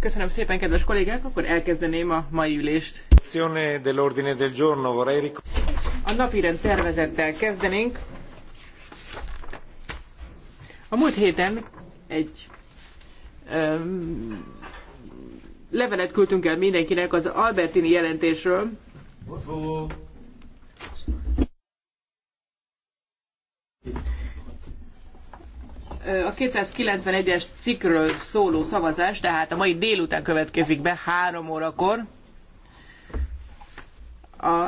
Köszönöm szépen, kedves kollégák, akkor elkezdeném a mai ülést. A napirend tervezettel kezdenénk. A múlt héten egy öm, levelet küldtünk el mindenkinek az Albertini jelentésről. Bonjour. a 291-es cikről szóló szavazás, tehát a mai délután következik be, három órakor. A,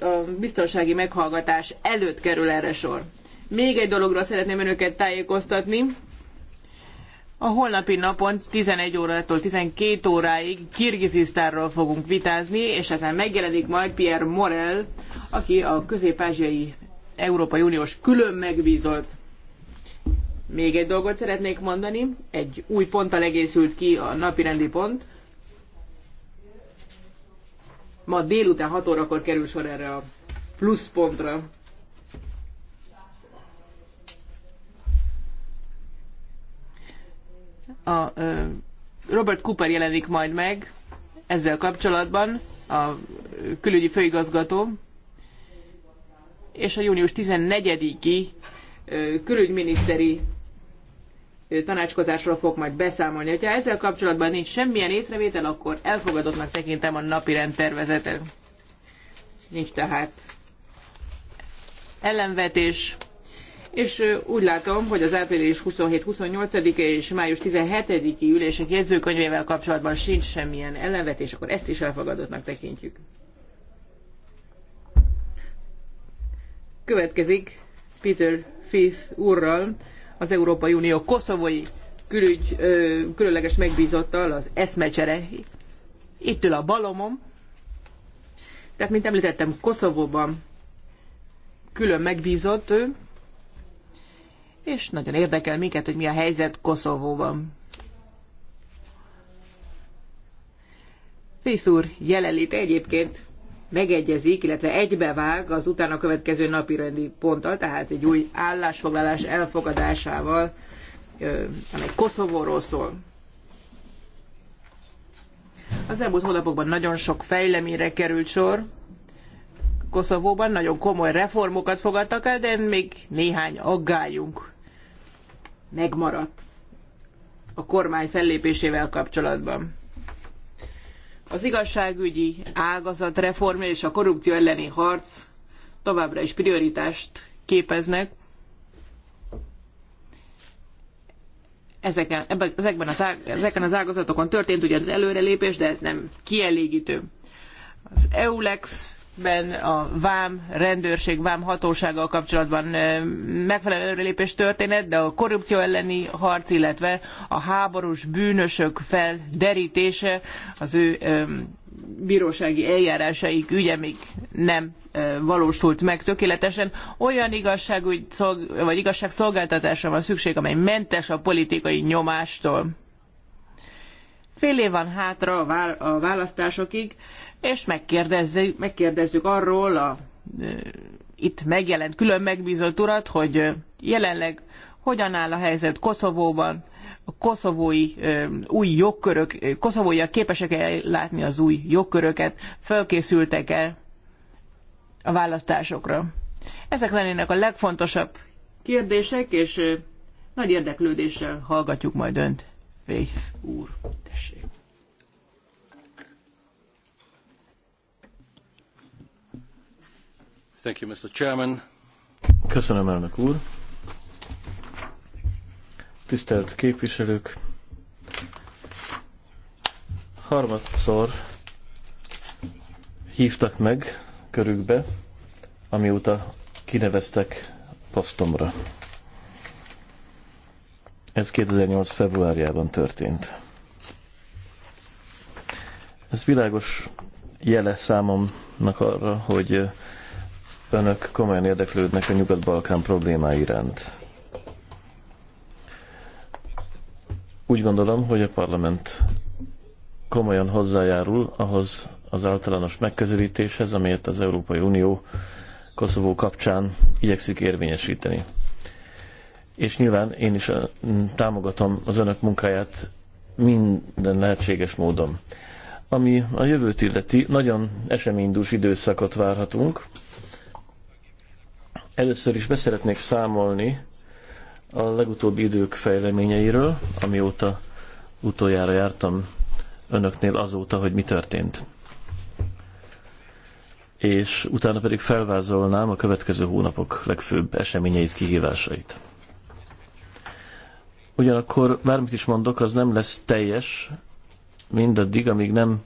a biztonsági meghallgatás előtt kerül erre sor. Még egy dologról szeretném önöket tájékoztatni. A holnapi napon 11 órától 12 óráig Kirgizisztárról fogunk vitázni, és ezen megjelenik majd Pierre Morel, aki a közép-ázsiai Európai Uniós külön megbízott még egy dolgot szeretnék mondani, egy új ponttal egészült ki a napirendi pont. Ma délután 6 órakor kerül sor erre a plusz pontra. A Robert Cooper jelenik majd meg ezzel kapcsolatban, a külügyi főigazgató, és a június 14-i külügyminiszteri tanácskozásról fog majd beszámolni. Ha ezzel kapcsolatban nincs semmilyen észrevétel, akkor elfogadottnak tekintem a napi rendtervezetet. Nincs tehát ellenvetés. És úgy látom, hogy az április 27-28-e és május 17-i ülések jegyzőkönyvével kapcsolatban sincs semmilyen ellenvetés, akkor ezt is elfogadottnak tekintjük. Következik Peter Fifth úrral az Európai Unió koszovói külügy, különleges megbízottal az eszmecsere. Itt ül a balomom. Tehát, mint említettem, Koszovóban külön megbízott ő, és nagyon érdekel minket, hogy mi a helyzet Koszovóban. Fész úr jelenlét egyébként megegyezik, illetve egybevág az utána következő napi rendi ponttal, tehát egy új állásfoglalás elfogadásával, amely Koszovóról szól. Az elmúlt hónapokban nagyon sok fejleményre került sor. Koszovóban nagyon komoly reformokat fogadtak el, de még néhány aggályunk megmaradt a kormány fellépésével kapcsolatban. Az igazságügyi ágazat reformja és a korrupció elleni harc továbbra is prioritást képeznek. Ezeken, ezekben az ág, ezeken az ágazatokon történt ugyan az előrelépés, de ez nem kielégítő. Az EULEX ben a vám rendőrség, vám hatósággal kapcsolatban megfelelő előrelépés történet, de a korrupció elleni harc, illetve a háborús bűnösök felderítése, az ő bírósági eljárásaik ügye még nem valósult meg tökéletesen. Olyan igazságügy, vagy igazságszolgáltatásra van szükség, amely mentes a politikai nyomástól. Fél év van hátra a választásokig, és megkérdezzük, megkérdezzük arról a itt megjelent külön megbízott urat, hogy jelenleg hogyan áll a helyzet Koszovóban, a koszovói e, új jogkörök, koszovóiak képesek -e látni az új jogköröket, fölkészültek-e a választásokra. Ezek lennének a legfontosabb kérdések, és e, nagy érdeklődéssel hallgatjuk majd önt, Faith úr. Thank you, Mr. Chairman. Köszönöm, elnök úr. Tisztelt képviselők! Harmadszor hívtak meg körükbe, amióta kineveztek posztomra. Ez 2008. februárjában történt. Ez világos jele számomnak arra, hogy önök komolyan érdeklődnek a Nyugat-Balkán problémái iránt. Úgy gondolom, hogy a parlament komolyan hozzájárul ahhoz az általános megközelítéshez, amelyet az Európai Unió Koszovó kapcsán igyekszik érvényesíteni. És nyilván én is támogatom az önök munkáját minden lehetséges módon. Ami a jövőt illeti, nagyon eseménydús időszakot várhatunk, Először is beszeretnék számolni a legutóbbi idők fejleményeiről, amióta utoljára jártam önöknél azóta, hogy mi történt. És utána pedig felvázolnám a következő hónapok legfőbb eseményeit, kihívásait. Ugyanakkor bármit is mondok, az nem lesz teljes mindaddig, amíg nem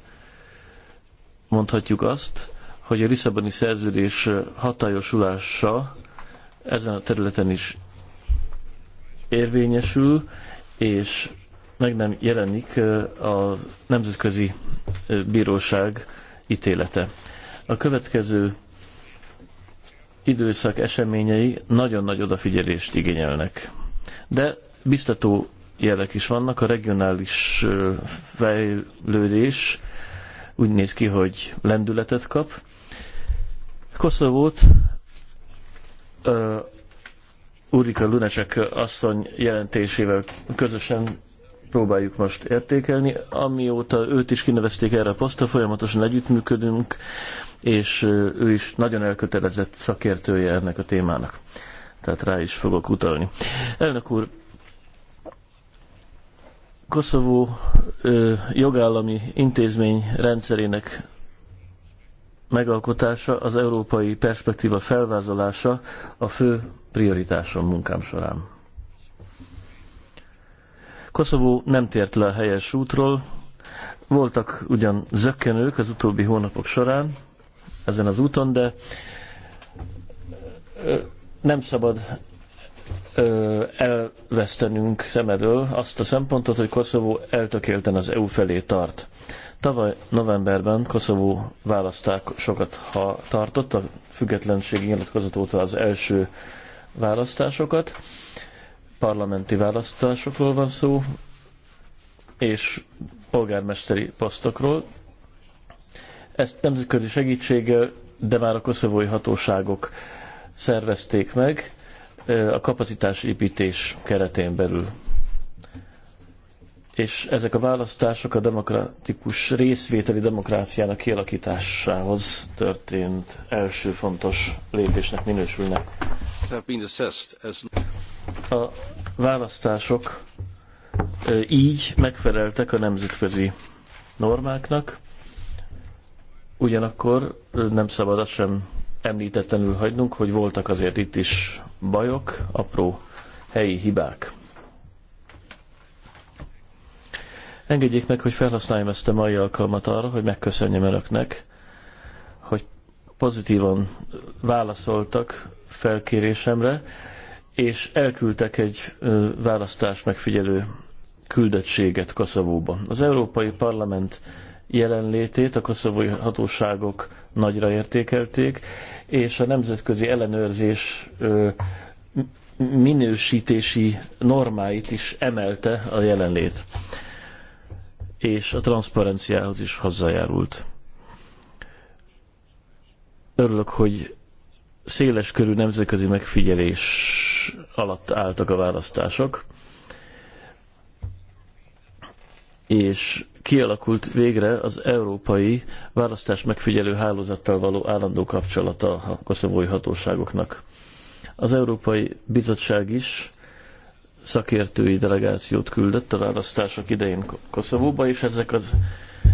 mondhatjuk azt, hogy a Lisszaboni szerződés hatályosulása ezen a területen is érvényesül, és meg nem jelenik a Nemzetközi Bíróság ítélete. A következő időszak eseményei nagyon nagy odafigyelést igényelnek. De biztató jelek is vannak, a regionális fejlődés úgy néz ki, hogy lendületet kap. Koszovót Urika Lunacek asszony jelentésével közösen próbáljuk most értékelni. Amióta őt is kinevezték erre a posztra, folyamatosan együttműködünk, és ő is nagyon elkötelezett szakértője ennek a témának. Tehát rá is fogok utalni. Elnök úr, Koszovó ö, jogállami intézmény rendszerének megalkotása, az európai perspektíva felvázolása a fő prioritásom munkám során. Koszovó nem tért le a helyes útról, voltak ugyan zökkenők az utóbbi hónapok során ezen az úton, de nem szabad elvesztenünk szemedől azt a szempontot, hogy Koszovó eltökélten az EU felé tart. Tavaly novemberben Koszovó választásokat ha tartott, a függetlenségi nyilatkozat óta az első választásokat. Parlamenti választásokról van szó, és polgármesteri posztokról. Ezt nemzetközi segítséggel, de már a koszovói hatóságok szervezték meg a kapacitásépítés keretén belül és ezek a választások a demokratikus részvételi demokráciának kialakításához történt első fontos lépésnek minősülnek. A választások így megfeleltek a nemzetközi normáknak, ugyanakkor nem szabad azt sem említetlenül hagynunk, hogy voltak azért itt is bajok, apró helyi hibák. Engedjék meg, hogy felhasználjam ezt a mai alkalmat arra, hogy megköszönjem Önöknek, hogy pozitívan válaszoltak felkérésemre, és elküldtek egy választás megfigyelő küldettséget Koszovóba. Az Európai Parlament jelenlétét a koszovói hatóságok nagyra értékelték, és a nemzetközi ellenőrzés minősítési normáit is emelte a jelenlét és a transzparenciához is hozzájárult. Örülök, hogy széles körű nemzetközi megfigyelés alatt álltak a választások, és kialakult végre az európai választás megfigyelő hálózattal való állandó kapcsolata a koszovói hatóságoknak. Az Európai Bizottság is szakértői delegációt küldött a választások idején Koszovóba, és ezek az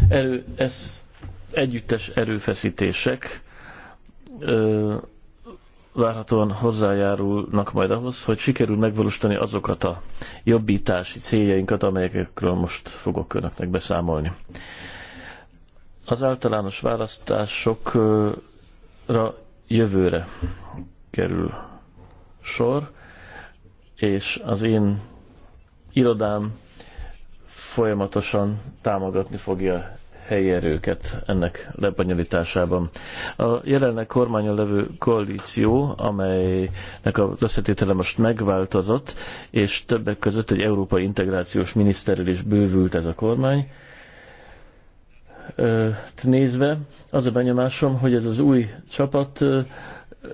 erő, ez együttes erőfeszítések ö, várhatóan hozzájárulnak majd ahhoz, hogy sikerül megvalósítani azokat a jobbítási céljainkat, amelyekről most fogok önöknek beszámolni. Az általános választásokra jövőre kerül sor és az én irodám folyamatosan támogatni fogja helyi erőket ennek lebonyolításában. A jelenleg kormányon levő koalíció, amelynek a összetétele most megváltozott, és többek között egy európai integrációs miniszterrel is bővült ez a kormány, nézve az a benyomásom, hogy ez az új csapat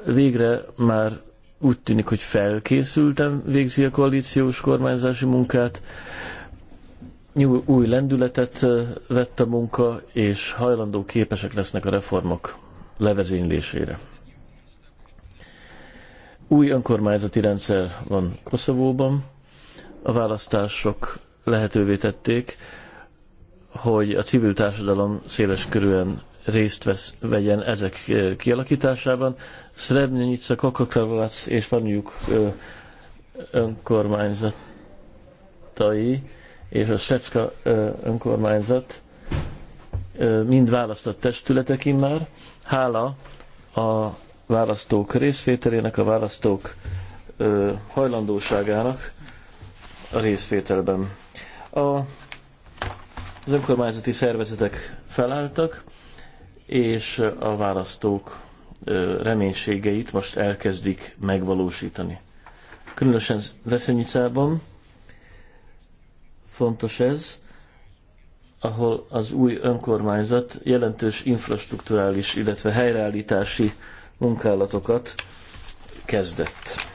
végre már úgy tűnik, hogy felkészültem végzi a koalíciós kormányzási munkát, új lendületet vett a munka, és hajlandó képesek lesznek a reformok levezénylésére. Új önkormányzati rendszer van Koszovóban. A választások lehetővé tették, hogy a civil társadalom széles körülön részt vesz, vegyen ezek kialakításában. Srebrenica, Kokokravac és vanjuk önkormányzatai, és a Srebska önkormányzat mind választott testületek immár. Hála a választók részvételének, a választók hajlandóságának a részvételben. A, az önkormányzati szervezetek felálltak, és a választók reménységeit most elkezdik megvalósítani. Különösen Veszenyicában fontos ez, ahol az új önkormányzat jelentős infrastruktúrális, illetve helyreállítási munkálatokat kezdett.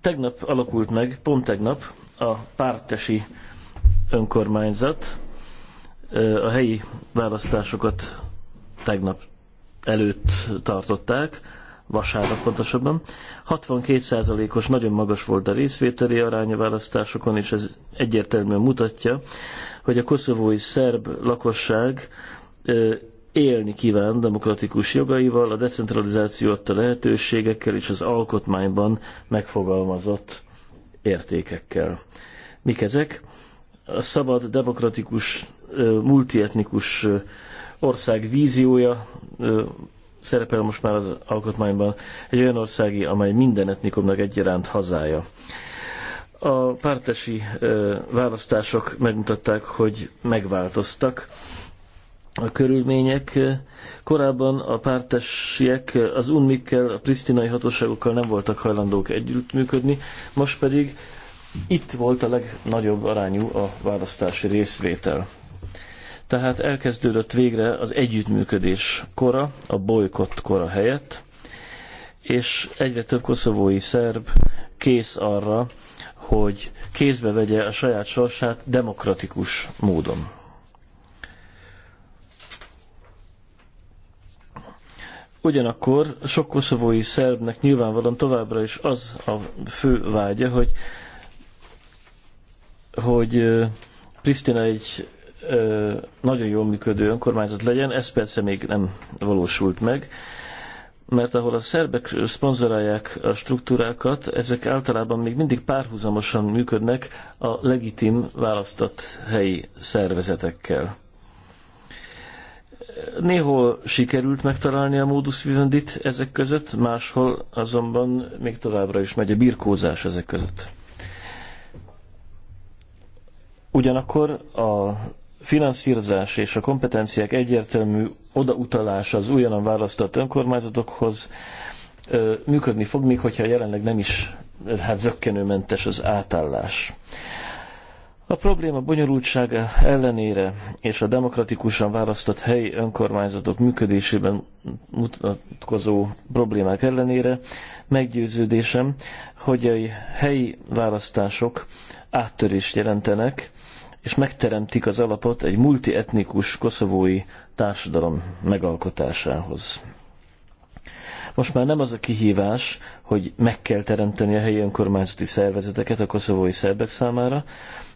Tegnap alakult meg, pont tegnap a pártesi önkormányzat, a helyi választásokat tegnap előtt tartották, vasárnap pontosabban. 62%-os nagyon magas volt a részvételi aránya választásokon, és ez egyértelműen mutatja, hogy a koszovói szerb lakosság élni kíván demokratikus jogaival, a decentralizáció adta lehetőségekkel és az alkotmányban megfogalmazott értékekkel. Mik ezek? A szabad, demokratikus multietnikus ország víziója szerepel most már az alkotmányban, egy olyan országi, amely minden etnikumnak egyaránt hazája. A pártesi választások megmutatták, hogy megváltoztak a körülmények. Korábban a pártesiek az unmikkel, a prisztinai hatóságokkal nem voltak hajlandók együttműködni, most pedig itt volt a legnagyobb arányú a választási részvétel. Tehát elkezdődött végre az együttműködés kora, a bolykott kora helyett, és egyre több koszovói szerb kész arra, hogy kézbe vegye a saját sorsát demokratikus módon. Ugyanakkor sok koszovói szerbnek nyilvánvalóan továbbra is az a fő vágya, hogy, hogy Pristina egy ö, nagyon jól működő önkormányzat legyen, ez persze még nem valósult meg, mert ahol a szerbek szponzorálják a struktúrákat, ezek általában még mindig párhuzamosan működnek a legitim választott helyi szervezetekkel. Néhol sikerült megtalálni a módus vivendit ezek között, máshol azonban még továbbra is megy a birkózás ezek között. Ugyanakkor a finanszírozás és a kompetenciák egyértelmű odautalása az újonnan választott önkormányzatokhoz működni fog, még hogyha jelenleg nem is hát zöggenőmentes az átállás. A probléma bonyolultsága ellenére és a demokratikusan választott helyi önkormányzatok működésében mutatkozó problémák ellenére meggyőződésem, hogy a helyi választások áttörést jelentenek és megteremtik az alapot egy multietnikus koszovói társadalom megalkotásához. Most már nem az a kihívás, hogy meg kell teremteni a helyi önkormányzati szervezeteket a koszovói szerbek számára,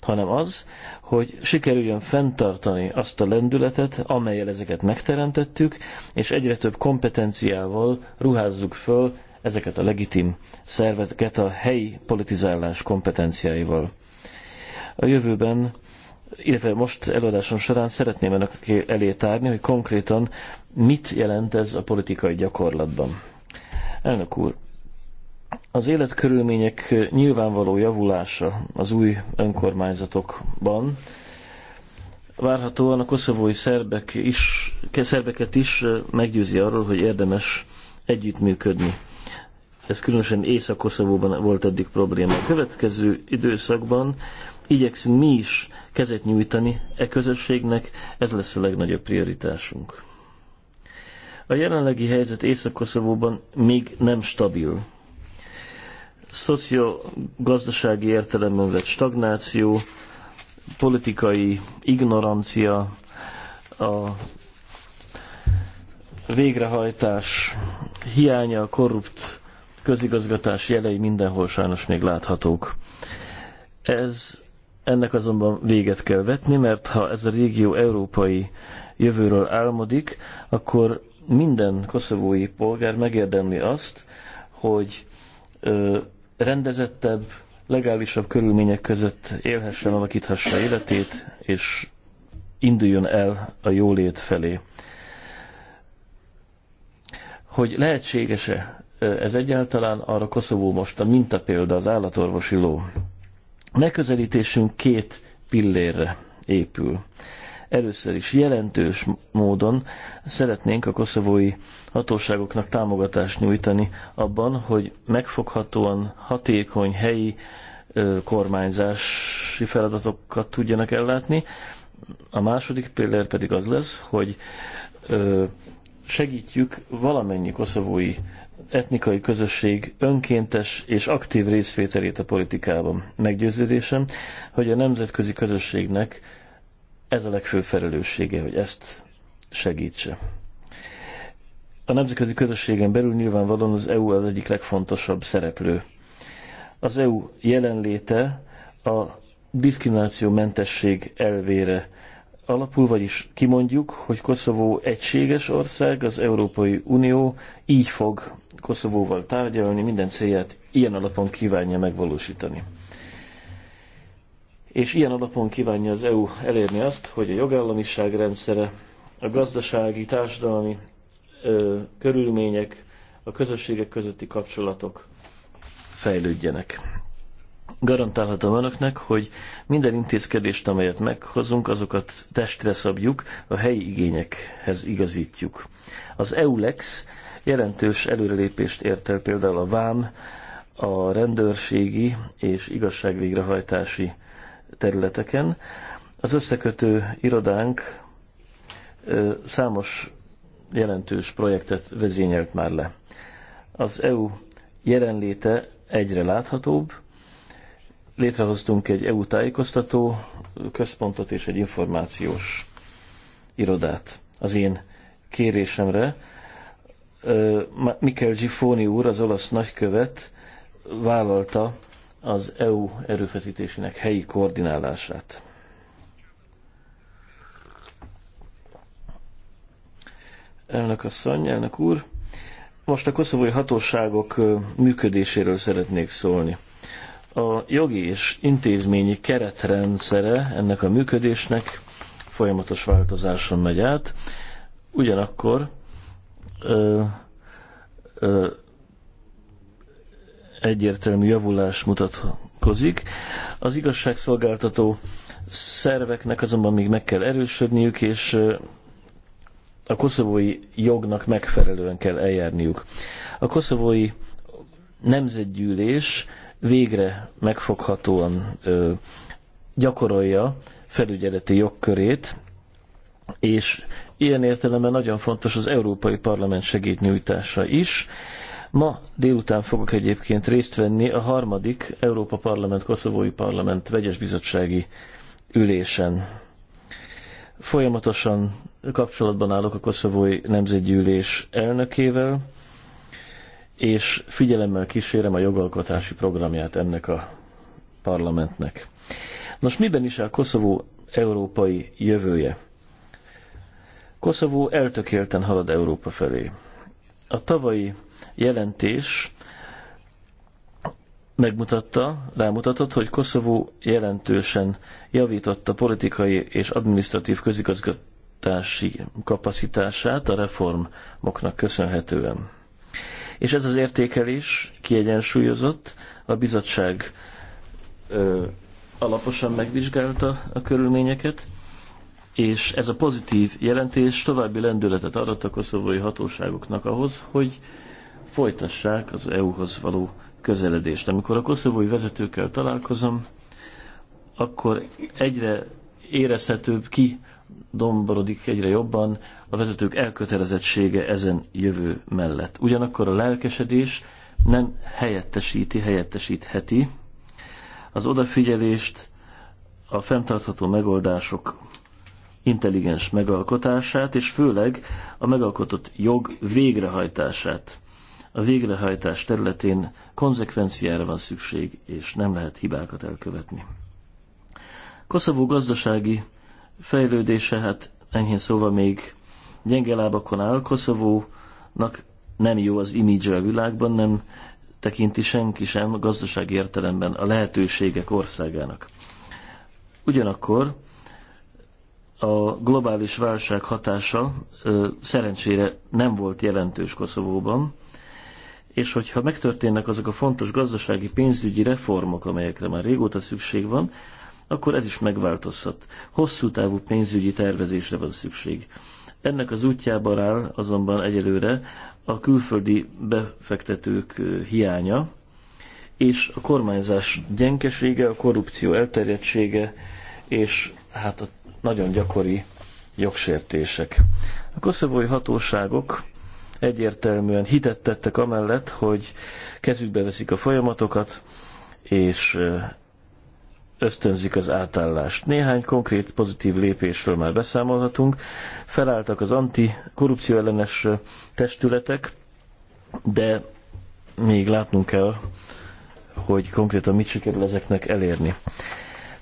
hanem az, hogy sikerüljön fenntartani azt a lendületet, amelyel ezeket megteremtettük, és egyre több kompetenciával ruházzuk föl ezeket a legitim szerveteket a helyi politizálás kompetenciáival. A jövőben illetve most előadásom során szeretném önök elé tárni, hogy konkrétan mit jelent ez a politikai gyakorlatban. Elnök úr, az életkörülmények nyilvánvaló javulása az új önkormányzatokban várhatóan a koszovói szerbek is, szerbeket is meggyőzi arról, hogy érdemes együttműködni. Ez különösen Észak-Koszovóban volt eddig probléma. A következő időszakban igyekszünk mi is kezet nyújtani e közösségnek, ez lesz a legnagyobb prioritásunk. A jelenlegi helyzet Észak-Koszovóban még nem stabil. Szociogazdasági értelemben vett stagnáció, politikai ignorancia, a végrehajtás hiánya, a korrupt közigazgatás jelei mindenhol sajnos még láthatók. Ez ennek azonban véget kell vetni, mert ha ez a régió európai jövőről álmodik, akkor minden koszovói polgár megérdemli azt, hogy ö, rendezettebb, legálisabb körülmények között élhessen, alakíthassa életét, és induljon el a jólét felé. Hogy lehetséges-e ez egyáltalán, arra Koszovó most a mintapélda, az állatorvosi ló. Megközelítésünk két pillérre épül. Először is jelentős módon szeretnénk a koszovói hatóságoknak támogatást nyújtani abban, hogy megfoghatóan hatékony helyi kormányzási feladatokat tudjanak ellátni. A második pillér pedig az lesz, hogy segítjük valamennyi koszovói etnikai közösség önkéntes és aktív részvételét a politikában. Meggyőződésem, hogy a nemzetközi közösségnek ez a legfőbb felelőssége, hogy ezt segítse. A nemzetközi közösségen belül nyilvánvalóan az EU az egyik legfontosabb szereplő. Az EU jelenléte a diszkriminációmentesség elvére alapul, vagyis kimondjuk, hogy Koszovó egységes ország, az Európai Unió így fog Koszovóval tárgyalni, minden célját ilyen alapon kívánja megvalósítani. És ilyen alapon kívánja az EU elérni azt, hogy a jogállamiság rendszere, a gazdasági, társadalmi ö, körülmények, a közösségek közötti kapcsolatok fejlődjenek. Garantálhatom önöknek, hogy minden intézkedést, amelyet meghozunk, azokat testre szabjuk, a helyi igényekhez igazítjuk. Az EULEX Jelentős előrelépést ért el például a vám, a rendőrségi és igazságvégrehajtási területeken. Az összekötő irodánk számos jelentős projektet vezényelt már le. Az EU jelenléte egyre láthatóbb. Létrehoztunk egy EU tájékoztató központot és egy információs irodát. Az én kérésemre Mikel Gifoni úr, az olasz nagykövet vállalta az EU erőfeszítésének helyi koordinálását. Elnök asszony, elnök úr, most a koszovói hatóságok működéséről szeretnék szólni. A jogi és intézményi keretrendszere ennek a működésnek folyamatos változáson megy át, ugyanakkor ö, ö, egyértelmű javulás mutatkozik. Az igazságszolgáltató szerveknek azonban még meg kell erősödniük, és a koszovói jognak megfelelően kell eljárniuk. A koszovói nemzetgyűlés végre megfoghatóan ö, gyakorolja felügyeleti jogkörét, és Ilyen értelemben nagyon fontos az Európai Parlament segédnyújtása is. Ma délután fogok egyébként részt venni a harmadik Európa Parlament, Koszovói Parlament vegyes bizottsági ülésen. Folyamatosan kapcsolatban állok a Koszovói Nemzetgyűlés elnökével, és figyelemmel kísérem a jogalkotási programját ennek a parlamentnek. Nos, miben is a Koszovó európai jövője? Koszovó eltökélten halad Európa felé. A tavalyi jelentés megmutatta, rámutatott, hogy Koszovó jelentősen javította politikai és adminisztratív közigazgatási kapacitását a reformoknak köszönhetően. És ez az értékelés kiegyensúlyozott, a bizottság ö, alaposan megvizsgálta a körülményeket, és ez a pozitív jelentés további lendületet adott a koszovói hatóságoknak ahhoz, hogy folytassák az EU-hoz való közeledést. Amikor a koszovói vezetőkkel találkozom, akkor egyre érezhetőbb ki domborodik egyre jobban a vezetők elkötelezettsége ezen jövő mellett. Ugyanakkor a lelkesedés nem helyettesíti, helyettesítheti az odafigyelést, a fenntartható megoldások intelligens megalkotását, és főleg a megalkotott jog végrehajtását. A végrehajtás területén konzekvenciára van szükség, és nem lehet hibákat elkövetni. Koszovó gazdasági fejlődése, hát enyhén szóval még gyenge lábakon áll. Koszovónak nem jó az imidzse a világban, nem tekinti senki sem gazdasági értelemben a lehetőségek országának. Ugyanakkor a globális válság hatása ö, szerencsére nem volt jelentős Koszovóban, és hogyha megtörténnek azok a fontos gazdasági pénzügyi reformok, amelyekre már régóta szükség van, akkor ez is megváltozhat. Hosszú távú pénzügyi tervezésre van szükség. Ennek az útjában áll azonban egyelőre a külföldi befektetők hiánya, és a kormányzás gyengesége, a korrupció elterjedtsége, és hát a nagyon gyakori jogsértések. A koszovói hatóságok egyértelműen hitet tettek amellett, hogy kezükbe veszik a folyamatokat, és ösztönzik az átállást. Néhány konkrét pozitív lépésről már beszámolhatunk. Felálltak az antikorrupció ellenes testületek, de még látnunk kell, hogy konkrétan mit sikerül ezeknek elérni.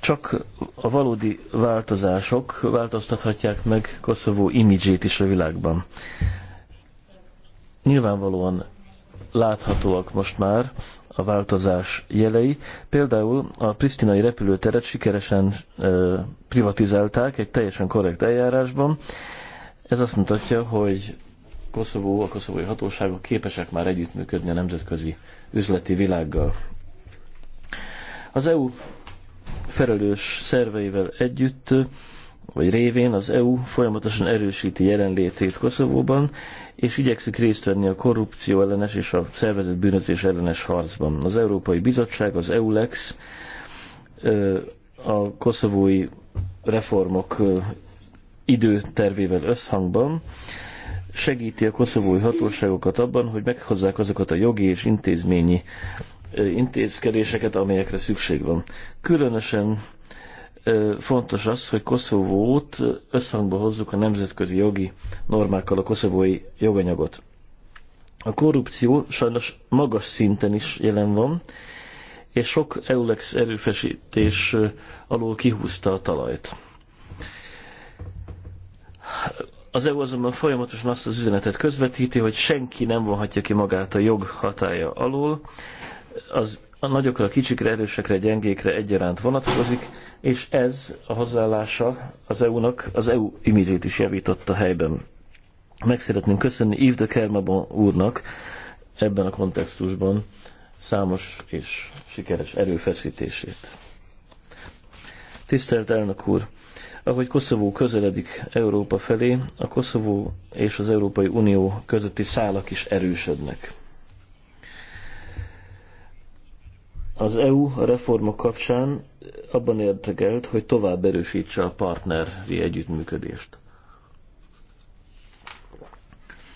Csak a valódi változások változtathatják meg Koszovó imidzsét is a világban. Nyilvánvalóan láthatóak most már a változás jelei. Például a Pristinai repülőteret sikeresen ö, privatizálták egy teljesen korrekt eljárásban. Ez azt mutatja, hogy Koszovó, a koszovói hatóságok képesek már együttműködni a nemzetközi üzleti világgal. Az EU felelős szerveivel együtt, vagy révén az EU folyamatosan erősíti jelenlétét Koszovóban, és igyekszik részt venni a korrupció ellenes és a szervezett bűnözés ellenes harcban. Az Európai Bizottság, az EULEX a koszovói reformok időtervével összhangban segíti a koszovói hatóságokat abban, hogy meghozzák azokat a jogi és intézményi intézkedéseket, amelyekre szükség van. Különösen fontos az, hogy Koszovót összhangba hozzuk a nemzetközi jogi normákkal, a koszovói joganyagot. A korrupció sajnos magas szinten is jelen van, és sok EULEX erőfesítés alól kihúzta a talajt. Az EU azonban folyamatosan azt az üzenetet közvetíti, hogy senki nem vonhatja ki magát a jog hatája alól, az a nagyokra, kicsikre, erősekre, gyengékre egyaránt vonatkozik, és ez a hozzáállása az EU-nak az EU imidzsét is javította helyben. Meg szeretném köszönni Yves de Kermabon úrnak ebben a kontextusban számos és sikeres erőfeszítését. Tisztelt elnök úr! Ahogy Koszovó közeledik Európa felé, a Koszovó és az Európai Unió közötti szálak is erősödnek Az EU a reformok kapcsán abban érdekelt, hogy tovább erősítse a partneri együttműködést.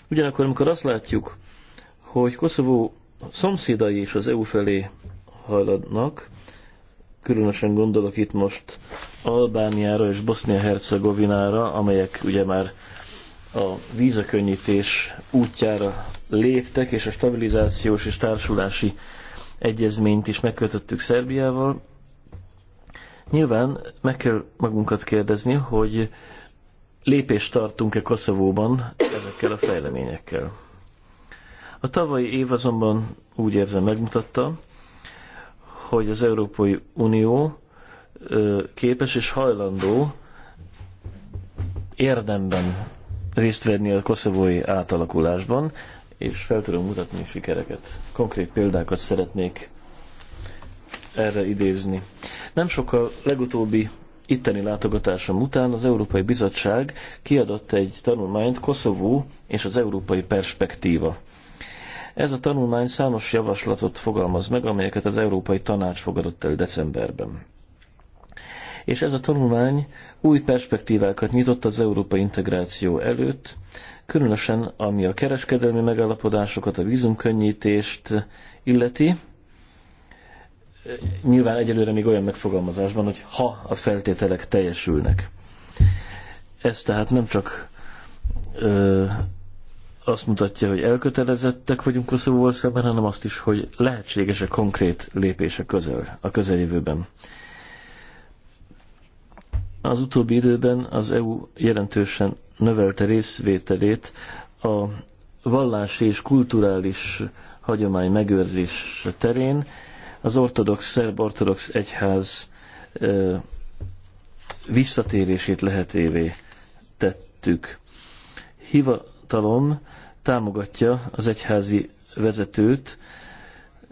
Ugyanakkor, amikor azt látjuk, hogy Koszovó szomszédai is az EU felé hajladnak, különösen gondolok itt most Albániára és Bosznia-Hercegovinára, amelyek ugye már a vízakönnyítés útjára léptek, és a stabilizációs és társulási egyezményt is megkötöttük Szerbiával. Nyilván meg kell magunkat kérdezni, hogy lépést tartunk-e Koszovóban ezekkel a fejleményekkel. A tavalyi év azonban úgy érzem megmutatta, hogy az Európai Unió képes és hajlandó érdemben részt venni a koszovói átalakulásban, és fel tudom mutatni sikereket. Konkrét példákat szeretnék erre idézni. Nem sokkal legutóbbi itteni látogatásom után az Európai Bizottság kiadott egy tanulmányt Koszovó és az Európai Perspektíva. Ez a tanulmány számos javaslatot fogalmaz meg, amelyeket az Európai Tanács fogadott el decemberben. És ez a tanulmány új perspektívákat nyitott az európai integráció előtt, különösen ami a kereskedelmi megállapodásokat, a vízumkönnyítést illeti. Nyilván egyelőre még olyan megfogalmazásban, hogy ha a feltételek teljesülnek. Ez tehát nem csak ö, azt mutatja, hogy elkötelezettek vagyunk Koszovóval szemben, hanem azt is, hogy lehetséges a konkrét lépése közel, a közeljövőben. Az utóbbi időben az EU jelentősen növelte részvételét a vallási és kulturális hagyomány megőrzés terén. Az ortodox, szerb ortodox egyház visszatérését lehetévé tettük. Hivatalom támogatja az egyházi vezetőt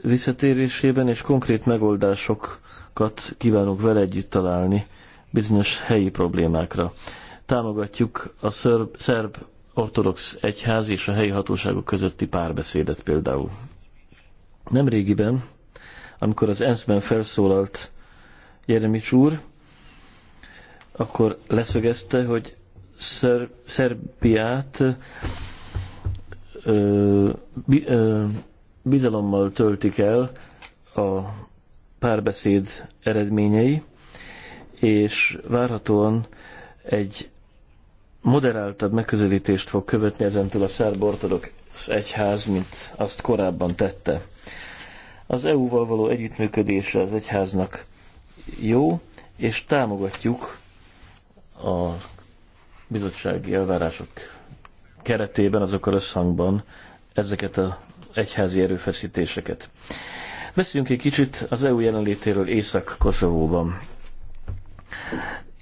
visszatérésében, és konkrét megoldásokat kívánunk vele együtt találni bizonyos helyi problémákra. Támogatjuk a szörb, szerb ortodox egyház és a helyi hatóságok közötti párbeszédet például. Nemrégiben, amikor az ENSZ-ben felszólalt Jeremics úr, akkor leszögezte, hogy Szer- Szerbiát ö, bi, ö, bizalommal töltik el a párbeszéd eredményei, és várhatóan egy moderáltabb megközelítést fog követni ezentől a szerb ortodox egyház, mint azt korábban tette. Az EU-val való együttműködése az egyháznak jó, és támogatjuk a bizottsági elvárások keretében, azokkal összhangban ezeket az egyházi erőfeszítéseket. Beszéljünk egy kicsit az EU jelenlétéről Észak-Koszovóban.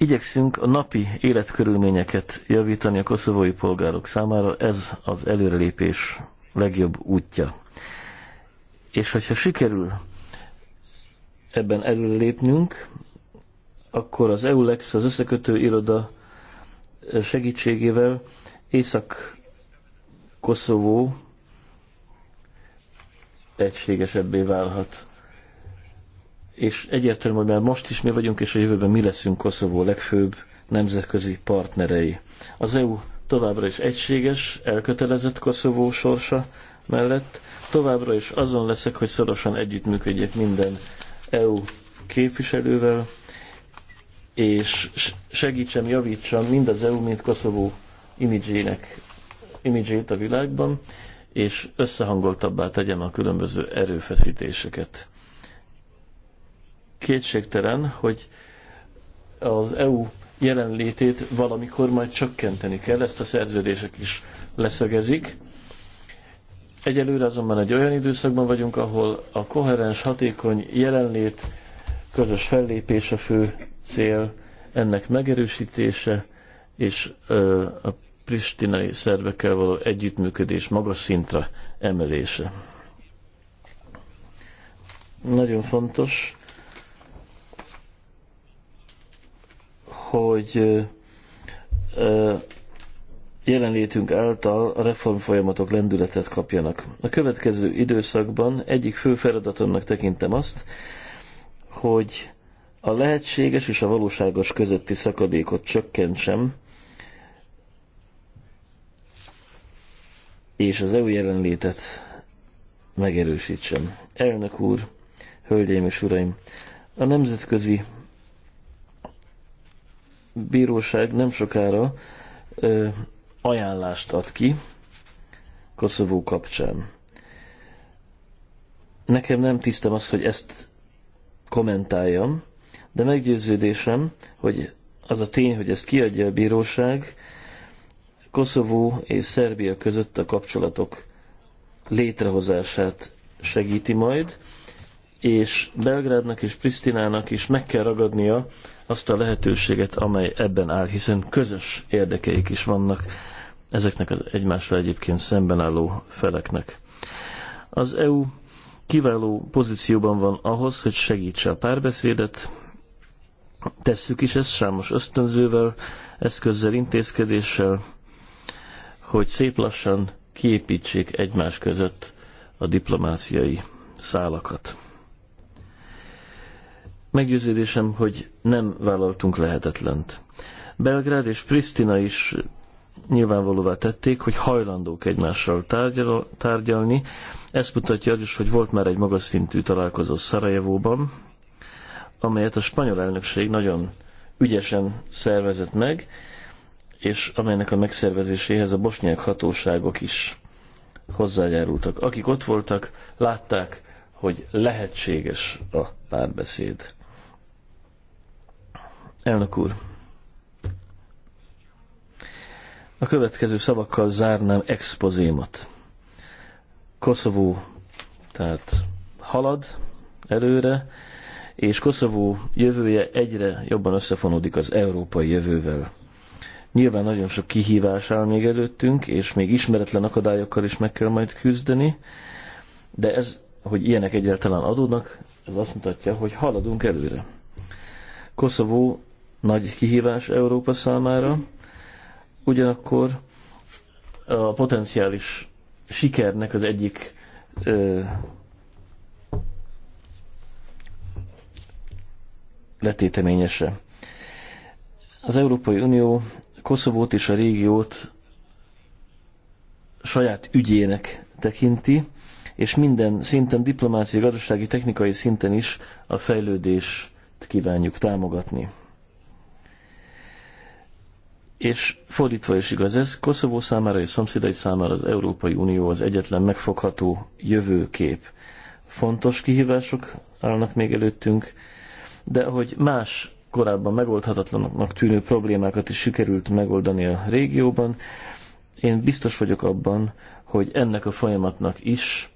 Igyekszünk a napi életkörülményeket javítani a koszovói polgárok számára, ez az előrelépés legjobb útja. És hogyha sikerül ebben előrelépnünk, akkor az EULEX, az összekötő iroda segítségével Észak-Koszovó egységesebbé válhat és egyértelmű, hogy már most is mi vagyunk, és a jövőben mi leszünk Koszovó legfőbb nemzetközi partnerei. Az EU továbbra is egységes, elkötelezett Koszovó sorsa mellett, továbbra is azon leszek, hogy szorosan együttműködjek minden EU képviselővel, és segítsem, javítsam mind az EU, mind Koszovó imidzsének, imidzsét a világban, és összehangoltabbá tegyem a különböző erőfeszítéseket kétségtelen, hogy az EU jelenlétét valamikor majd csökkenteni kell, ezt a szerződések is leszögezik. Egyelőre azonban egy olyan időszakban vagyunk, ahol a koherens, hatékony jelenlét, közös fellépés a fő cél, ennek megerősítése és a pristinai szervekkel való együttműködés magas szintre emelése. Nagyon fontos, hogy jelenlétünk által a reformfolyamatok lendületet kapjanak. A következő időszakban egyik fő feladatomnak tekintem azt, hogy a lehetséges és a valóságos közötti szakadékot csökkentsem, és az EU jelenlétet megerősítsem. Elnök úr, hölgyeim és uraim, a nemzetközi bíróság nem sokára ö, ajánlást ad ki Koszovó kapcsán. Nekem nem tisztem az, hogy ezt kommentáljam, de meggyőződésem, hogy az a tény, hogy ezt kiadja a bíróság, Koszovó és Szerbia között a kapcsolatok létrehozását segíti majd, és Belgrádnak és Pristinának is meg kell ragadnia azt a lehetőséget, amely ebben áll, hiszen közös érdekeik is vannak ezeknek az egymásra egyébként szemben álló feleknek. Az EU kiváló pozícióban van ahhoz, hogy segítse a párbeszédet, tesszük is ezt számos ösztönzővel, eszközzel, intézkedéssel, hogy szép lassan kiépítsék egymás között a diplomáciai szálakat. Meggyőződésem, hogy nem vállaltunk lehetetlent. Belgrád és Pristina is nyilvánvalóvá tették, hogy hajlandók egymással tárgyal, tárgyalni. Ezt mutatja az is, hogy volt már egy magas szintű találkozó Szarajevóban, amelyet a spanyol elnökség nagyon ügyesen szervezett meg, és amelynek a megszervezéséhez a bosnyák hatóságok is hozzájárultak. Akik ott voltak, látták, hogy lehetséges a párbeszéd. Elnök úr, a következő szavakkal zárnám expozémat. Koszovó tehát halad előre, és Koszovó jövője egyre jobban összefonódik az európai jövővel. Nyilván nagyon sok kihívás áll még előttünk, és még ismeretlen akadályokkal is meg kell majd küzdeni, de ez, hogy ilyenek egyáltalán adódnak, ez azt mutatja, hogy haladunk előre. Koszovó nagy kihívás Európa számára, ugyanakkor a potenciális sikernek az egyik ö, letéteményese. Az Európai Unió Koszovót és a régiót saját ügyének tekinti, és minden szinten, diplomáciai, gazdasági, technikai szinten is a fejlődést kívánjuk támogatni és fordítva is igaz ez, Koszovó számára és szomszédai számára az Európai Unió az egyetlen megfogható jövőkép. Fontos kihívások állnak még előttünk, de hogy más korábban megoldhatatlanoknak tűnő problémákat is sikerült megoldani a régióban, én biztos vagyok abban, hogy ennek a folyamatnak is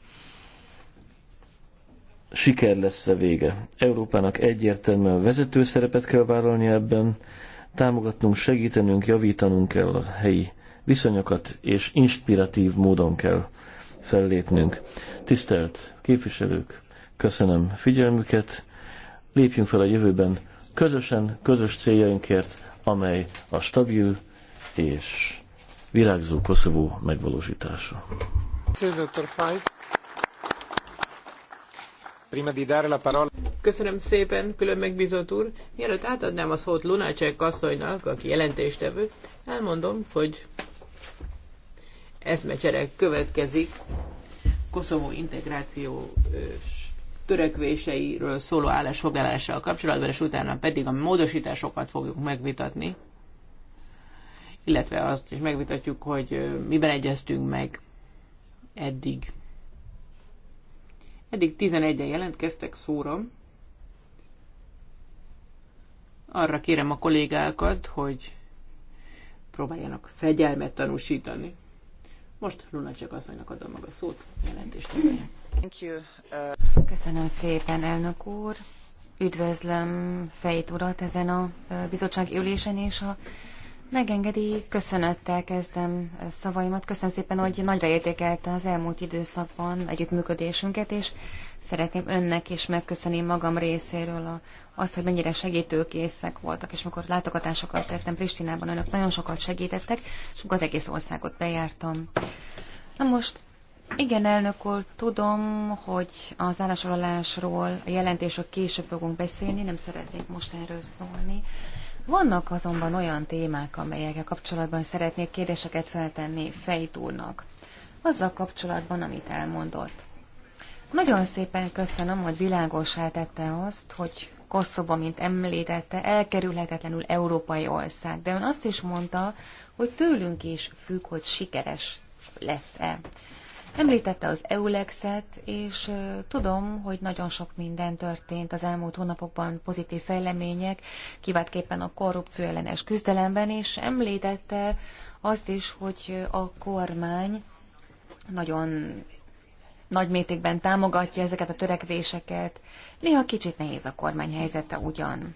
siker lesz a vége. Európának egyértelműen vezető szerepet kell vállalni ebben, Támogatnunk, segítenünk, javítanunk kell a helyi viszonyokat, és inspiratív módon kell fellépnünk. Tisztelt képviselők, köszönöm figyelmüket, lépjünk fel a jövőben közösen, közös céljainkért, amely a stabil és virágzó Koszovó megvalósítása. Szépen, Köszönöm szépen, külön megbízott úr. Mielőtt átadnám a szót Lunácsek asszonynak, aki jelentéstevő, elmondom, hogy eszmecsere következik Koszovó integrációs törekvéseiről szóló állásfoglalással kapcsolatban, és utána pedig a módosításokat fogjuk megvitatni, illetve azt is megvitatjuk, hogy miben egyeztünk meg eddig. Eddig 11-en jelentkeztek szóra. Arra kérem a kollégákat, hogy próbáljanak fegyelmet tanúsítani. Most Lunacek asszonynak adom meg a szót, jelentést uh, Köszönöm szépen, elnök úr. Üdvözlöm Fejt urat ezen a uh, bizottsági ülésen, és a megengedi, köszönöttel kezdem szavaimat. Köszönöm szépen, hogy nagyra értékelte az elmúlt időszakban együttműködésünket, és szeretném önnek is megköszönni magam részéről a, azt, hogy mennyire segítőkészek voltak, és mikor látogatásokat tettem Pristinában, önök nagyon sokat segítettek, és az egész országot bejártam. Na most igen, elnök úr, tudom, hogy az állásolásról, a jelentésről később fogunk beszélni, nem szeretnék most erről szólni. Vannak azonban olyan témák, amelyekkel kapcsolatban szeretnék kérdéseket feltenni Fejtúrnak. Azzal kapcsolatban, amit elmondott. Nagyon szépen köszönöm, hogy világosá tette azt, hogy Koszova, mint említette, elkerülhetetlenül európai ország, de ön azt is mondta, hogy tőlünk is függ, hogy sikeres lesz-e. Említette az EULEX-et, és tudom, hogy nagyon sok minden történt az elmúlt hónapokban, pozitív fejlemények, kiváltképpen a korrupció ellenes küzdelemben, és említette azt is, hogy a kormány nagyon nagy mértékben támogatja ezeket a törekvéseket. Néha kicsit nehéz a kormány helyzete ugyan.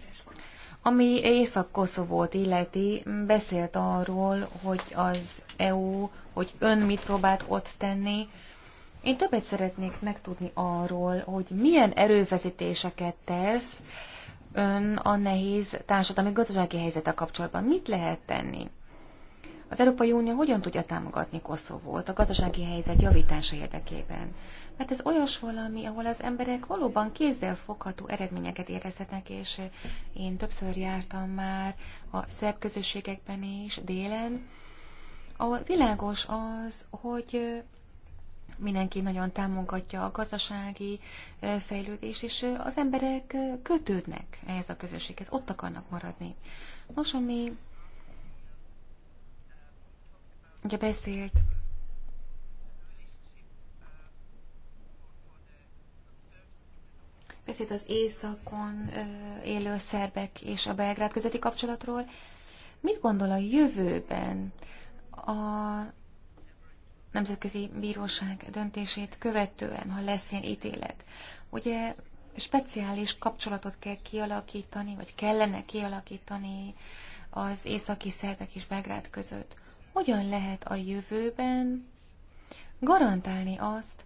Ami Észak-Koszovót illeti, beszélt arról, hogy az EU hogy ön mit próbált ott tenni. Én többet szeretnék megtudni arról, hogy milyen erőfeszítéseket tesz ön a nehéz társadalmi gazdasági helyzete kapcsolatban. Mit lehet tenni? Az Európai Unió hogyan tudja támogatni Koszovót a gazdasági helyzet javítása érdekében? Mert ez olyas valami, ahol az emberek valóban kézzel fogható eredményeket érezhetnek, és én többször jártam már a szerb közösségekben is délen, a világos az, hogy mindenki nagyon támogatja a gazdasági fejlődést, és az emberek kötődnek ehhez a közösséghez, ott akarnak maradni. Nos, ami ugye beszélt beszélt az északon élő szerbek és a Belgrád közötti kapcsolatról. Mit gondol a jövőben? a Nemzetközi Bíróság döntését követően, ha lesz ilyen ítélet, ugye speciális kapcsolatot kell kialakítani, vagy kellene kialakítani az északi szerbek és Belgrád között. Hogyan lehet a jövőben garantálni azt,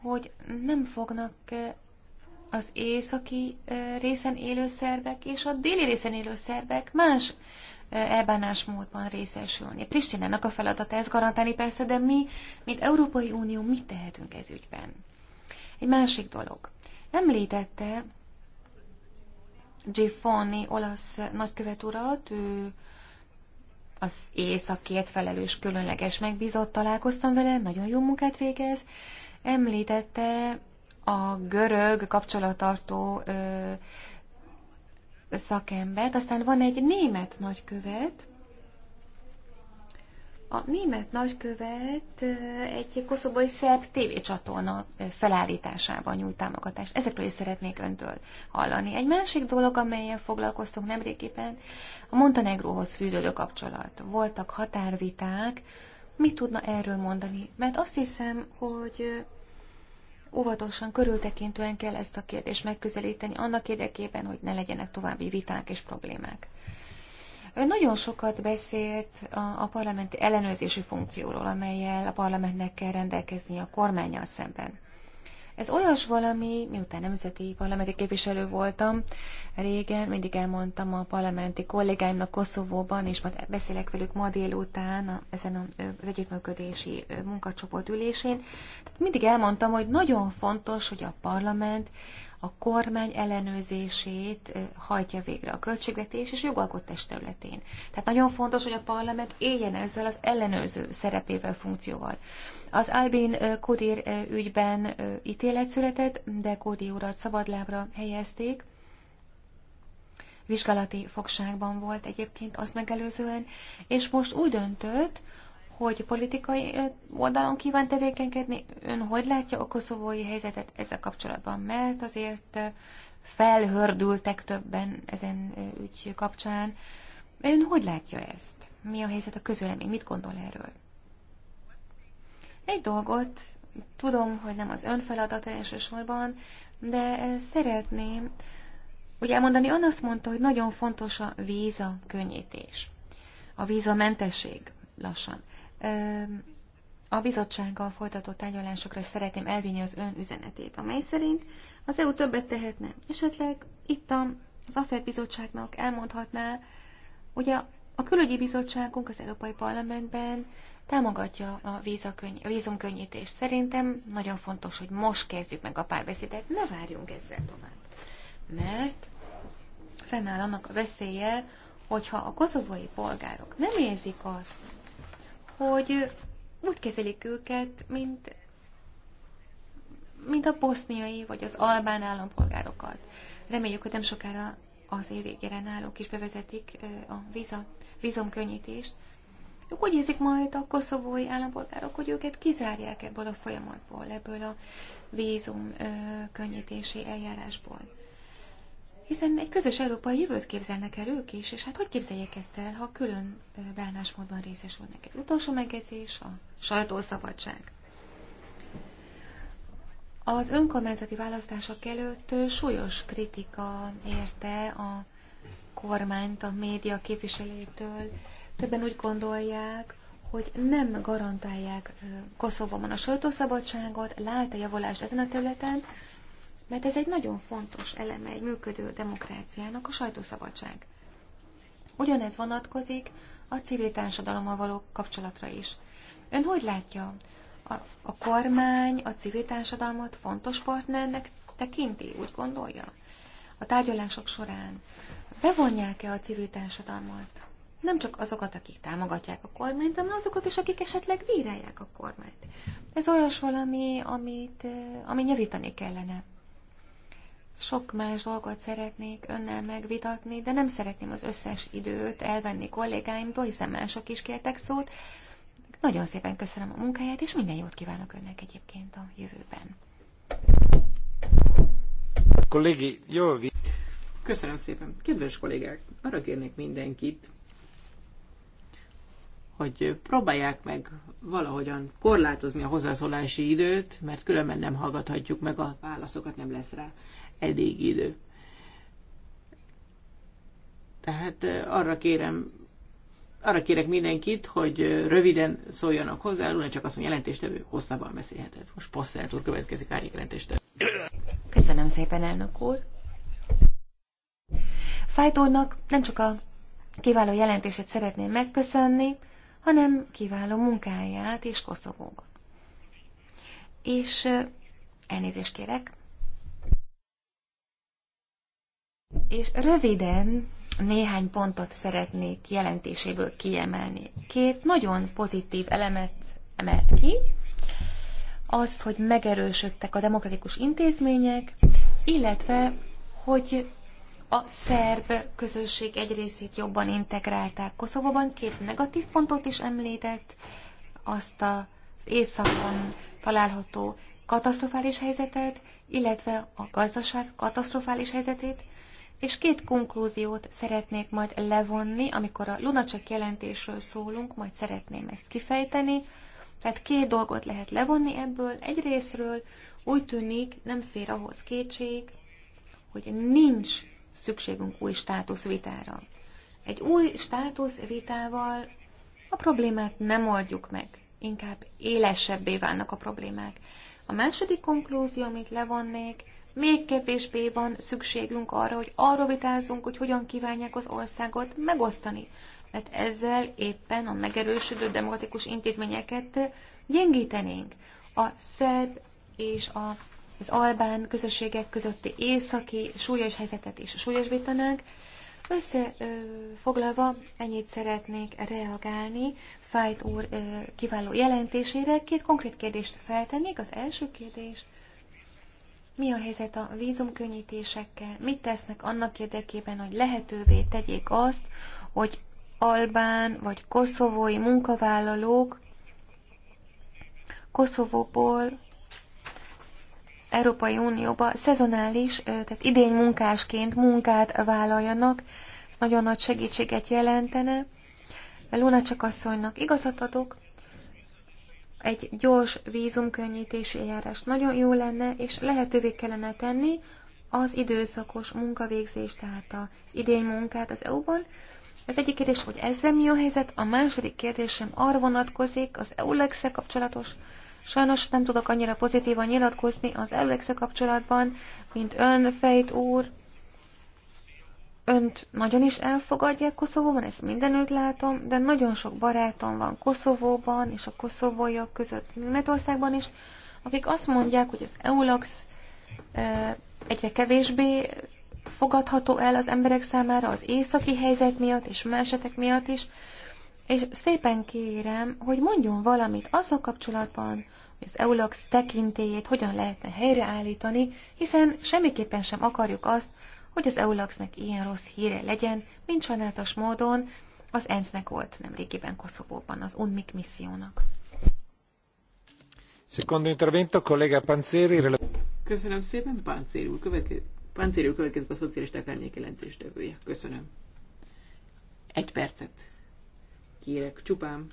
hogy nem fognak eh, az északi eh, részen élő szerbek és a déli részen élő szerbek más elbánásmódban részesülni. Pristinának a feladata ezt garantálni persze, de mi, mint Európai Unió, mit tehetünk ez ügyben? Egy másik dolog. Említette Giffoni olasz nagykövet urat, ő az északért felelős különleges megbízott, találkoztam vele, nagyon jó munkát végez. Említette a görög kapcsolattartó ö, szakembert, aztán van egy német nagykövet, a német nagykövet egy koszobói szerb tévécsatorna felállításában nyújt támogatást. Ezekről is szeretnék öntől hallani. Egy másik dolog, amelyen foglalkoztunk nemrégiben, a Montenegróhoz fűződő kapcsolat. Voltak határviták. Mit tudna erről mondani? Mert azt hiszem, hogy óvatosan, körültekintően kell ezt a kérdést megközelíteni annak érdekében, hogy ne legyenek további viták és problémák. nagyon sokat beszélt a, a parlamenti ellenőrzési funkcióról, amelyel a parlamentnek kell rendelkezni a kormányjal szemben. Ez olyas valami, miután nemzeti parlamenti képviselő voltam régen, mindig elmondtam a parlamenti kollégáimnak Koszovóban, és majd beszélek velük ma délután a, ezen az együttműködési munkacsoport ülésén. Tehát mindig elmondtam, hogy nagyon fontos, hogy a parlament a kormány ellenőrzését hajtja végre a költségvetés és jogalkotás területén. Tehát nagyon fontos, hogy a parlament éljen ezzel az ellenőrző szerepével, funkcióval. Az Albin Kodir ügyben ítélet született, de Kodi urat szabadlábra helyezték. Vizsgálati fogságban volt egyébként azt megelőzően, és most úgy döntött, hogy politikai oldalon kíván tevékenykedni. Ön hogy látja a koszovói helyzetet ezzel kapcsolatban? Mert azért felhördültek többen ezen ügy kapcsán. Ön hogy látja ezt? Mi a helyzet a közvélemény? Mit gondol erről? Egy dolgot tudom, hogy nem az ön feladata elsősorban, de szeretném, ugye elmondani, ön azt mondta, hogy nagyon fontos a víza könnyítés, a mentesség lassan a bizottsággal folytatott tárgyalásokra is szeretném elvinni az ön üzenetét, amely szerint az EU többet tehetne. Esetleg itt az AFED bizottságnak elmondhatná, hogy a külügyi bizottságunk az Európai Parlamentben támogatja a vízumkönnyítést. Szerintem nagyon fontos, hogy most kezdjük meg a párbeszédet, ne várjunk ezzel tovább. Mert fennáll annak a veszélye, hogyha a koszovói polgárok nem érzik azt, hogy úgy kezelik őket, mint, mint a boszniai vagy az albán állampolgárokat. Reméljük, hogy nem sokára az év végére náluk is bevezetik a víza, vízomkönnyítést. Ők úgy érzik majd a koszovói állampolgárok, hogy őket kizárják ebből a folyamatból, ebből a vízum könnyítési eljárásból. Hiszen egy közös európai jövőt képzelnek el ők is, és hát hogy képzeljék ezt el, ha külön bánásmódban részesülnek? Egy utolsó megjegyzés, a sajtószabadság. Az önkormányzati választások előtt súlyos kritika érte a kormányt, a média képviselőitől. Többen úgy gondolják, hogy nem garantálják Koszovóban a sajtószabadságot, lát a javulást ezen a területen, mert ez egy nagyon fontos eleme egy működő demokráciának a sajtószabadság. Ugyanez vonatkozik a civil társadalommal való kapcsolatra is. Ön hogy látja? A, a kormány a civil társadalmat fontos partnernek tekinti, úgy gondolja? A tárgyalások során bevonják-e a civil társadalmat? Nem csak azokat, akik támogatják a kormányt, hanem azokat is, akik esetleg bírálják a kormányt. Ez olyas valami, amit, eh, ami javítani kellene. Sok más dolgot szeretnék önnel megvitatni, de nem szeretném az összes időt elvenni kollégáimtól, hiszen mások is kértek szót. Nagyon szépen köszönöm a munkáját, és minden jót kívánok önnek egyébként a jövőben. Kollégi, jó. vi- Köszönöm szépen. Kedves kollégák, arra kérnék mindenkit, hogy próbálják meg valahogyan korlátozni a hozzászólási időt, mert különben nem hallgathatjuk meg a válaszokat, nem lesz rá elég idő. Tehát arra kérem, arra kérek mindenkit, hogy röviden szóljanak hozzá, Luna csak azt mondja, jelentéstevő hosszabban beszélhetett. Most Posztelt úr következik, árnyék jelentéstevő. Köszönöm szépen, elnök úr. Fájtónak nem csak a kiváló jelentését szeretném megköszönni, hanem kiváló munkáját és Koszovóban. És elnézést kérek, És röviden néhány pontot szeretnék jelentéséből kiemelni. Két nagyon pozitív elemet emelt ki. Azt, hogy megerősödtek a demokratikus intézmények, illetve, hogy a szerb közösség egy részét jobban integrálták. Koszovóban két negatív pontot is említett, azt az északon található katasztrofális helyzetet, illetve a gazdaság katasztrofális helyzetét, és két konklúziót szeretnék majd levonni, amikor a lunacsek jelentésről szólunk, majd szeretném ezt kifejteni. Tehát két dolgot lehet levonni ebből. Egy részről úgy tűnik, nem fér ahhoz kétség, hogy nincs szükségünk új státuszvitára. Egy új státuszvitával a problémát nem oldjuk meg, inkább élesebbé válnak a problémák. A második konklúzió, amit levonnék, még kevésbé van szükségünk arra, hogy arról vitázunk, hogy hogyan kívánják az országot megosztani. Mert ezzel éppen a megerősödő demokratikus intézményeket gyengítenénk. A szerb és a, az albán közösségek közötti északi súlyos helyzetet is súlyosbítanánk. Összefoglalva ennyit szeretnék reagálni Fájt úr kiváló jelentésére. Két konkrét kérdést feltennék. Az első kérdés – mi a helyzet a vízumkönnyítésekkel? Mit tesznek annak érdekében, hogy lehetővé tegyék azt, hogy albán vagy koszovói munkavállalók Koszovóból Európai Unióba szezonális, tehát idény munkásként munkát vállaljanak. Ez nagyon nagy segítséget jelentene. Luna csak asszonynak igazat adok, egy gyors vízumkönnyítési eljárás nagyon jó lenne, és lehetővé kellene tenni az időszakos munkavégzést, tehát az idény munkát az EU-ban. Az egyik kérdés, hogy ezzel mi a helyzet, a második kérdésem arra vonatkozik, az eulex -e, e kapcsolatos. Sajnos nem tudok annyira pozitívan nyilatkozni az eulex -e, e kapcsolatban, mint ön, Fejt úr, önt nagyon is elfogadják Koszovóban, ezt mindenütt látom, de nagyon sok barátom van Koszovóban és a koszovóiak között Németországban is, akik azt mondják, hogy az EULAX egyre kevésbé fogadható el az emberek számára az északi helyzet miatt és más esetek miatt is, és szépen kérem, hogy mondjon valamit azzal kapcsolatban, hogy az EULAX tekintélyét hogyan lehetne helyreállítani, hiszen semmiképpen sem akarjuk azt, hogy az Eulaxnek ilyen rossz híre legyen, mint sajnálatos módon az ENSZ-nek volt nemrégiben Koszovóban, az UNMIK missziónak. Secondo intervento, collega Panzeri. Köszönöm szépen, Panzeri úr. Panzeri úr következik a szocialisták árnyék jelentéstevője. Köszönöm. Egy percet kérek csupán.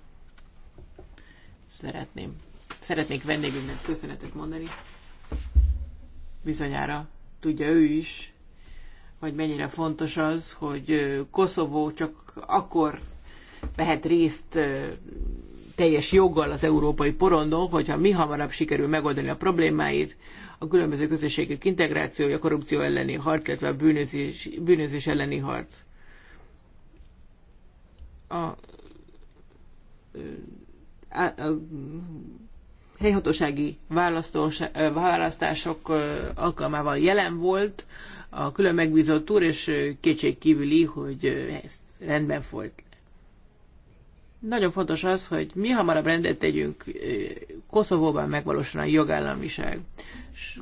Szeretném. Szeretnék vendégünknek köszönetet mondani. Bizonyára tudja ő is, hogy mennyire fontos az, hogy Koszovó csak akkor vehet részt teljes joggal az európai porondon, hogyha mi hamarabb sikerül megoldani a problémáit, a különböző közösségek integrációja, korrupció elleni harc, illetve a bűnözés, bűnözés elleni harc. A, a, a helyhatósági választások alkalmával jelen volt a külön megbízott úr, és kétség kívüli, hogy ezt rendben folyt. Nagyon fontos az, hogy mi hamarabb rendet tegyünk, Koszovóban megvalósul a jogállamiság.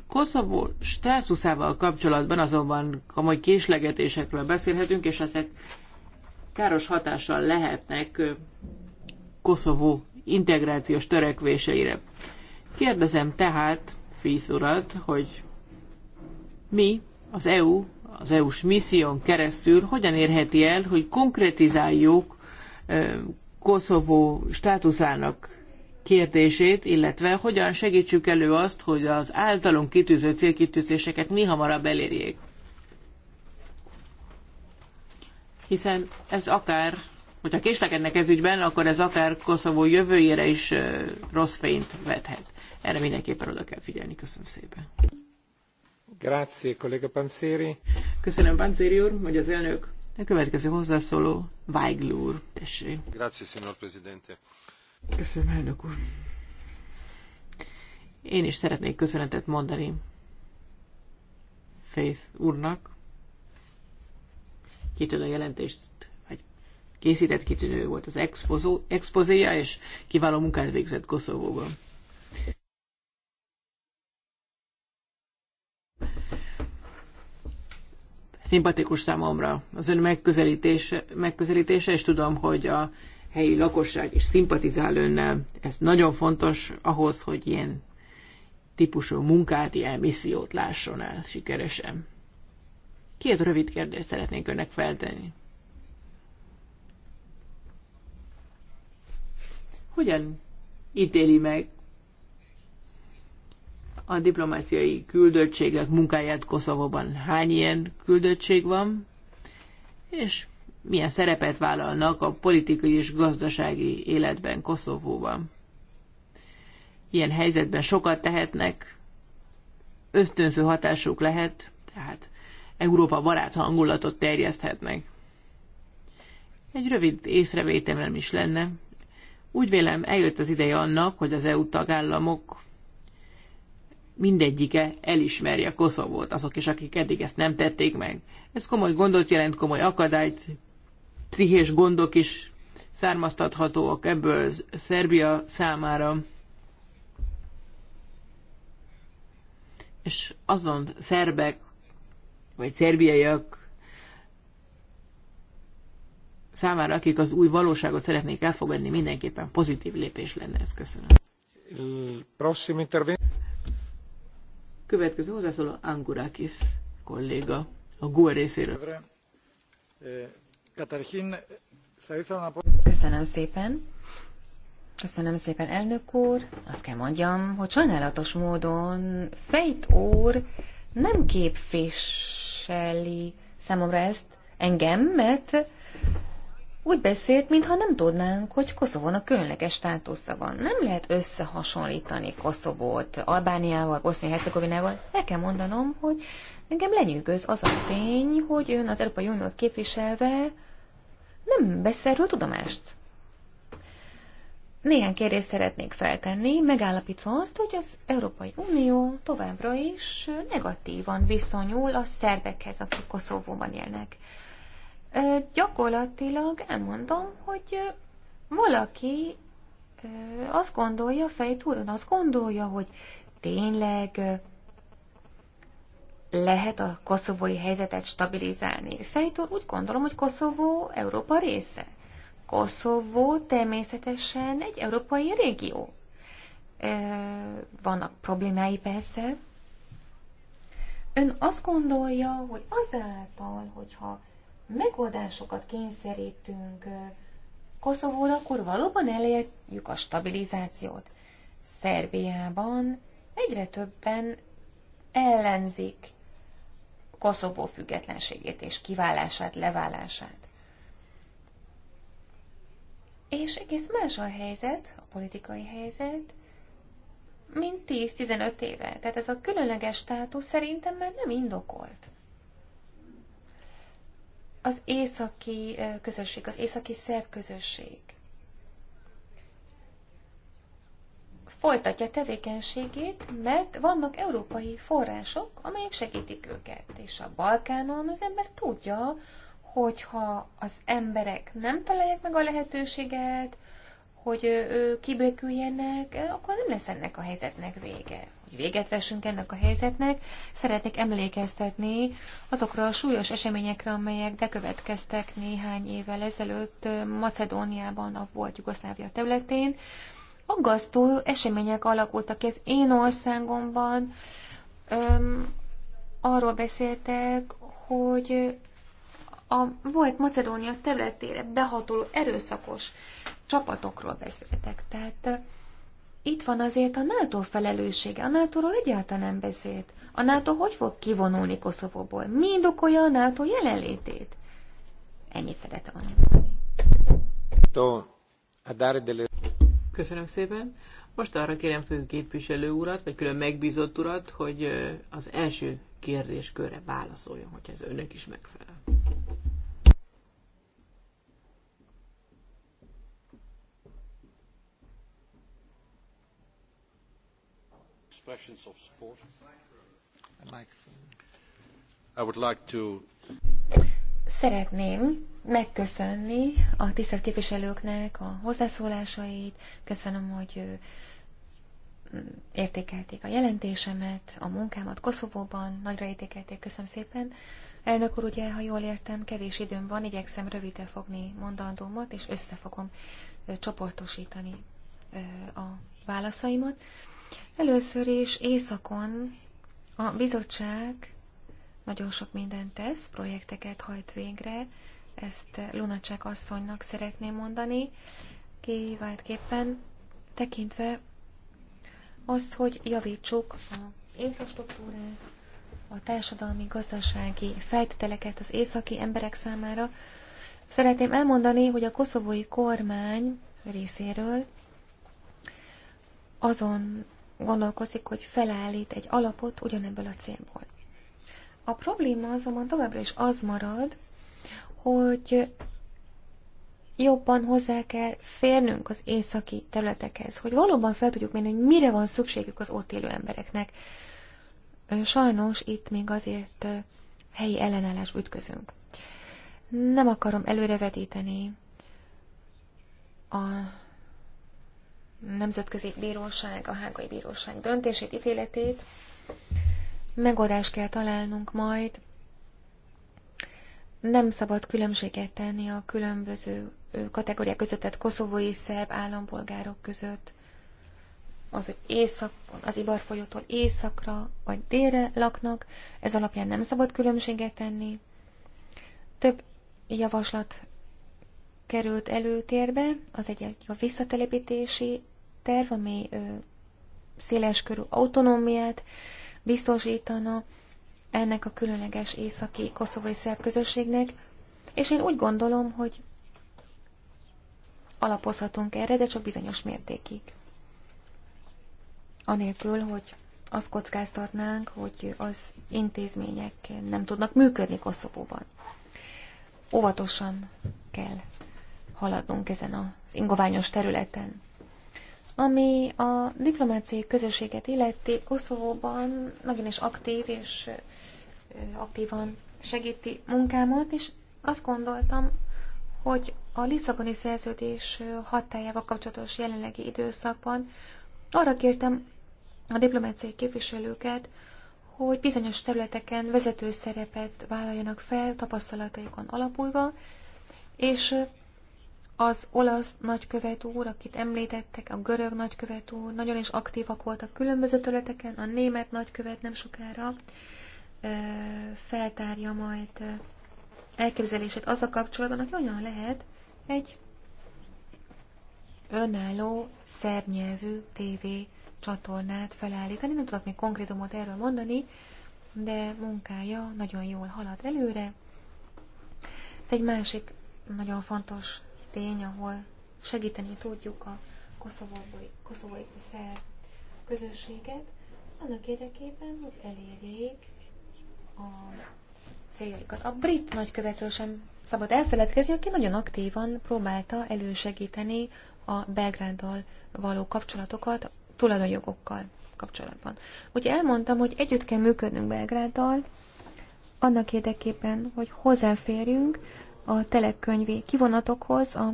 Koszovó státuszával kapcsolatban azonban komoly késlegetésekről beszélhetünk, és ezek káros hatással lehetnek Koszovó integrációs törekvéseire. Kérdezem tehát Fíz urat, hogy mi az EU, az EU-s misszión keresztül hogyan érheti el, hogy konkretizáljuk Koszovó státuszának kérdését, illetve hogyan segítsük elő azt, hogy az általunk kitűző célkitűzéseket mi hamarabb elérjék. Hiszen ez akár, hogyha késlekednek ez ügyben, akkor ez akár Koszovó jövőjére is rossz fényt vethet. Erre mindenképpen oda kell figyelni. Köszönöm szépen. Grazie, kollega Panzeri. Köszönöm, Panzeri úr, hogy az elnök. A következő hozzászóló, Weigl úr, tessék. Grazie, signor Presidente. Köszönöm, elnök úr. Én is szeretnék köszönetet mondani Faith úrnak. Kitűnő jelentést, vagy készített kitűnő volt az expozó, expozéja, és kiváló munkát végzett Koszovóban. szimpatikus számomra az ön megközelítése, megközelítése, és tudom, hogy a helyi lakosság is szimpatizál önnel. Ez nagyon fontos ahhoz, hogy ilyen típusú munkát, ilyen missziót lásson el sikeresen. Két rövid kérdést szeretnék önnek feltenni. Hogyan ítéli meg a diplomáciai küldöttségek munkáját Koszovóban. Hány ilyen küldöttség van, és milyen szerepet vállalnak a politikai és gazdasági életben Koszovóban. Ilyen helyzetben sokat tehetnek, ösztönző hatásuk lehet, tehát Európa barát hangulatot terjeszthetnek. Egy rövid észrevételem is lenne. Úgy vélem, eljött az ideje annak, hogy az EU tagállamok mindegyike elismerje Koszovót, azok is, akik eddig ezt nem tették meg. Ez komoly gondot jelent, komoly akadályt, pszichés gondok is származtathatóak ebből Szerbia számára. És azon szerbek, vagy szerbiaiak számára, akik az új valóságot szeretnék elfogadni, mindenképpen pozitív lépés lenne ez. Köszönöm. Következő hozzászóló Angurakis kolléga a GUE részéről. Köszönöm szépen. Köszönöm szépen, elnök úr. Azt kell mondjam, hogy sajnálatos módon Fejt úr nem képviseli számomra ezt engem, mert úgy beszélt, mintha nem tudnánk, hogy Koszovónak különleges státusza van. Nem lehet összehasonlítani Koszovót Albániával, Bosznia-Hercegovinával. Le kell mondanom, hogy engem lenyűgöz az a tény, hogy ön az Európai Uniót képviselve nem vesz erről tudomást. Néhány kérdést szeretnék feltenni, megállapítva azt, hogy az Európai Unió továbbra is negatívan viszonyul a szerbekhez, akik Koszovóban élnek gyakorlatilag elmondom, hogy valaki azt gondolja, fejtúron azt gondolja, hogy tényleg lehet a koszovói helyzetet stabilizálni. Fejtúr úgy gondolom, hogy Koszovó Európa része. Koszovó természetesen egy európai régió. Vannak problémái persze. Ön azt gondolja, hogy azáltal, hogyha megoldásokat kényszerítünk Koszovóra, akkor valóban elérjük a stabilizációt. Szerbiában egyre többen ellenzik Koszovó függetlenségét és kiválását, leválását. És egész más a helyzet, a politikai helyzet, mint 10-15 éve. Tehát ez a különleges státusz szerintem már nem indokolt az északi közösség, az északi szerb közösség folytatja tevékenységét, mert vannak európai források, amelyek segítik őket. És a Balkánon az ember tudja, hogyha az emberek nem találják meg a lehetőséget, hogy kibéküljenek, akkor nem lesz ennek a helyzetnek vége hogy véget vessünk ennek a helyzetnek, szeretnék emlékeztetni azokra a súlyos eseményekre, amelyek bekövetkeztek néhány évvel ezelőtt Macedóniában, a volt Jugoszlávia területén. Aggasztó események alakultak ki az én országomban. Öm, arról beszéltek, hogy a volt Macedónia területére behatoló erőszakos csapatokról beszéltek. Tehát itt van azért a NATO felelőssége. A NATO-ról egyáltalán nem beszélt. A NATO hogy fog kivonulni Koszovóból? Mi indokolja a NATO jelenlétét? Ennyit szeretem volna Köszönöm szépen. Most arra kérem képviselő urat, vagy külön megbízott urat, hogy az első kérdéskörre válaszoljon, hogy ez önnek is megfelel. expressions of support. I would like to... Szeretném megköszönni a tisztelt képviselőknek a hozzászólásait. Köszönöm, hogy mm, értékelték a jelentésemet, a munkámat Koszovóban, nagyra értékelték, köszönöm szépen. Elnök úr, ugye, ha jól értem, kevés időm van, igyekszem rövidre fogni mondandómat, és össze fogom csoportosítani a válaszaimat. Először is északon a bizottság nagyon sok mindent tesz, projekteket hajt végre, ezt Lunacsek asszonynak szeretném mondani, kiváltképpen tekintve azt, hogy javítsuk az infrastruktúrát, a társadalmi, gazdasági feltételeket az északi emberek számára. Szeretném elmondani, hogy a koszovói kormány részéről azon gondolkozik, hogy felállít egy alapot ugyanebből a célból. A probléma azonban továbbra is az marad, hogy jobban hozzá kell férnünk az északi területekhez, hogy valóban fel tudjuk menni, hogy mire van szükségük az ott élő embereknek. Sajnos itt még azért helyi ellenállás ütközünk. Nem akarom előrevetíteni a Nemzetközi Bíróság, a Hágai Bíróság döntését, ítéletét. Megoldást kell találnunk majd. Nem szabad különbséget tenni a különböző kategóriák között, tehát koszovói szerb állampolgárok között, az, hogy észak, az Ibar folyótól északra vagy délre laknak, ez alapján nem szabad különbséget tenni. Több javaslat került előtérbe, az egyik a visszatelepítési terv, ami széleskörű autonómiát biztosítana ennek a különleges északi koszovai szerb közösségnek, és én úgy gondolom, hogy alapozhatunk erre, de csak bizonyos mértékig. Anélkül, hogy azt kockáztatnánk, hogy az intézmények nem tudnak működni Koszovóban. Óvatosan kell haladnunk ezen az ingoványos területen. Ami a diplomáciai közösséget illeti, Koszovóban nagyon is aktív és aktívan segíti munkámat, és azt gondoltam, hogy a Lisszaboni szerződés hatájával kapcsolatos jelenlegi időszakban arra kértem a diplomáciai képviselőket, hogy bizonyos területeken vezető szerepet vállaljanak fel tapasztalataikon alapulva, és az olasz nagykövet úr, akit említettek, a görög nagykövet úr, nagyon is aktívak voltak különböző területeken, a német nagykövet nem sokára feltárja majd elképzelését a kapcsolatban, hogy olyan lehet egy önálló nyelvű TV csatornát felállítani. Nem tudok még konkrétumot erről mondani, de munkája nagyon jól halad előre. Ez egy másik nagyon fontos tény, ahol segíteni tudjuk a koszovói, koszovói szerb közösséget, annak érdekében, hogy elérjék a céljaikat. A brit nagykövetről sem szabad elfeledkezni, aki nagyon aktívan próbálta elősegíteni a Belgráddal való kapcsolatokat, tulajdonjogokkal kapcsolatban. Ugye elmondtam, hogy együtt kell működnünk Belgráddal, annak érdekében, hogy hozzáférjünk a telekönyvi kivonatokhoz az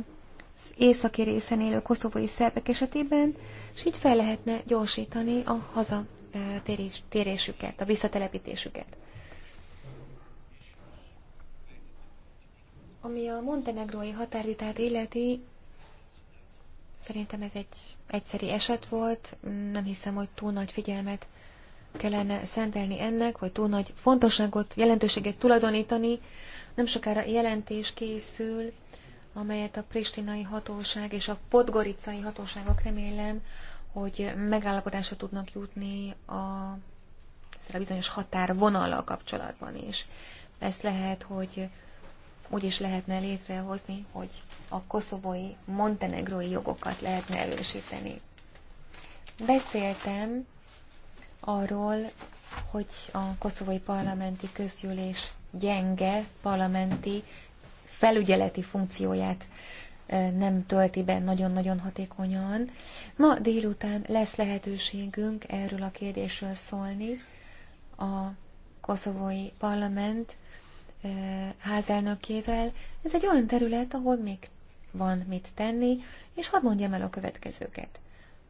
északi részen élő koszovói szerbek esetében, és így fel lehetne gyorsítani a hazatérésüket, a visszatelepítésüket. Ami a montenegrói határvitát illeti, szerintem ez egy egyszeri eset volt, nem hiszem, hogy túl nagy figyelmet kellene szentelni ennek, vagy túl nagy fontosságot, jelentőséget tulajdonítani. Nem sokára jelentés készül, amelyet a pristinai hatóság és a podgoricai hatóságok remélem, hogy megállapodásra tudnak jutni a a bizonyos határvonallal kapcsolatban is. Ezt lehet, hogy úgy is lehetne létrehozni, hogy a koszovói, montenegrói jogokat lehetne erősíteni. Beszéltem arról, hogy a koszovói parlamenti közgyűlés gyenge parlamenti felügyeleti funkcióját nem tölti be nagyon-nagyon hatékonyan. Ma délután lesz lehetőségünk erről a kérdésről szólni. A koszovói parlament házelnökével. Ez egy olyan terület, ahol még van mit tenni, és hadd mondjam el a következőket.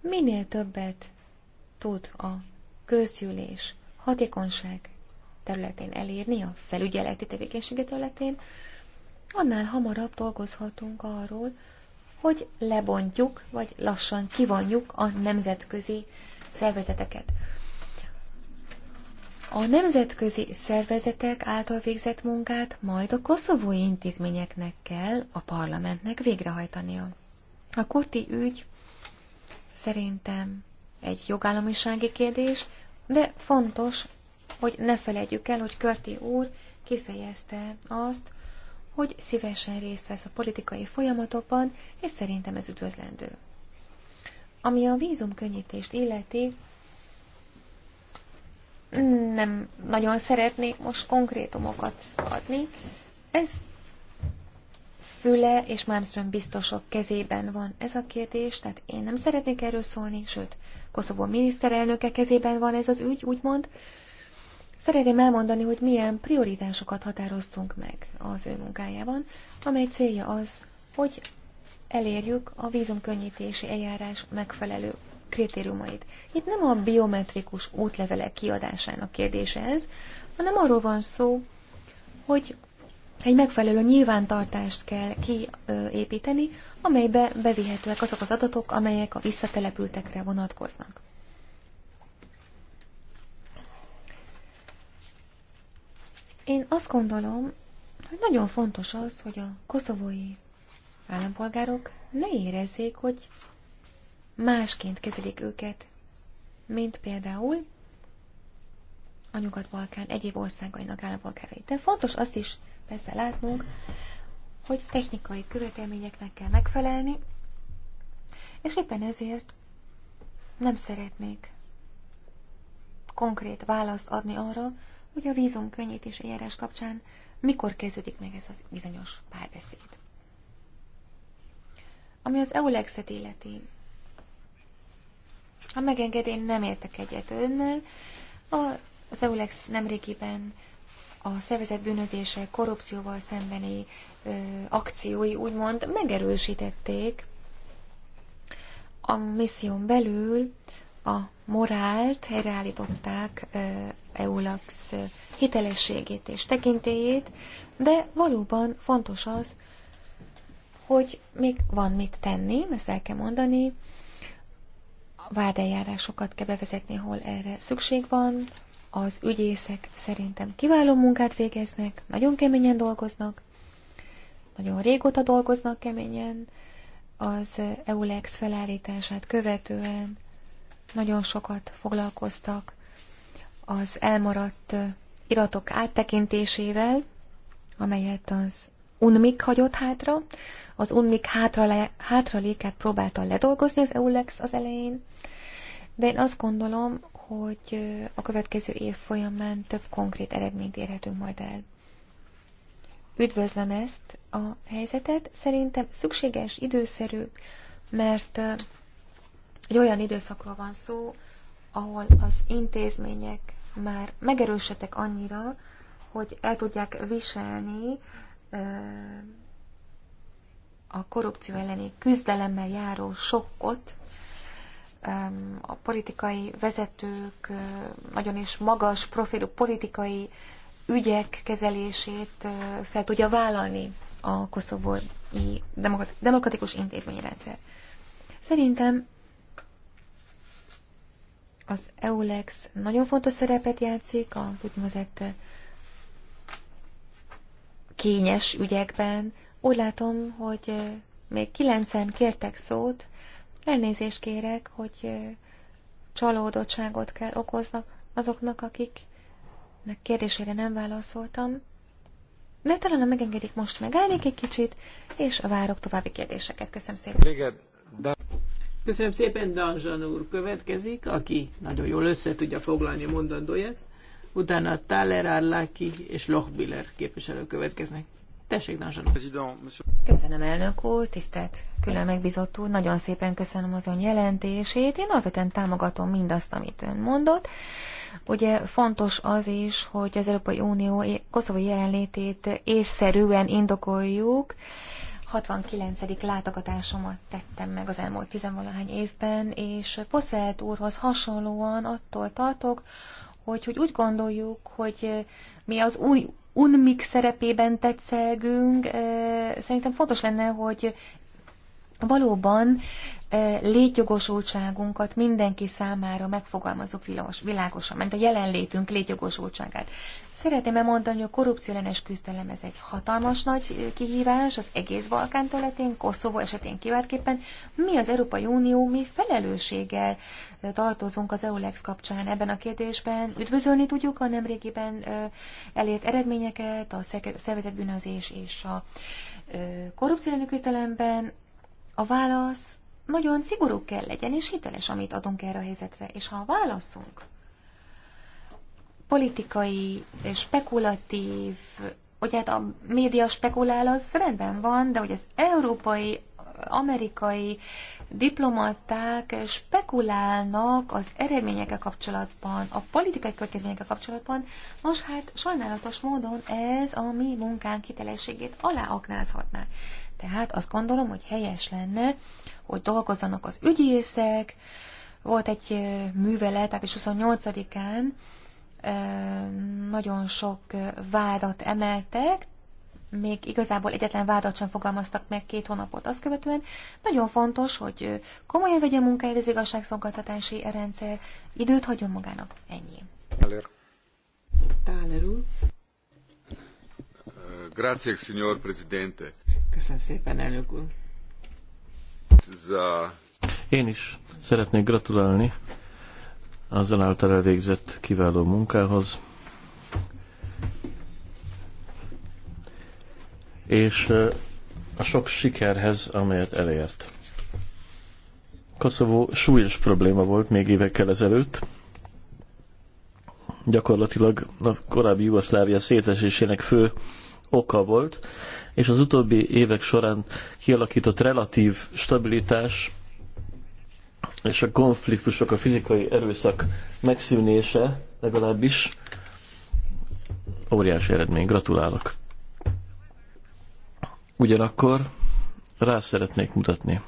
Minél többet tud a közgyűlés, hatékonyság területén elérni, a felügyeleti tevékenysége területén, annál hamarabb dolgozhatunk arról, hogy lebontjuk, vagy lassan kivonjuk a nemzetközi szervezeteket. A nemzetközi szervezetek által végzett munkát majd a koszovói intézményeknek kell a parlamentnek végrehajtania. A kurti ügy szerintem egy jogállamisági kérdés, de fontos hogy ne felejtjük el, hogy Körti úr kifejezte azt, hogy szívesen részt vesz a politikai folyamatokban, és szerintem ez üdvözlendő. Ami a vízumkönnyítést illeti, nem nagyon szeretnék most konkrétumokat adni. Ez Füle és Malmström biztosok kezében van ez a kérdés, tehát én nem szeretnék erről szólni, sőt, Koszovó miniszterelnöke kezében van ez az ügy, úgymond. Szeretném elmondani, hogy milyen prioritásokat határoztunk meg az ő munkájában, amely célja az, hogy elérjük a vízumkönnyítési eljárás megfelelő kritériumait. Itt nem a biometrikus útlevelek kiadásának kérdése ez, hanem arról van szó, hogy egy megfelelő nyilvántartást kell kiépíteni, amelybe bevihetőek azok az adatok, amelyek a visszatelepültekre vonatkoznak. Én azt gondolom, hogy nagyon fontos az, hogy a koszovói állampolgárok ne érezzék, hogy másként kezelik őket, mint például a Nyugat-Balkán egyéb országainak állampolgárai. De fontos azt is persze látnunk, hogy technikai követelményeknek kell megfelelni, és éppen ezért nem szeretnék konkrét választ adni arra, hogy a vízum könnyítés eljárás kapcsán mikor kezdődik meg ez az bizonyos párbeszéd. Ami az EULEX-et illeti, ha megenged, én nem értek egyet önnel. Az EULEX nemrégiben a szervezet bűnözése korrupcióval szembeni ö, akciói úgymond megerősítették a misszión belül a morált helyreállították Eulax hitelességét és tekintélyét, de valóban fontos az, hogy még van mit tenni, ezt el kell mondani, vádeljárásokat kell bevezetni, hol erre szükség van, az ügyészek szerintem kiváló munkát végeznek, nagyon keményen dolgoznak, nagyon régóta dolgoznak keményen, az EULEX felállítását követően nagyon sokat foglalkoztak az elmaradt iratok áttekintésével, amelyet az UNMIK hagyott hátra. Az UNMIK hátra, próbálta ledolgozni az EULEX az elején, de én azt gondolom, hogy a következő év folyamán több konkrét eredményt érhetünk majd el. Üdvözlöm ezt a helyzetet, szerintem szükséges, időszerű, mert egy olyan időszakról van szó, ahol az intézmények már megerősödtek annyira, hogy el tudják viselni a korrupció elleni küzdelemmel járó sokkot, a politikai vezetők nagyon is magas profilú politikai ügyek kezelését fel tudja vállalni a koszovói demokratikus intézményrendszer. Szerintem az EULEX nagyon fontos szerepet játszik az úgynevezett kényes ügyekben. Úgy látom, hogy eh, még kilencen kértek szót. Elnézést kérek, hogy eh, csalódottságot kell okoznak azoknak, akiknek kérdésére nem válaszoltam. De talán, megengedik, most megállni egy kicsit, és várok további kérdéseket. Köszönöm szépen. Köszönöm szépen, Danzsan úr következik, aki nagyon jól össze tudja foglalni mondandóját. Utána Thaler, Arlaki és Lochbiller képviselő következnek. Tessék, Danzsan Köszönöm, elnök úr, tisztelt külön megbízott úr, nagyon szépen köszönöm az ön jelentését. Én alapvetően támogatom mindazt, amit ön mondott. Ugye fontos az is, hogy az Európai Unió koszovai jelenlétét észszerűen indokoljuk, 69. látogatásomat tettem meg az elmúlt tizenvalahány évben, és Poszelt úrhoz hasonlóan attól tartok, hogy, hogy úgy gondoljuk, hogy eh, mi az új unmik szerepében tetszelgünk, eh, szerintem fontos lenne, hogy valóban eh, létjogosultságunkat mindenki számára megfogalmazok világosan, mert a jelenlétünk létjogosultságát. Szeretném mondani, hogy a korrupciólenes küzdelem ez egy hatalmas nagy kihívás az egész Balkán területén, Koszovó esetén kiváltképpen. Mi az Európai Unió, mi felelősséggel tartozunk az EULEX kapcsán ebben a kérdésben. Üdvözölni tudjuk a nemrégiben elért eredményeket, a szervezetbűnözés és a korrupciólenes küzdelemben. A válasz nagyon szigorú kell legyen és hiteles, amit adunk erre a helyzetre. És ha a válaszunk politikai, spekulatív, hogy hát a média spekulál, az rendben van, de hogy az európai, amerikai diplomaták spekulálnak az eredményekkel kapcsolatban, a politikai következményekkel kapcsolatban, most hát sajnálatos módon ez a mi munkánk hitelességét aláaknázhatná. Tehát azt gondolom, hogy helyes lenne, hogy dolgozzanak az ügyészek, volt egy művelet április 28-án, nagyon sok vádat emeltek, még igazából egyetlen vádat sem fogalmaztak meg két hónapot azt követően. Nagyon fontos, hogy komolyan vegye munkáját az igazságszolgáltatási rendszer, időt hagyjon magának. Ennyi. Elér. Táler úr. Grazie, signor Presidente. Köszönöm szépen, elnök úr. Én is szeretnék gratulálni azon által elvégzett kiváló munkához. És a sok sikerhez, amelyet elért. Koszovó súlyos probléma volt még évekkel ezelőtt. Gyakorlatilag a korábbi Jugoszlávia szétesésének fő oka volt, és az utóbbi évek során kialakított relatív stabilitás és a konfliktusok, a fizikai erőszak megszűnése legalábbis óriási eredmény. Gratulálok! Ugyanakkor rá szeretnék mutatni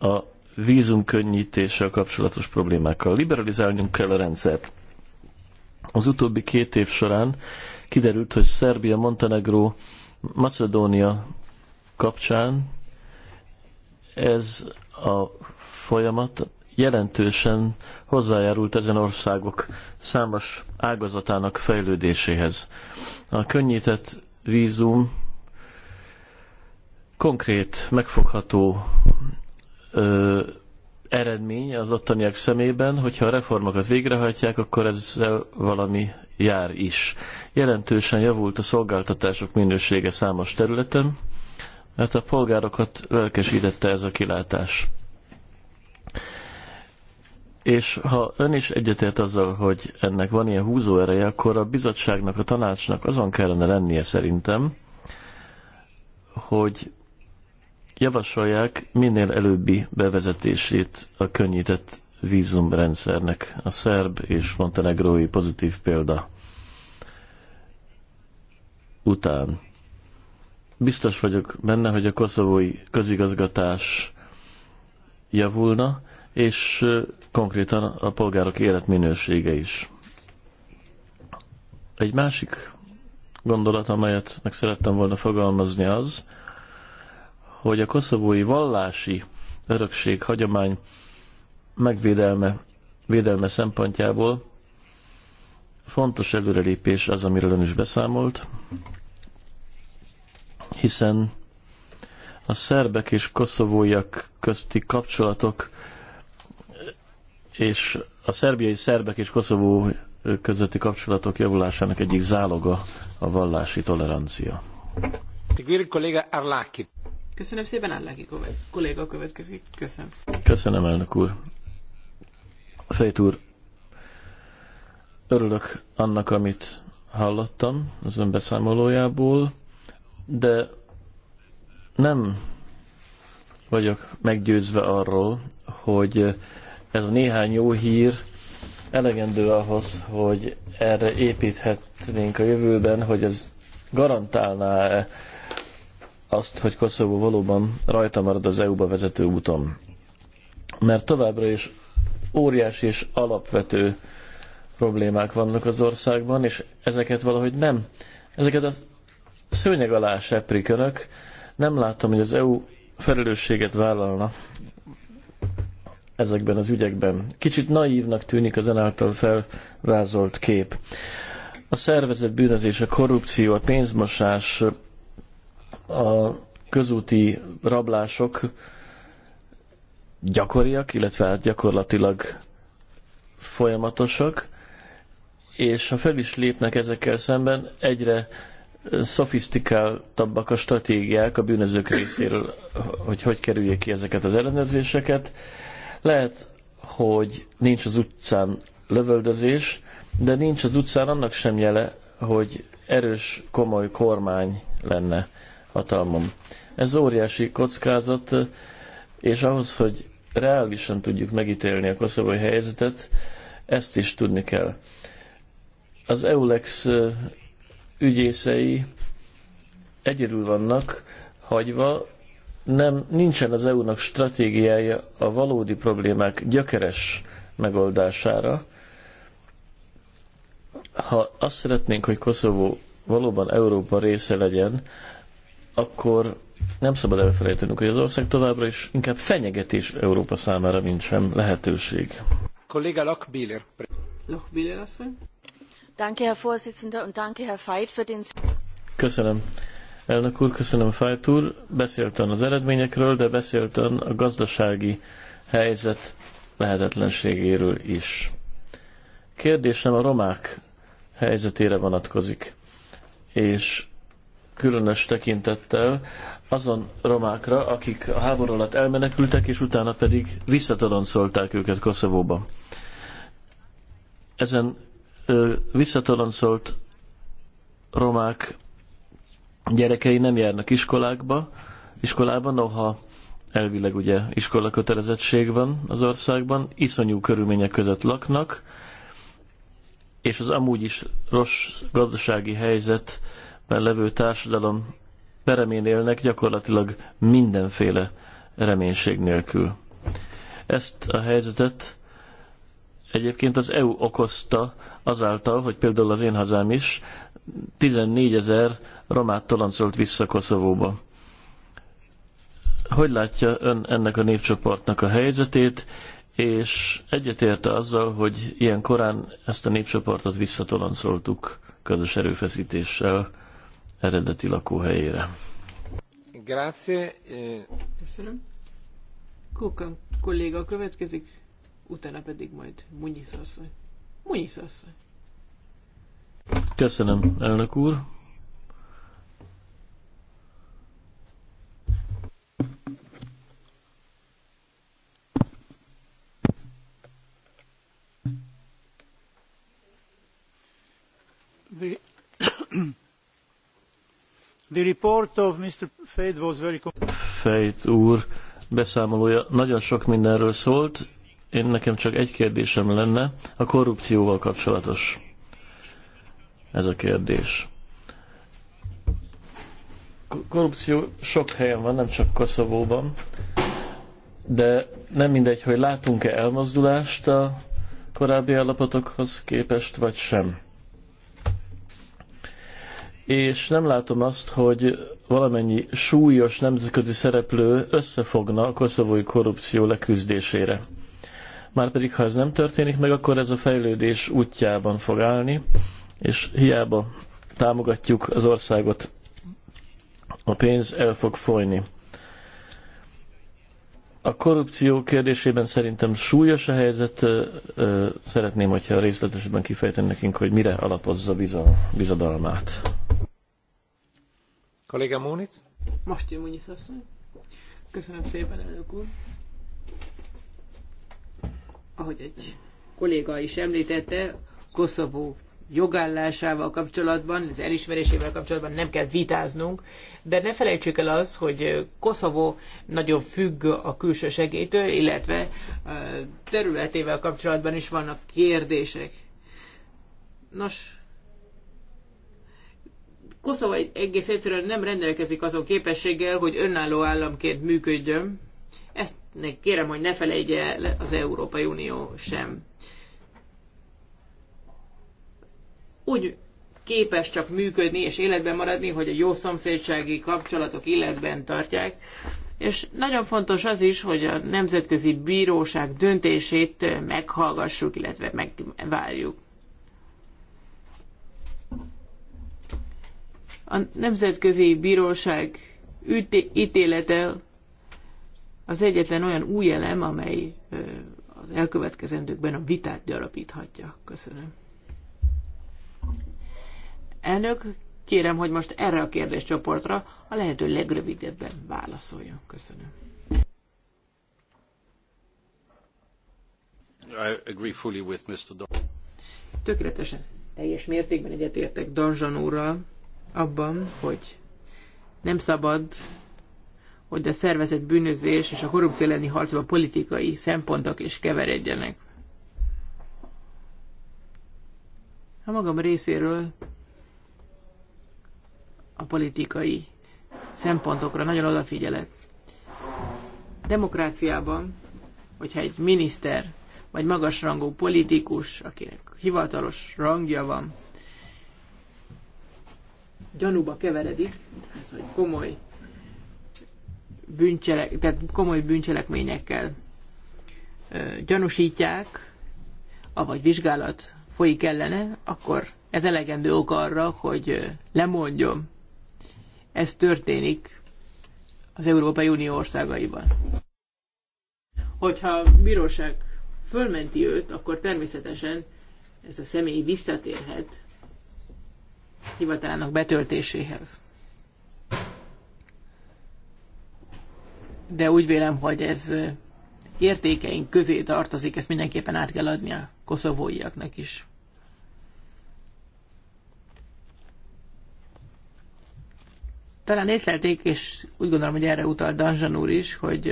a vízumkönnyítéssel kapcsolatos problémákkal. Liberalizálnunk kell a rendszert. Az utóbbi két év során kiderült, hogy Szerbia, Montenegró, Macedónia kapcsán ez a folyamat jelentősen hozzájárult ezen országok számos ágazatának fejlődéséhez. A könnyített vízum konkrét, megfogható ö, eredmény az ottaniak szemében, hogyha a reformokat végrehajtják, akkor ezzel valami jár is. Jelentősen javult a szolgáltatások minősége számos területen, Hát a polgárokat lelkesítette ez a kilátás. És ha ön is egyetért azzal, hogy ennek van ilyen húzóereje, akkor a bizottságnak, a tanácsnak azon kellene lennie szerintem, hogy javasolják minél előbbi bevezetését a könnyített vízumrendszernek. A szerb és montenegrói pozitív példa után. Biztos vagyok benne, hogy a koszovói közigazgatás javulna, és konkrétan a polgárok életminősége is. Egy másik gondolat, amelyet meg szerettem volna fogalmazni az, hogy a koszovói vallási örökség, hagyomány megvédelme védelme szempontjából fontos előrelépés az, amiről ön is beszámolt hiszen a szerbek és koszovóiak közti kapcsolatok és a szerbiai szerbek és koszovó közötti kapcsolatok javulásának egyik záloga a vallási tolerancia. Köszönöm szépen, Arláki kolléga következik. Köszönöm szépen. Köszönöm, elnök úr. Fejt úr, örülök annak, amit hallottam az ön beszámolójából de nem vagyok meggyőzve arról, hogy ez a néhány jó hír elegendő ahhoz, hogy erre építhetnénk a jövőben, hogy ez garantálná -e azt, hogy Koszovó valóban rajta marad az EU-ba vezető úton. Mert továbbra is óriási és alapvető problémák vannak az országban, és ezeket valahogy nem, ezeket az szőnyeg alá seprik önök. Nem látom, hogy az EU felelősséget vállalna ezekben az ügyekben. Kicsit naívnak tűnik az enáltal felvázolt kép. A szervezet bűnözés, a korrupció, a pénzmosás, a közúti rablások gyakoriak, illetve hát gyakorlatilag folyamatosak, és ha fel is lépnek ezekkel szemben, egyre szofisztikáltabbak a stratégiák a bűnözők részéről, hogy hogy kerüljék ki ezeket az ellenőrzéseket. Lehet, hogy nincs az utcán lövöldözés, de nincs az utcán annak sem jele, hogy erős, komoly kormány lenne hatalmon. Ez óriási kockázat, és ahhoz, hogy reálisan tudjuk megítélni a koszovói helyzetet, ezt is tudni kell. Az EULEX ügyészei egyedül vannak hagyva, nem, nincsen az EU-nak stratégiája a valódi problémák gyökeres megoldására. Ha azt szeretnénk, hogy Koszovó valóban Európa része legyen, akkor nem szabad elfelejtenünk, hogy az ország továbbra is inkább fenyegetés Európa számára, mint sem lehetőség. Kolléga Lachbiller. Lachbiller asszony. Köszönöm. Elnök úr, köszönöm Fájt úr. Beszélt az eredményekről, de beszélt a gazdasági helyzet lehetetlenségéről is. Kérdésem a romák helyzetére vonatkozik, és különös tekintettel azon romákra, akik a háború alatt elmenekültek, és utána pedig visszatoloncolták őket Koszovóba. Ezen visszatoloncolt romák gyerekei nem járnak iskolákba, iskolában, noha elvileg ugye iskola kötelezettség van az országban, iszonyú körülmények között laknak, és az amúgy is rossz gazdasági helyzetben levő társadalom peremén élnek gyakorlatilag mindenféle reménység nélkül. Ezt a helyzetet egyébként az EU okozta azáltal, hogy például az én hazám is 14 ezer romát toloncolt vissza Koszovóba. Hogy látja ön ennek a népcsoportnak a helyzetét, és egyetérte azzal, hogy ilyen korán ezt a népcsoportot visszatoloncoltuk közös erőfeszítéssel eredeti lakóhelyére. Grazie. Eh. Köszönöm. Kóka kolléga következik utána pedig majd Munyisz asszony. Munyisz asszony. Köszönöm, elnök úr. The, report of Mr. Fate was very... Fate úr beszámolója nagyon sok mindenről szólt, én nekem csak egy kérdésem lenne, a korrupcióval kapcsolatos ez a kérdés. Korrupció sok helyen van, nem csak Koszovóban, de nem mindegy, hogy látunk-e elmozdulást a korábbi állapotokhoz képest, vagy sem. És nem látom azt, hogy valamennyi súlyos nemzetközi szereplő összefogna a koszovói korrupció leküzdésére Márpedig, ha ez nem történik meg, akkor ez a fejlődés útjában fog állni, és hiába támogatjuk az országot, a pénz el fog folyni. A korrupció kérdésében szerintem súlyos a helyzet. Szeretném, hogyha részletesebben kifejteni nekünk, hogy mire alapozza bizadalmát. Kolléga Múnic? Most jön Múnic Köszönöm szépen, elnök úr ahogy egy kolléga is említette, Koszovó jogállásával kapcsolatban, az elismerésével kapcsolatban nem kell vitáznunk, de ne felejtsük el az, hogy Koszovó nagyon függ a külső segélytől, illetve területével kapcsolatban is vannak kérdések. Nos, Koszovó egész egyszerűen nem rendelkezik azon képességgel, hogy önálló államként működjön, ezt kérem, hogy ne felejtje el az Európai Unió sem. Úgy képes csak működni és életben maradni, hogy a jó szomszédsági kapcsolatok életben tartják. És nagyon fontos az is, hogy a Nemzetközi Bíróság döntését meghallgassuk, illetve megvárjuk. A Nemzetközi Bíróság ítélete az egyetlen olyan új elem, amely az elkövetkezendőkben a vitát gyarapíthatja. Köszönöm. Elnök, kérem, hogy most erre a kérdéscsoportra a lehető legrövidebben válaszoljon. Köszönöm. I agree fully with Mr. Don. Tökéletesen, teljes mértékben egyetértek Danzsan úrral abban, hogy nem szabad hogy a szervezett bűnözés és a korrupció elleni harcban politikai szempontok is keveredjenek. A magam részéről a politikai szempontokra nagyon odafigyelek. Demokráciában, hogyha egy miniszter vagy magasrangú politikus, akinek hivatalos rangja van, gyanúba keveredik, ez, hogy komoly bűncselek, tehát komoly bűncselekményekkel gyanúsítják, avagy vizsgálat folyik ellene, akkor ez elegendő ok arra, hogy lemondjon. Ez történik az Európai Unió országaiban. Hogyha a bíróság fölmenti őt, akkor természetesen ez a személy visszatérhet hivatalának betöltéséhez. de úgy vélem, hogy ez értékeink közé tartozik, ezt mindenképpen át kell adni a koszovóiaknak is. Talán észlelték, és úgy gondolom, hogy erre utalt Danzsan úr is, hogy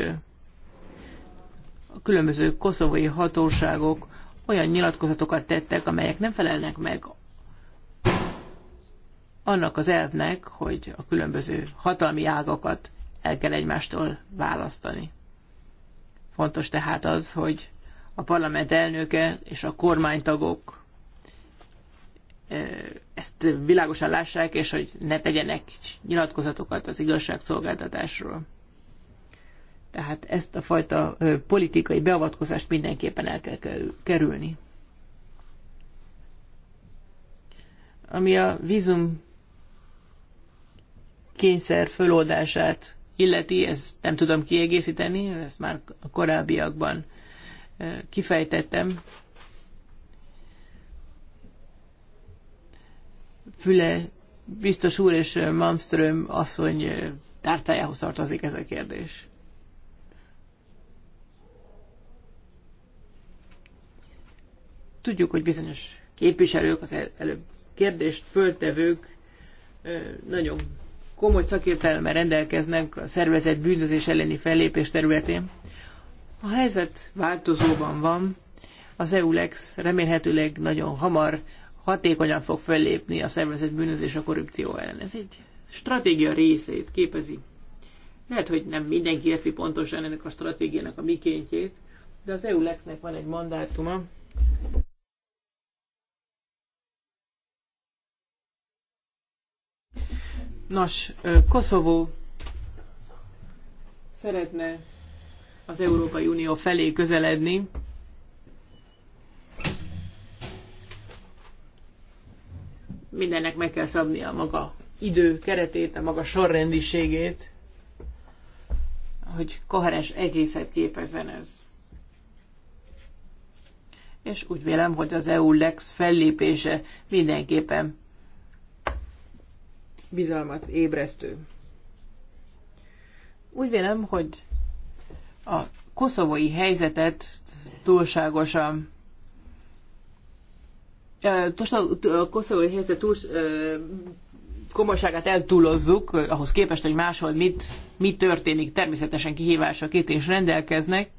a különböző koszovói hatóságok olyan nyilatkozatokat tettek, amelyek nem felelnek meg annak az elvnek, hogy a különböző hatalmi ágakat el kell egymástól választani. Fontos tehát az, hogy a parlament elnöke és a kormánytagok ezt világosan lássák, és hogy ne tegyenek nyilatkozatokat az igazságszolgáltatásról. Tehát ezt a fajta politikai beavatkozást mindenképpen el kell kerülni. Ami a vízum kényszer föloldását illeti, ezt nem tudom kiegészíteni, ezt már a korábbiakban kifejtettem. Füle biztos úr és Malmström asszony tártájához tartozik ez a kérdés. Tudjuk, hogy bizonyos képviselők, az előbb kérdést föltevők nagyon komoly szakértelme rendelkeznek a szervezet bűnözés elleni fellépés területén. A helyzet változóban van, az EULEX remélhetőleg nagyon hamar hatékonyan fog fellépni a szervezet bűnözés a korrupció ellen. Ez egy stratégia részét képezi. Lehet, hogy nem mindenki érti pontosan ennek a stratégiának a mikéntjét, de az EULEX-nek van egy mandátuma, Nos, Koszovó szeretne az Európai Unió felé közeledni. Mindennek meg kell szabni a maga idő keretét, a maga sorrendiségét, hogy koherens egészet képezzen ez. És úgy vélem, hogy az EU-lex fellépése mindenképpen bizalmat ébresztő. Úgy vélem, hogy a koszovói helyzetet túlságosan a koszovói helyzet túl, komolyságát eltúlozzuk, ahhoz képest, hogy máshol mit, mi történik, természetesen kihívások itt is rendelkeznek.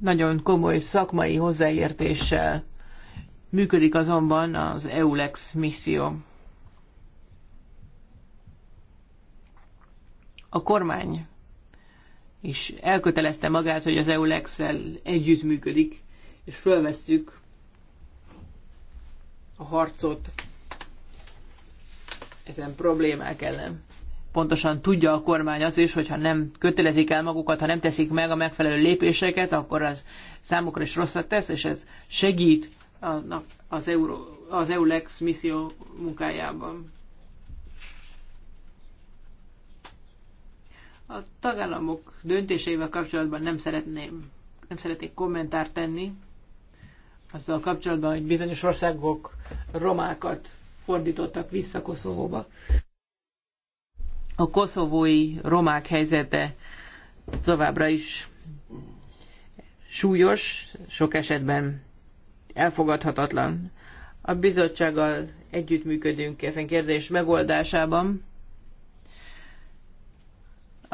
Nagyon komoly szakmai hozzáértéssel működik azonban az EULEX misszió. A kormány is elkötelezte magát, hogy az EULEX-el együttműködik, és fölvesszük a harcot ezen problémák ellen. Pontosan tudja a kormány az is, hogyha nem kötelezik el magukat, ha nem teszik meg a megfelelő lépéseket, akkor az számukra is rosszat tesz, és ez segít az, az EULEX misszió munkájában. A tagállamok döntéseivel kapcsolatban nem szeretném, nem szeretnék kommentárt tenni, azzal kapcsolatban, hogy bizonyos országok romákat fordítottak vissza Koszovóba. A koszovói romák helyzete továbbra is súlyos, sok esetben elfogadhatatlan. A bizottsággal együttműködünk ezen kérdés megoldásában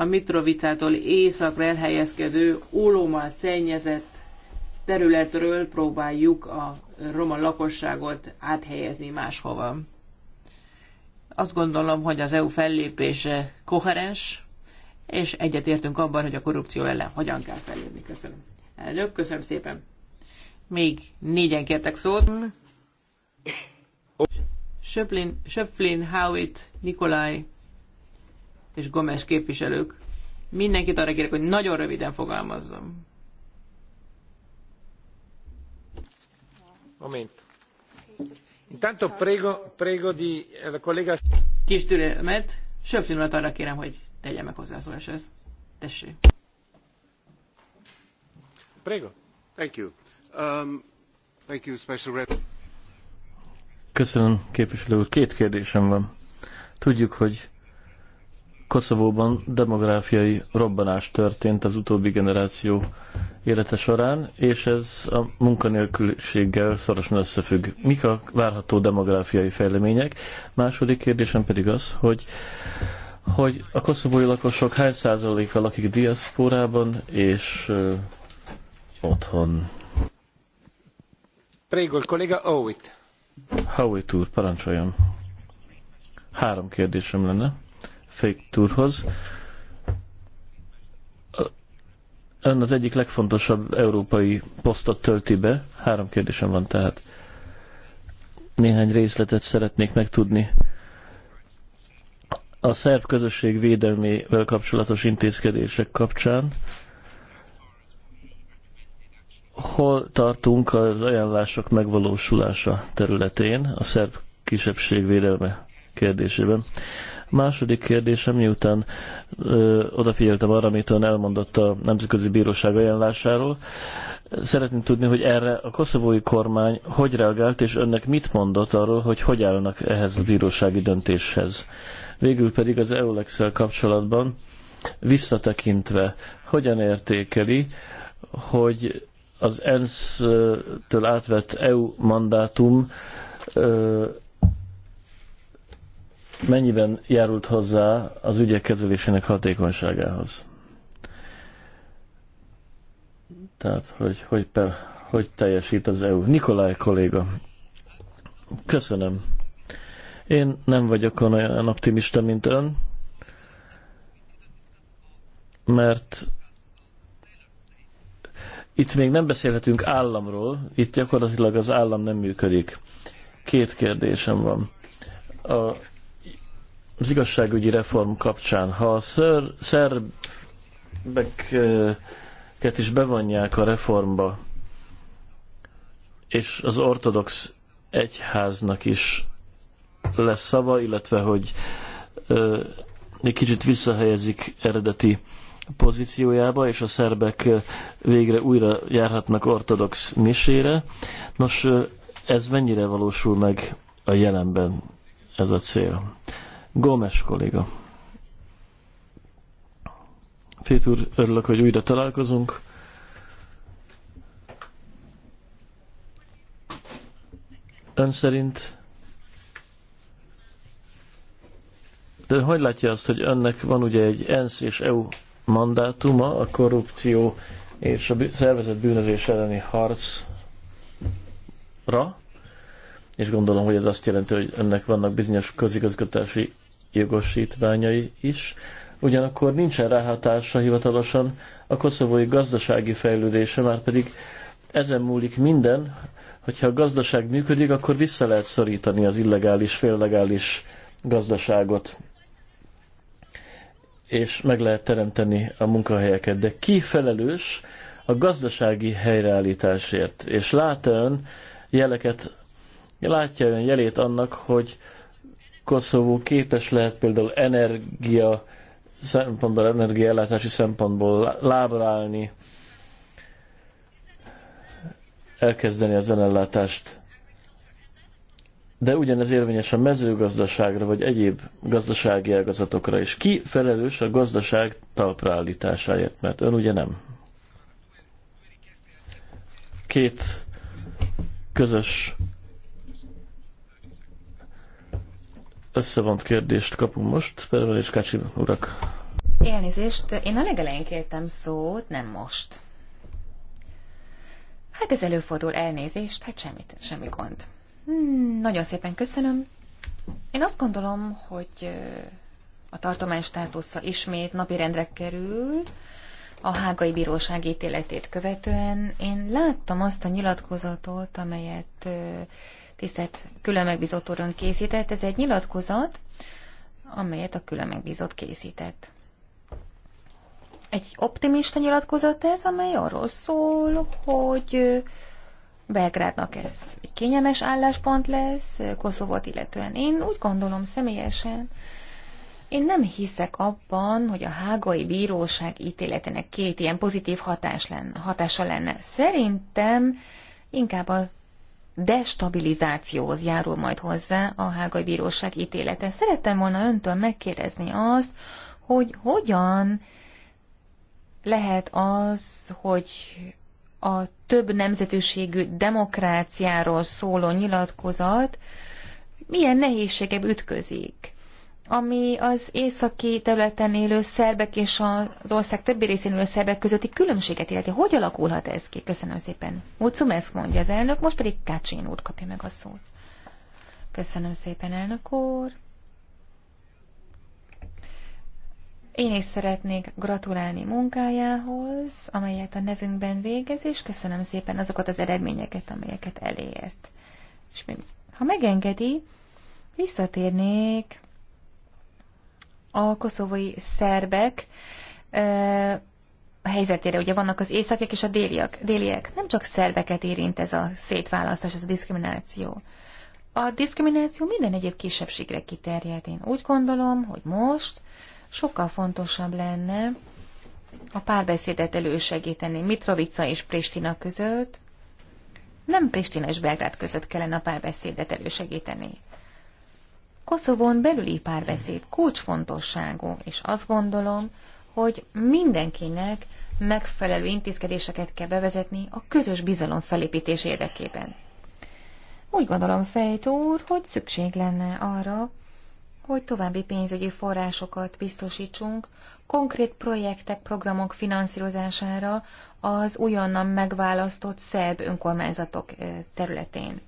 a Mitrovicától északra elhelyezkedő ólommal szennyezett területről próbáljuk a roma lakosságot áthelyezni máshova. Azt gondolom, hogy az EU fellépése koherens, és egyetértünk abban, hogy a korrupció ellen hogyan kell fellépni. Köszönöm. Elnök, köszönöm szépen. Még négyen kértek szót. Söplin, Söplin, Howitt, Nikolaj, és Gomes képviselők. Mindenkit arra kérek, hogy nagyon röviden fogalmazzam. Moment. Intanto prego, prego di el eh, collega... Kis türelmet, Söflin arra kérem, hogy tegye meg hozzászólását. Tessék. Prego. Thank you. Um, thank you, special Köszönöm, képviselő úr. Két kérdésem van. Tudjuk, hogy Koszovóban demográfiai robbanás történt az utóbbi generáció élete során, és ez a munkanélküliséggel szorosan összefügg. Mik a várható demográfiai fejlemények? Második kérdésem pedig az, hogy hogy a koszovói lakosok hány százaléka lakik diaszporában és uh, otthon? Prego, il kollega Howitt. Howitt úr, parancsoljon. Három kérdésem lenne. Féktúrhoz. Ön az egyik legfontosabb európai posztot tölti be. Három kérdésem van tehát. Néhány részletet szeretnék megtudni. A szerb közösség védelmével kapcsolatos intézkedések kapcsán hol tartunk az ajánlások megvalósulása területén a szerb kisebbség védelme kérdésében. Második kérdésem, miután ö, odafigyeltem arra, amit ön elmondott a Nemzetközi Bíróság ajánlásáról, szeretném tudni, hogy erre a koszovói kormány hogy reagált, és önnek mit mondott arról, hogy hogy állnak ehhez a bírósági döntéshez. Végül pedig az eulex kapcsolatban visszatekintve hogyan értékeli, hogy az ENSZ-től átvett EU mandátum ö, mennyiben járult hozzá az ügyek kezelésének hatékonyságához. Tehát, hogy, hogy, per, hogy teljesít az EU. Nikolaj kolléga, köszönöm. Én nem vagyok olyan optimista, mint ön, mert itt még nem beszélhetünk államról, itt gyakorlatilag az állam nem működik. Két kérdésem van. A az igazságügyi reform kapcsán, ha a ször, szerbeket is bevonják a reformba, és az ortodox egyháznak is lesz szava, illetve hogy egy kicsit visszahelyezik eredeti pozíciójába, és a szerbek végre újra járhatnak ortodox misére. Nos, ez mennyire valósul meg a jelenben ez a cél? Gomes kolléga. Fét úr, örülök, hogy újra találkozunk. Ön szerint... De hogy látja azt, hogy önnek van ugye egy ENSZ és EU mandátuma a korrupció és a szervezet bűnözés elleni harcra, és gondolom, hogy ez azt jelenti, hogy önnek vannak bizonyos közigazgatási jogosítványai is, ugyanakkor nincsen ráhatása hivatalosan a koszovói gazdasági fejlődése, már pedig ezen múlik minden, hogyha a gazdaság működik, akkor vissza lehet szorítani az illegális, féllegális gazdaságot, és meg lehet teremteni a munkahelyeket. De ki felelős a gazdasági helyreállításért? És lát -e ön jeleket, látja ön jelét annak, hogy Koszovó képes lehet például energia szempontból, energiállátási szempontból lábra állni, elkezdeni az önellátást. De ugyanez érvényes a mezőgazdaságra, vagy egyéb gazdasági ágazatokra is. Ki felelős a gazdaság talpraállításáért? Mert ön ugye nem. Két közös összevont kérdést kapunk most, Pervel és Kácsi urak. Elnézést, én a legelején kértem szót, nem most. Hát ez előfordul, elnézést, hát semmit, semmi gond. Hmm, nagyon szépen köszönöm. Én azt gondolom, hogy a tartomány státusza ismét napirendre kerül, a hágai bíróság ítéletét követően. Én láttam azt a nyilatkozatot, amelyet tisztelt külön megbízott úrön készített. Ez egy nyilatkozat, amelyet a külön megbízott készített. Egy optimista nyilatkozat ez, amely arról szól, hogy Belgrádnak ez egy kényelmes álláspont lesz, Koszovot illetően. Én úgy gondolom személyesen, én nem hiszek abban, hogy a hágai bíróság ítéletének két ilyen pozitív hatás lenne, hatása lenne. Szerintem inkább a destabilizációhoz járul majd hozzá a Hágai Bíróság ítélete. Szerettem volna öntől megkérdezni azt, hogy hogyan lehet az, hogy a több nemzetűségű demokráciáról szóló nyilatkozat milyen nehézségek ütközik ami az északi területen élő szerbek és az ország többi részén élő szerbek közötti különbséget illeti. Hogy alakulhat ez ki? Köszönöm szépen. Mucumeszk mondja az elnök, most pedig Kácsin úr kapja meg a szót. Köszönöm szépen, elnök úr. Én is szeretnék gratulálni munkájához, amelyet a nevünkben végez, és köszönöm szépen azokat az eredményeket, amelyeket elért. És ha megengedi, visszatérnék a koszovói szerbek a helyzetére. Ugye vannak az északiak és a déliak, déliek. Nem csak szerbeket érint ez a szétválasztás, ez a diszkrimináció. A diszkrimináció minden egyéb kisebbségre kiterjed. Én úgy gondolom, hogy most sokkal fontosabb lenne a párbeszédet elősegíteni Mitrovica és Pristina között. Nem Pristina és Belgrád között kellene a párbeszédet elősegíteni. Koszovón belüli párbeszéd kulcsfontosságú, és azt gondolom, hogy mindenkinek megfelelő intézkedéseket kell bevezetni a közös bizalom felépítés érdekében. Úgy gondolom, Fejt úr, hogy szükség lenne arra, hogy további pénzügyi forrásokat biztosítsunk konkrét projektek, programok finanszírozására az újonnan megválasztott szerb önkormányzatok eh, területén.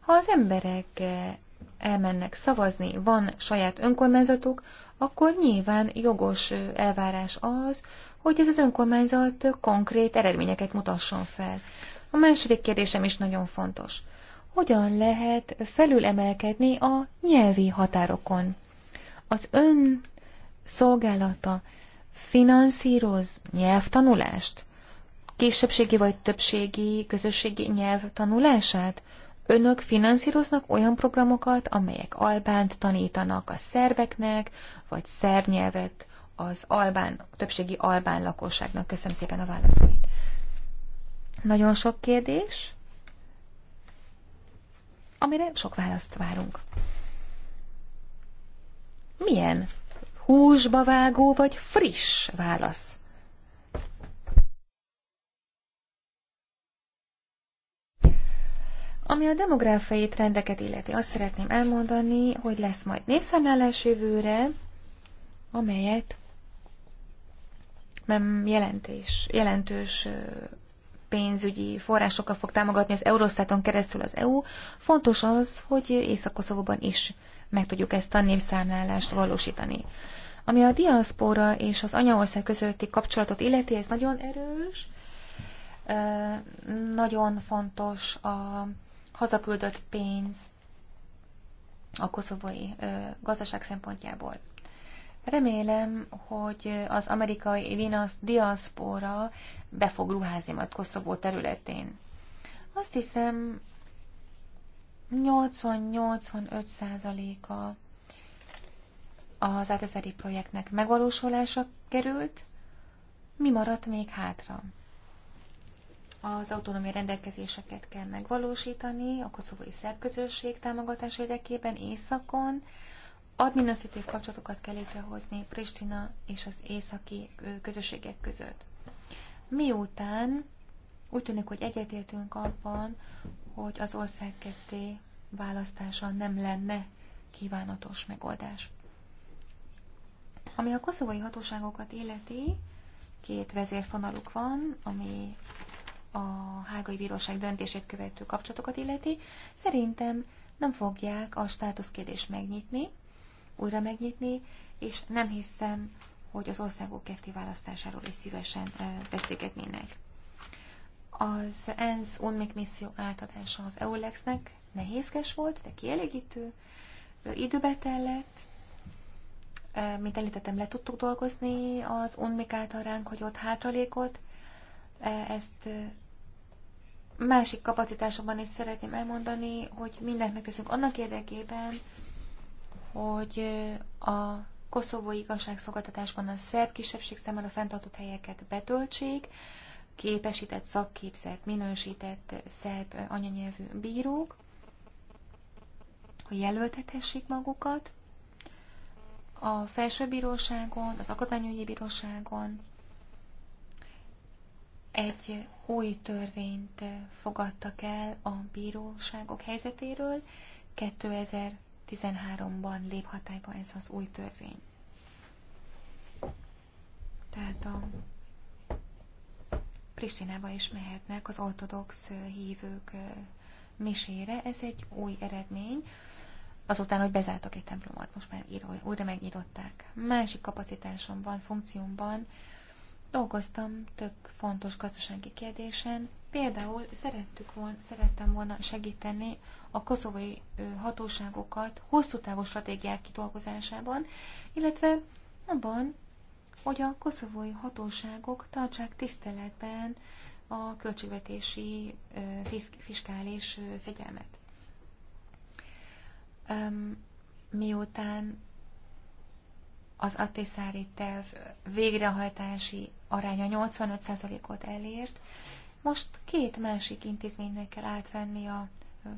Ha az emberek eh, elmennek szavazni, van saját önkormányzatuk, akkor nyilván jogos elvárás az, hogy ez az önkormányzat konkrét eredményeket mutasson fel. A második kérdésem is nagyon fontos. Hogyan lehet felülemelkedni a nyelvi határokon? Az ön szolgálata finanszíroz nyelvtanulást? Kisebbségi vagy többségi közösségi nyelvtanulását? tanulását? Önök finanszíroznak olyan programokat, amelyek albánt tanítanak a szerbeknek, vagy szernyelvet az albán, többségi albán lakosságnak. Köszönöm szépen a válaszait. Nagyon sok kérdés, amire sok választ várunk. Milyen húsba vágó vagy friss válasz Ami a demográfiai trendeket illeti, azt szeretném elmondani, hogy lesz majd népszámlálás jövőre, amelyet nem jelentés, jelentős pénzügyi forrásokkal fog támogatni az Eurostaton keresztül az EU. Fontos az, hogy észak is meg tudjuk ezt a népszámlálást valósítani. Ami a diaszpora és az anyaország közötti kapcsolatot illeti, ez nagyon erős, nagyon fontos a hazaküldött pénz a koszovói gazdaság szempontjából. Remélem, hogy az amerikai diaszpora be fog ruházni majd Koszovó területén. Azt hiszem, 80-85 százaléka az átezeri projektnek megvalósulása került, mi maradt még hátra? az autonómia rendelkezéseket kell megvalósítani a koszovói szerb közösség támogatás érdekében északon, adminisztratív kapcsolatokat kell létrehozni Pristina és az északi közösségek között. Miután úgy tűnik, hogy egyetértünk abban, hogy az ország ketté választása nem lenne kívánatos megoldás. Ami a koszovai hatóságokat illeti, két vezérfonaluk van, ami a Hágai Bíróság döntését követő kapcsolatokat illeti, szerintem nem fogják a státuszkérdést megnyitni, újra megnyitni, és nem hiszem, hogy az országok ketté választásáról is szívesen beszélgetnének. Az ENSZ UNMIK misszió átadása az EULEX-nek nehézkes volt, de kielégítő, időbe tellett, mint említettem, le tudtuk dolgozni az UNMIK által ránk, hogy ott hátralékot, ezt másik kapacitásomban is szeretném elmondani, hogy mindent megteszünk annak érdekében, hogy a koszovói igazságszolgáltatásban a szerb kisebbség számára fenntartott helyeket betöltsék, képesített, szakképzett, minősített szerb anyanyelvű bírók, hogy jelöltethessék magukat a felsőbíróságon, az alkotmányügyi bíróságon, egy új törvényt eh, fogadtak el a bíróságok helyzetéről. 2013-ban lép hatályba ez az új törvény. Tehát a Pristinába is mehetnek az ortodox eh, hívők eh, misére. Ez egy új eredmény. Azután, hogy bezártak egy templomot, most már újra megnyitották. Másik kapacitásomban, funkciómban Dolgoztam több fontos gazdasági kérdésen, például szerettük volna, szerettem volna segíteni a koszovai hatóságokat hosszú távú stratégiák kidolgozásában, illetve abban, hogy a koszovói hatóságok tartsák tiszteletben a költségvetési fiskális fegyelmet. Miután az attészári terv végrehajtási aránya 85%-ot elért. Most két másik intézménynek kell átvenni a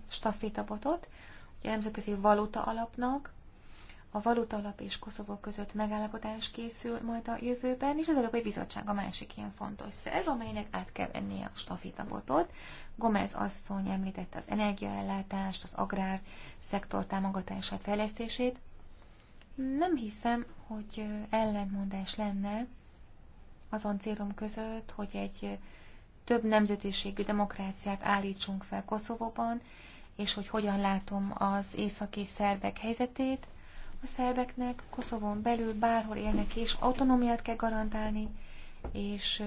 stafétabotot, ugye a Nemzetközi Valuta Alapnak, a Valuta Alap és Koszovó között megállapodás készül majd a jövőben, és az Európai Bizottság a másik ilyen fontos szerv, amelynek át kell venni a stafétabotot. Gomez asszony említette az energiaellátást, az agrár szektor támogatását, fejlesztését. Nem hiszem, hogy ellentmondás lenne azon célom között, hogy egy több nemzetiségű demokráciát állítsunk fel Koszovóban, és hogy hogyan látom az északi szerbek helyzetét. A szerbeknek Koszovon belül bárhol élnek és autonómiát kell garantálni, és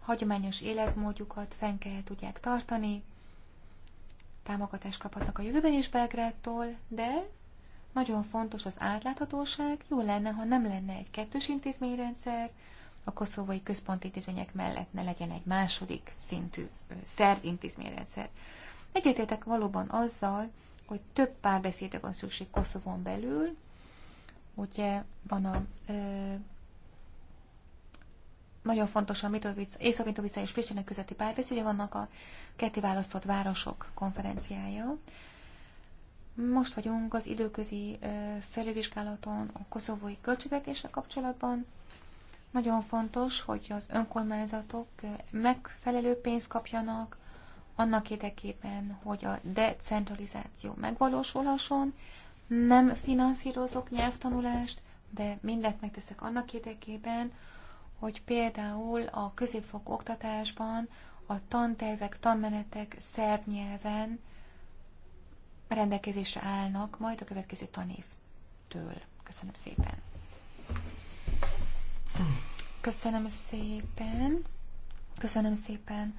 hagyományos életmódjukat fenn kell tudják tartani. Támogatást kaphatnak a jövőben is Belgrádtól, de nagyon fontos az átláthatóság. Jó lenne, ha nem lenne egy kettős intézményrendszer, a koszovai központi intézmények mellett ne legyen egy második szintű szerv intézményrendszer. Egyetértek valóban azzal, hogy több párbeszédre van szükség Koszovon belül, ugye van a e, nagyon fontos a Mitrovica, Észak-Mitrovica és Pristina közötti párbeszédje, vannak a ketté választott városok konferenciája. Most vagyunk az időközi felülvizsgálaton a koszovói költségvetésre kapcsolatban. Nagyon fontos, hogy az önkormányzatok megfelelő pénzt kapjanak, annak érdekében, hogy a decentralizáció megvalósulhasson. Nem finanszírozok nyelvtanulást, de mindent megteszek annak érdekében, hogy például a középfok oktatásban a tantervek, tanmenetek szerb nyelven rendelkezésre állnak majd a következő tanévtől. Köszönöm szépen! Köszönöm szépen. Köszönöm szépen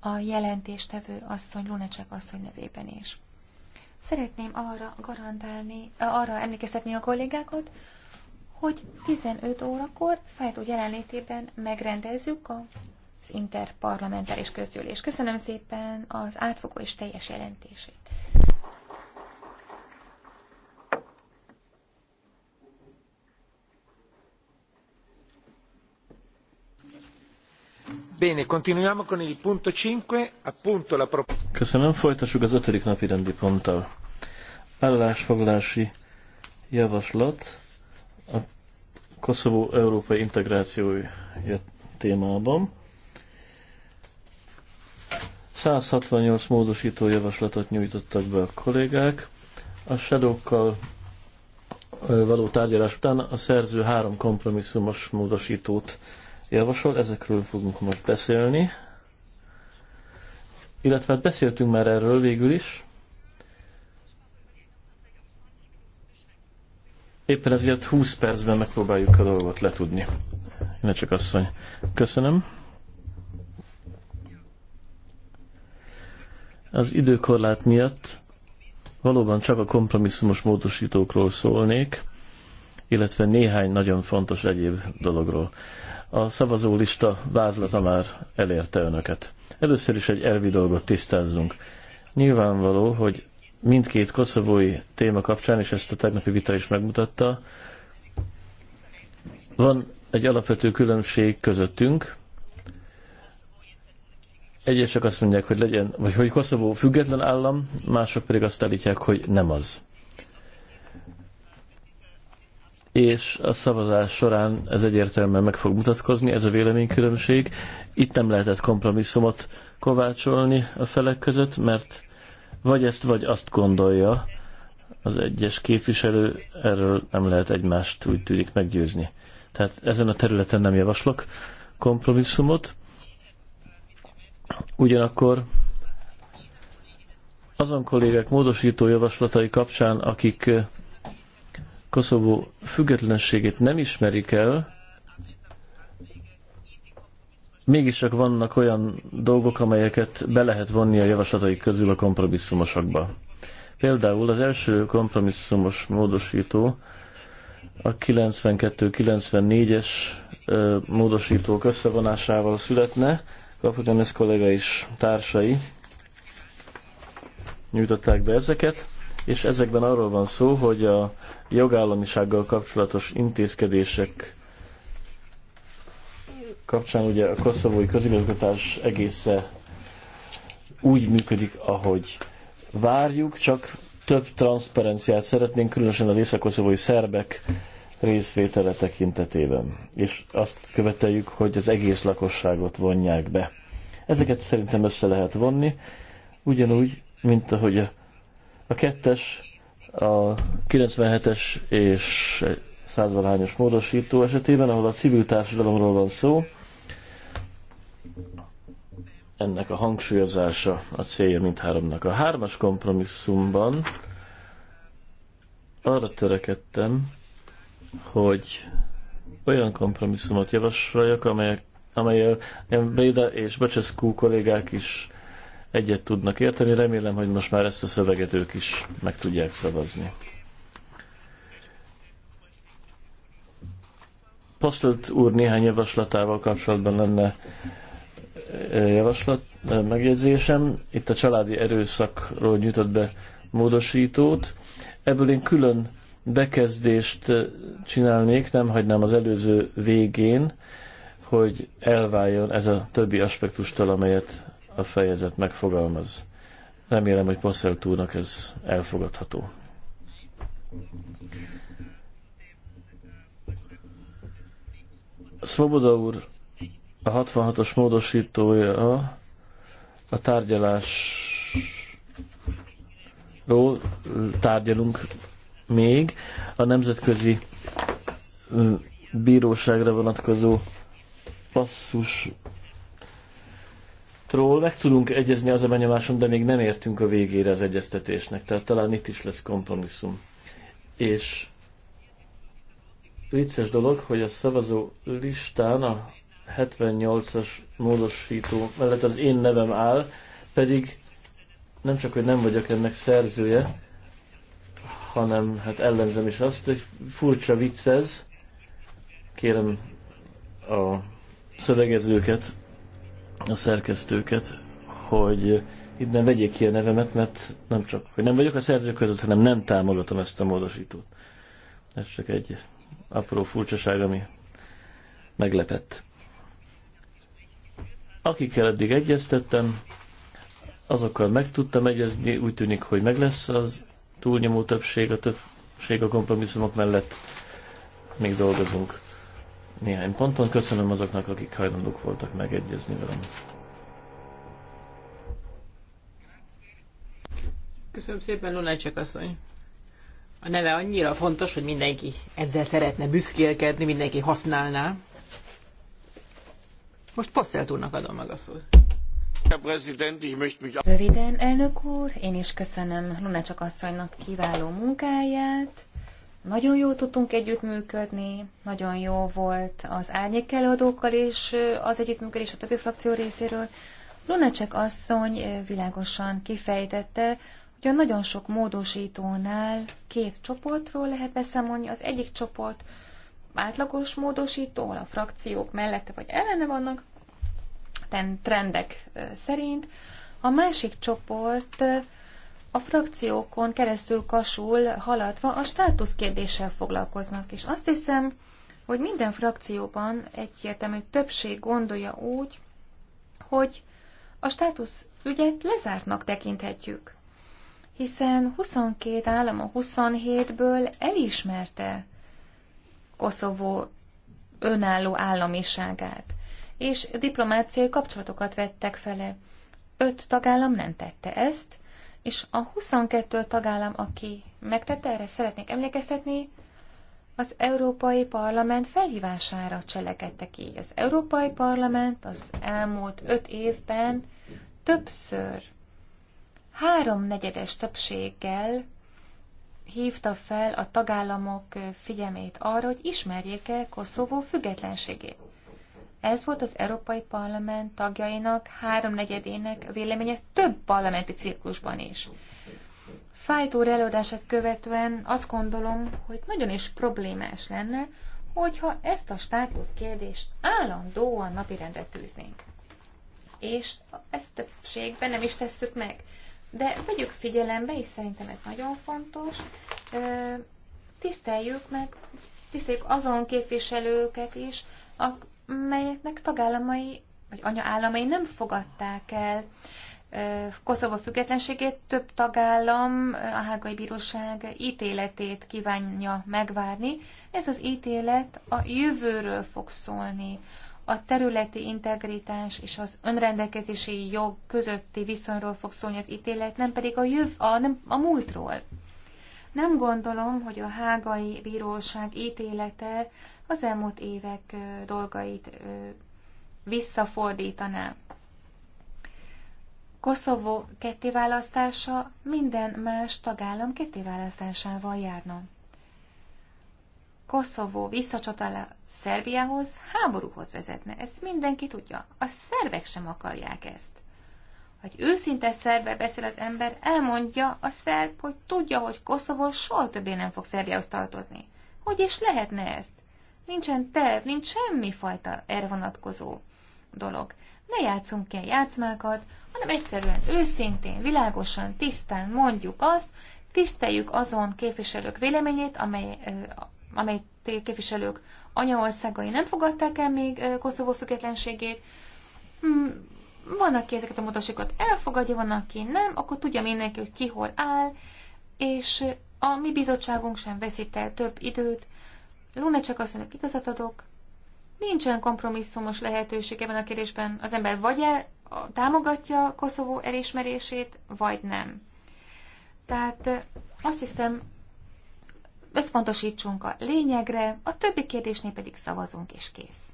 a jelentéstevő asszony, Lunacek asszony nevében is. Szeretném arra garantálni, arra emlékeztetni a kollégákat, hogy 15 órakor Fájtó jelenlétében megrendezzük az interparlamentáris közgyűlés. Köszönöm szépen az átfogó és teljes jelentését. Köszönöm, folytassuk az ötödik napi rendi ponttal. Állásfoglalási javaslat a Koszovó európai integrációja témában. 168 módosító javaslatot nyújtottak be a kollégák. A shadowkkal való tárgyalás után a szerző három kompromisszumos módosítót javasol, ezekről fogunk most beszélni. Illetve hát beszéltünk már erről végül is. Éppen ezért 20 percben megpróbáljuk a dolgot letudni. Én csak asszony. Köszönöm. Az időkorlát miatt valóban csak a kompromisszumos módosítókról szólnék, illetve néhány nagyon fontos egyéb dologról a szavazólista vázlata már elérte önöket. Először is egy elvi dolgot tisztázzunk. Nyilvánvaló, hogy mindkét koszovói téma kapcsán, és ezt a tegnapi vita is megmutatta, van egy alapvető különbség közöttünk. Egyesek azt mondják, hogy legyen, vagy hogy Koszovó független állam, mások pedig azt állítják, hogy nem az és a szavazás során ez egyértelműen meg fog mutatkozni, ez a véleménykülönbség. Itt nem lehetett kompromisszumot kovácsolni a felek között, mert vagy ezt, vagy azt gondolja az egyes képviselő, erről nem lehet egymást úgy tűnik meggyőzni. Tehát ezen a területen nem javaslok kompromisszumot. Ugyanakkor azon kollégek módosító javaslatai kapcsán, akik Koszovó függetlenségét nem ismerik el, mégis csak vannak olyan dolgok, amelyeket be lehet vonni a javaslataik közül a kompromisszumosakba. Például az első kompromisszumos módosító a 92-94-es módosítók összevonásával születne. Kapitán kollega is társai nyújtották be ezeket és ezekben arról van szó, hogy a jogállamisággal kapcsolatos intézkedések kapcsán ugye a koszovói közigazgatás egészen úgy működik, ahogy várjuk, csak több transzparenciát szeretnénk, különösen az észak-koszovói szerbek részvétele tekintetében. És azt követeljük, hogy az egész lakosságot vonják be. Ezeket szerintem össze lehet vonni, ugyanúgy, mint ahogy a a kettes, a 97-es és százvalányos módosító esetében, ahol a civil társadalomról van szó, ennek a hangsúlyozása a célja mindháromnak. A hármas kompromisszumban arra törekedtem, hogy olyan kompromisszumot javasoljak, amelyek amelyel Bréda és Becseszkú kollégák is egyet tudnak érteni. Remélem, hogy most már ezt a szöveget ők is meg tudják szavazni. Pasztelt úr néhány javaslatával kapcsolatban lenne e, javaslat, e, megjegyzésem. Itt a családi erőszakról nyújtott be módosítót. Ebből én külön bekezdést e, csinálnék, nem hagynám az előző végén, hogy elváljon ez a többi aspektustól, amelyet a fejezet megfogalmaz. Remélem, hogy Posselt úrnak ez elfogadható. Svoboda úr a 66-os módosítója a tárgyalásról tárgyalunk még a nemzetközi bíróságra vonatkozó passzus ról meg tudunk egyezni az a benyomáson, de még nem értünk a végére az egyeztetésnek, tehát talán itt is lesz kompromisszum. És vicces dolog, hogy a szavazó listán a 78-as módosító mellett az én nevem áll, pedig nem csak, hogy nem vagyok ennek szerzője, hanem hát ellenzem is azt, hogy furcsa vicc ez. Kérem a szövegezőket, a szerkesztőket, hogy itt nem vegyék ki a nevemet, mert nem csak, hogy nem vagyok a szerzők között, hanem nem támogatom ezt a módosítót. Ez csak egy apró furcsaság, ami meglepett. Akikkel eddig egyeztettem, azokkal meg tudtam egyezni, úgy tűnik, hogy meg lesz az túlnyomó többség, a többség a kompromisszumok mellett, még dolgozunk néhány ponton. Köszönöm azoknak, akik hajlandók voltak megegyezni velem. Köszönöm szépen, Lunácsek asszony. A neve annyira fontos, hogy mindenki ezzel szeretne büszkélkedni, mindenki használná. Most Passzelt úrnak adom meg a szót. Röviden, elnök úr, én is köszönöm Lunácsak asszonynak kiváló munkáját. Nagyon jól tudtunk együttműködni, nagyon jó volt az árnyék előadókkal is az együttműködés a többi frakció részéről. Lunacek asszony világosan kifejtette, hogy a nagyon sok módosítónál két csoportról lehet beszámolni. Az egyik csoport átlagos módosító, a frakciók mellette vagy ellene vannak, trendek szerint. A másik csoport a frakciókon keresztül kasul haladva a státusz kérdéssel foglalkoznak, és azt hiszem, hogy minden frakcióban egyértelmű többség gondolja úgy, hogy a státusz ügyet lezártnak tekinthetjük. Hiszen 22 állam a 27-ből elismerte Koszovó önálló államiságát, és diplomáciai kapcsolatokat vettek fele. Öt tagállam nem tette ezt, és a 22 tagállam, aki megtette, erre szeretnék emlékeztetni, az Európai Parlament felhívására cselekedte ki. Az Európai Parlament az elmúlt öt évben többször háromnegyedes többséggel hívta fel a tagállamok figyelmét arra, hogy ismerjék el Koszovó függetlenségét. Ez volt az Európai Parlament tagjainak háromnegyedének véleménye több parlamenti cirkusban is. Fájtó előadását követően azt gondolom, hogy nagyon is problémás lenne, hogyha ezt a státuszkérdést állandóan napirendre tűznénk. És ezt többségben nem is tesszük meg. De vegyük figyelembe, és szerintem ez nagyon fontos, tiszteljük meg, tiszteljük azon képviselőket is, melyeknek tagállamai vagy anyaállamai nem fogadták el Koszovó függetlenségét, több tagállam a Hágai Bíróság ítéletét kívánja megvárni. Ez az ítélet a jövőről fog szólni, a területi integritás és az önrendelkezési jog közötti viszonyról fog szólni az ítélet, nem pedig a, jöv, a, nem, a múltról. Nem gondolom, hogy a hágai bíróság ítélete az elmúlt évek dolgait visszafordítaná. Koszovó kettéválasztása minden más tagállam kettéválasztásával járna. Koszovó visszacsatala Szerbiához háborúhoz vezetne, ezt mindenki tudja. A szervek sem akarják ezt hogy őszinte szerve beszél az ember, elmondja a szerb, hogy tudja, hogy Koszovó soha többé nem fog Szerbiához tartozni. Hogy is lehetne ezt? Nincsen terv, nincs semmi fajta erre vonatkozó dolog. Ne játszunk ki a játszmákat, hanem egyszerűen őszintén, világosan, tisztán mondjuk azt, tiszteljük azon képviselők véleményét, amely, amely képviselők anyaországai nem fogadták el még Koszovó függetlenségét, hmm, van, aki ezeket a mutasokat elfogadja, van, aki nem, akkor tudja mindenki, hogy ki hol áll, és a mi bizottságunk sem veszít el több időt. Luna csak azt mondja, igazat adok, nincsen kompromisszumos lehetőség ebben a kérdésben. Az ember vagy el, támogatja Koszovó elismerését, vagy nem. Tehát azt hiszem, összpontosítsunk a lényegre, a többi kérdésnél pedig szavazunk, és kész.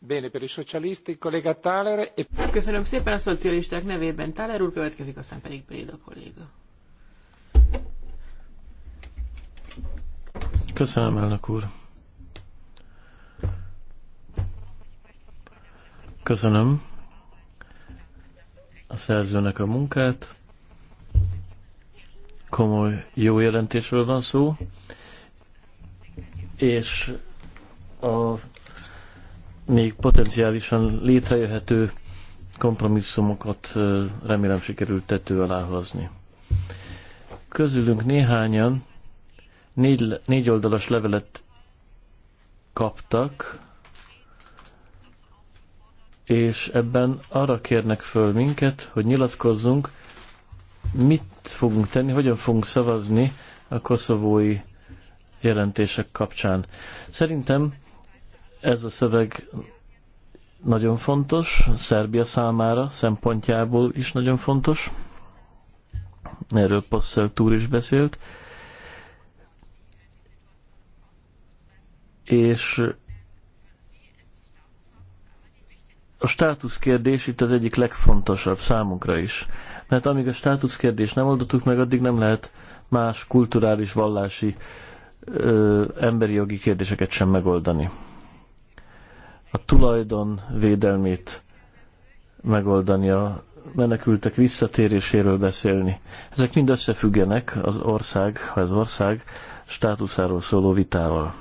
Bene, per i socialisti, kollega Thaler. E... Köszönöm szépen a szocialisták nevében. Thaler úr következik, aztán pedig Préda kolléga. Köszönöm, elnök úr. Köszönöm a szerzőnek a munkát. Komoly, jó jelentésről van szó, és a még potenciálisan létrejöhető kompromisszumokat remélem sikerült tető alá hozni. Közülünk néhányan négy, négy oldalas levelet kaptak, és ebben arra kérnek föl minket, hogy nyilatkozzunk, mit fogunk tenni, hogyan fogunk szavazni a koszovói jelentések kapcsán. Szerintem ez a szöveg nagyon fontos, Szerbia számára szempontjából is nagyon fontos. Erről Posselt Túr is beszélt. És a státuszkérdés itt az egyik legfontosabb számunkra is. Mert amíg a státuszkérdés nem oldottuk meg, addig nem lehet más kulturális, vallási, ö, emberi jogi kérdéseket sem megoldani a tulajdon védelmét megoldani, a menekültek visszatéréséről beszélni. Ezek mind összefüggenek az ország, ha az ország státuszáról szóló vitával.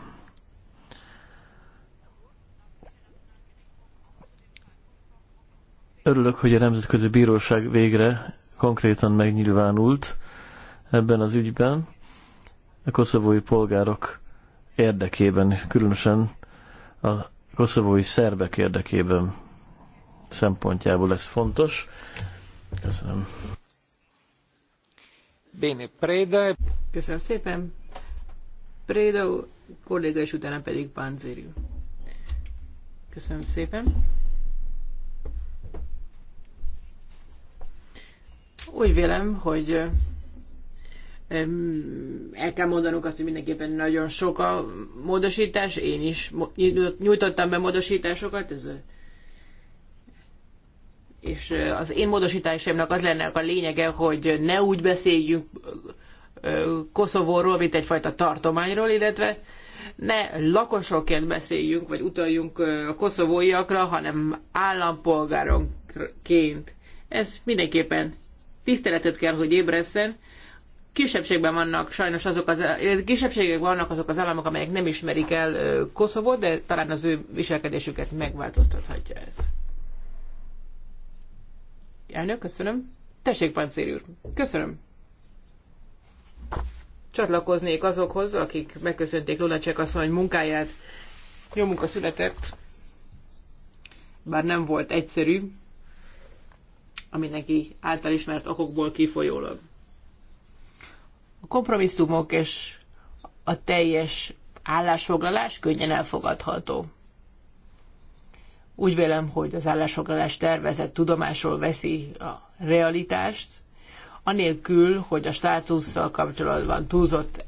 Örülök, hogy a Nemzetközi Bíróság végre konkrétan megnyilvánult ebben az ügyben. A koszovói polgárok érdekében, különösen a koszovói szerbek érdekében szempontjából ez fontos. Köszönöm. Bene, Preda. Köszönöm szépen. Préda kolléga, és utána pedig Panzériu. Köszönöm szépen. Úgy vélem, hogy el kell mondanunk azt, hogy mindenképpen nagyon sok a módosítás, én is nyújtottam be módosításokat, ez és az én módosításaimnak az lenne a lényege, hogy ne úgy beszéljünk Koszovóról, mint egyfajta tartományról, illetve ne lakosokként beszéljünk, vagy utaljunk a koszovóiakra, hanem állampolgáronként. Ez mindenképpen tiszteletet kell, hogy ébreszen, Kisebbségben vannak sajnos azok az, eh, kisebbségek vannak azok az államok, amelyek nem ismerik el eh, Koszovót, de talán az ő viselkedésüket megváltoztathatja ez. Elnök, köszönöm. Tessék, Pancér úr. Köszönöm. Csatlakoznék azokhoz, akik megköszönték Lunacek asszony munkáját. Jó munka született, bár nem volt egyszerű, ami neki által ismert okokból kifolyólag kompromisszumok és a teljes állásfoglalás könnyen elfogadható. Úgy vélem, hogy az állásfoglalás tervezett tudomásról veszi a realitást, anélkül, hogy a státusszal kapcsolatban túlzott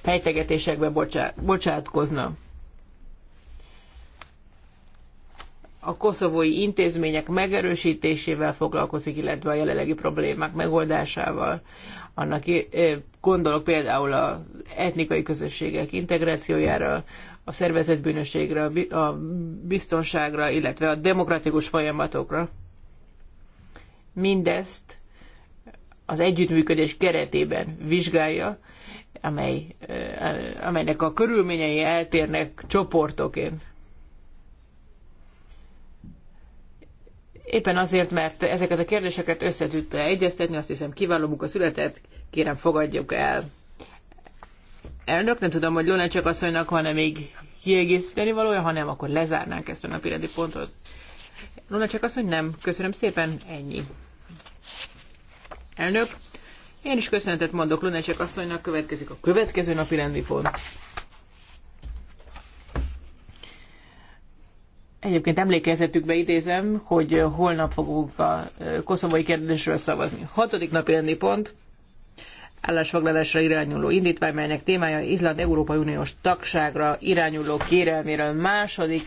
fejtegetésekbe bocsát, bocsátkozna. a koszovói intézmények megerősítésével foglalkozik, illetve a jelenlegi problémák megoldásával. Annak eh, gondolok például az etnikai közösségek integrációjára, a szervezetbűnösségre, a biztonságra, illetve a demokratikus folyamatokra. Mindezt az együttműködés keretében vizsgálja, amely, eh, amelynek a körülményei eltérnek csoportoként. Éppen azért, mert ezeket a kérdéseket össze tudta egyeztetni, azt hiszem kiváló munka született, kérem fogadjuk el. Elnök, nem tudom, hogy Lunácsak asszonynak van-e még kiegészíteni valója, ha nem, akkor lezárnánk ezt a napirendi pontot. Lunácsak asszony nem, köszönöm szépen, ennyi. Elnök, én is köszönetet mondok Lunácsak asszonynak, következik a következő napirendi pont. Egyébként emlékezetükbe idézem, hogy holnap fogunk a koszovói kérdésről szavazni. Hatodik napi rendi pont, állásfoglalásra irányuló indítvány, melynek témája Izland Európai Uniós tagságra irányuló kérelméről második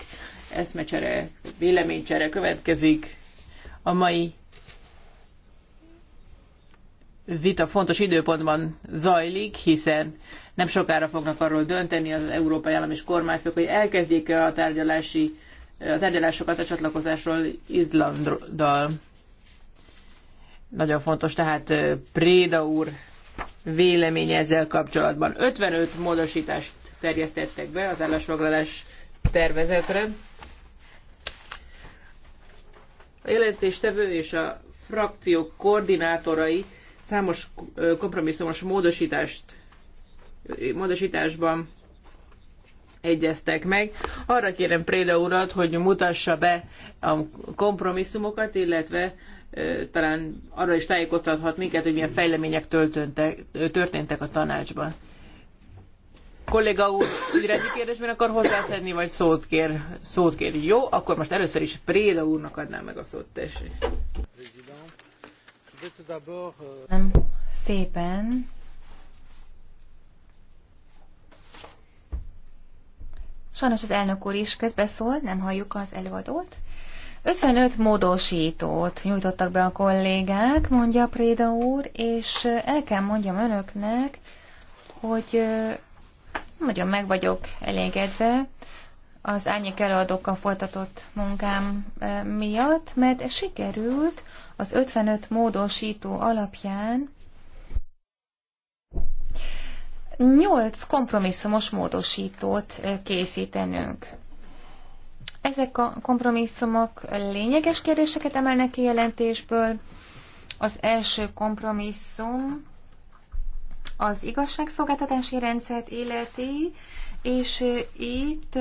eszmecsere, véleménycsere következik. A mai vita fontos időpontban zajlik, hiszen nem sokára fognak arról dönteni az európai állam és kormányfők, hogy elkezdjék-e a tárgyalási a tárgyalásokat a csatlakozásról Izlanddal. Nagyon fontos, tehát Préda úr véleménye ezzel kapcsolatban. 55 módosítást terjesztettek be az állásfoglalás tervezetre. A jelentéstevő és a frakciók koordinátorai számos kompromisszumos módosítást módosításban egyeztek meg. Arra kérem Préda urat, hogy mutassa be a kompromisszumokat, illetve talán arra is tájékoztathat minket, hogy milyen fejlemények történtek a tanácsban. Kolléga úr, ügyrendi kérdésben akar hozzászedni, vagy szót kér? Szót kér. Jó, akkor most először is Préda úrnak adnám meg a szót, tessék. Euh, Nem. Szépen. Sajnos az elnök úr is közbeszól, nem halljuk az előadót. 55 módosítót nyújtottak be a kollégák, mondja Préda úr, és el kell mondjam önöknek, hogy nagyon meg vagyok elégedve az árnyék előadókkal folytatott munkám miatt, mert sikerült az 55 módosító alapján nyolc kompromisszumos módosítót készítenünk. Ezek a kompromisszumok lényeges kérdéseket emelnek ki jelentésből. Az első kompromisszum az igazságszolgáltatási rendszert illeti, és itt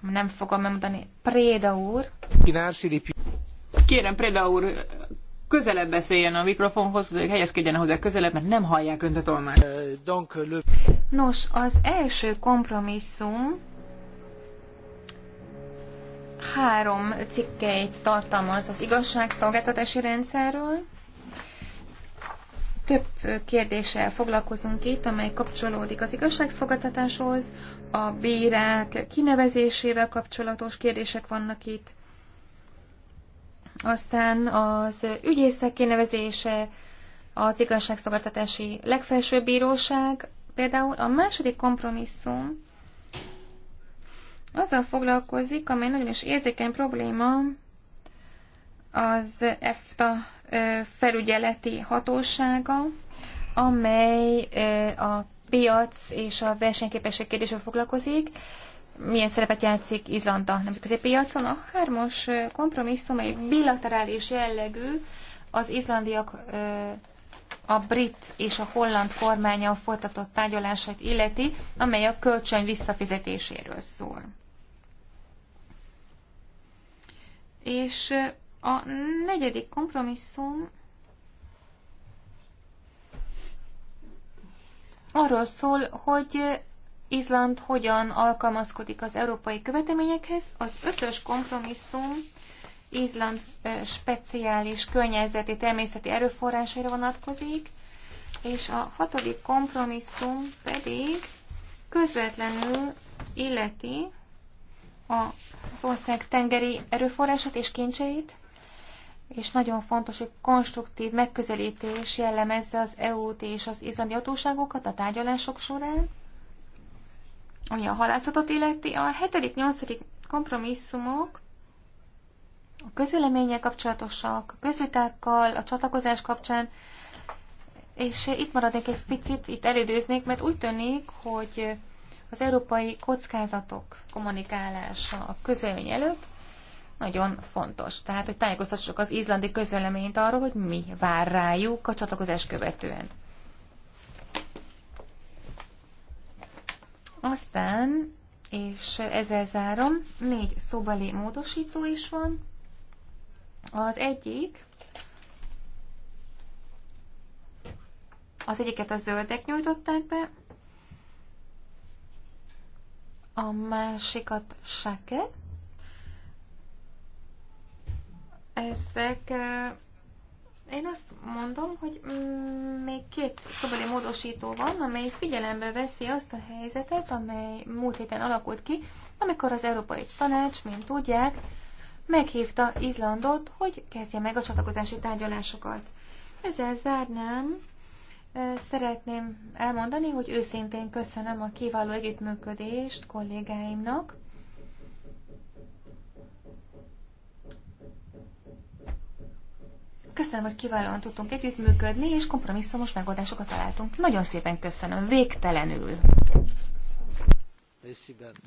nem fogom megmondani, Préda úr. Kérem, Préda úr, közelebb beszéljen a mikrofonhoz, hogy helyezkedjen hozzá közelebb, mert nem hallják önt a eh, Nos, az első kompromisszum három cikkeit tartalmaz az igazságszolgáltatási rendszerről. Több kérdéssel foglalkozunk itt, amely kapcsolódik az igazságszolgáltatáshoz, a bírák kinevezésével kapcsolatos kérdések vannak itt, aztán az ügyészek kinevezése, az igazságszolgáltatási legfelsőbb bíróság, például a második kompromisszum azzal foglalkozik, amely nagyon is érzékeny probléma, az EFTA felügyeleti hatósága, amely a piac és a versenyképesség kérdésével foglalkozik milyen szerepet játszik Izland a nemzetközi piacon. A hármas kompromisszum egy bilaterális jellegű, az izlandiak a brit és a holland kormánya folytatott tárgyalásait illeti, amely a kölcsön visszafizetéséről szól. És a negyedik kompromisszum arról szól, hogy Izland hogyan alkalmazkodik az európai követelményekhez. Az ötös kompromisszum Izland speciális környezeti, természeti erőforrásaira vonatkozik, és a hatodik kompromisszum pedig közvetlenül illeti az ország tengeri erőforrását és kincseit, és nagyon fontos, hogy konstruktív megközelítés jellemezze az EU-t és az izlandi hatóságokat a tárgyalások során ami a halászatot illeti, a 7.-8. kompromisszumok a közvéleménye kapcsolatosak, a közvitákkal, a csatlakozás kapcsán, és itt maradnék egy picit, itt elidőznék, mert úgy tűnik, hogy az európai kockázatok kommunikálása a közvélemény előtt nagyon fontos. Tehát, hogy tájékoztassuk az izlandi közvéleményt arról, hogy mi vár rájuk a csatlakozás követően. Aztán, és ezzel zárom, négy szobali módosító is van. Az egyik, az egyiket a zöldek nyújtották be, a másikat seke. Ezek én azt mondom, hogy mm, még két szabadi módosító van, amely figyelembe veszi azt a helyzetet, amely múlt héten alakult ki, amikor az Európai Tanács, mint tudják, meghívta Izlandot, hogy kezdje meg a csatlakozási tárgyalásokat. Ezzel zárnám. Szeretném elmondani, hogy őszintén köszönöm a kiváló együttműködést kollégáimnak, Köszönöm, hogy kiválóan tudtunk együttműködni, és kompromisszumos megoldásokat találtunk. Nagyon szépen köszönöm, végtelenül.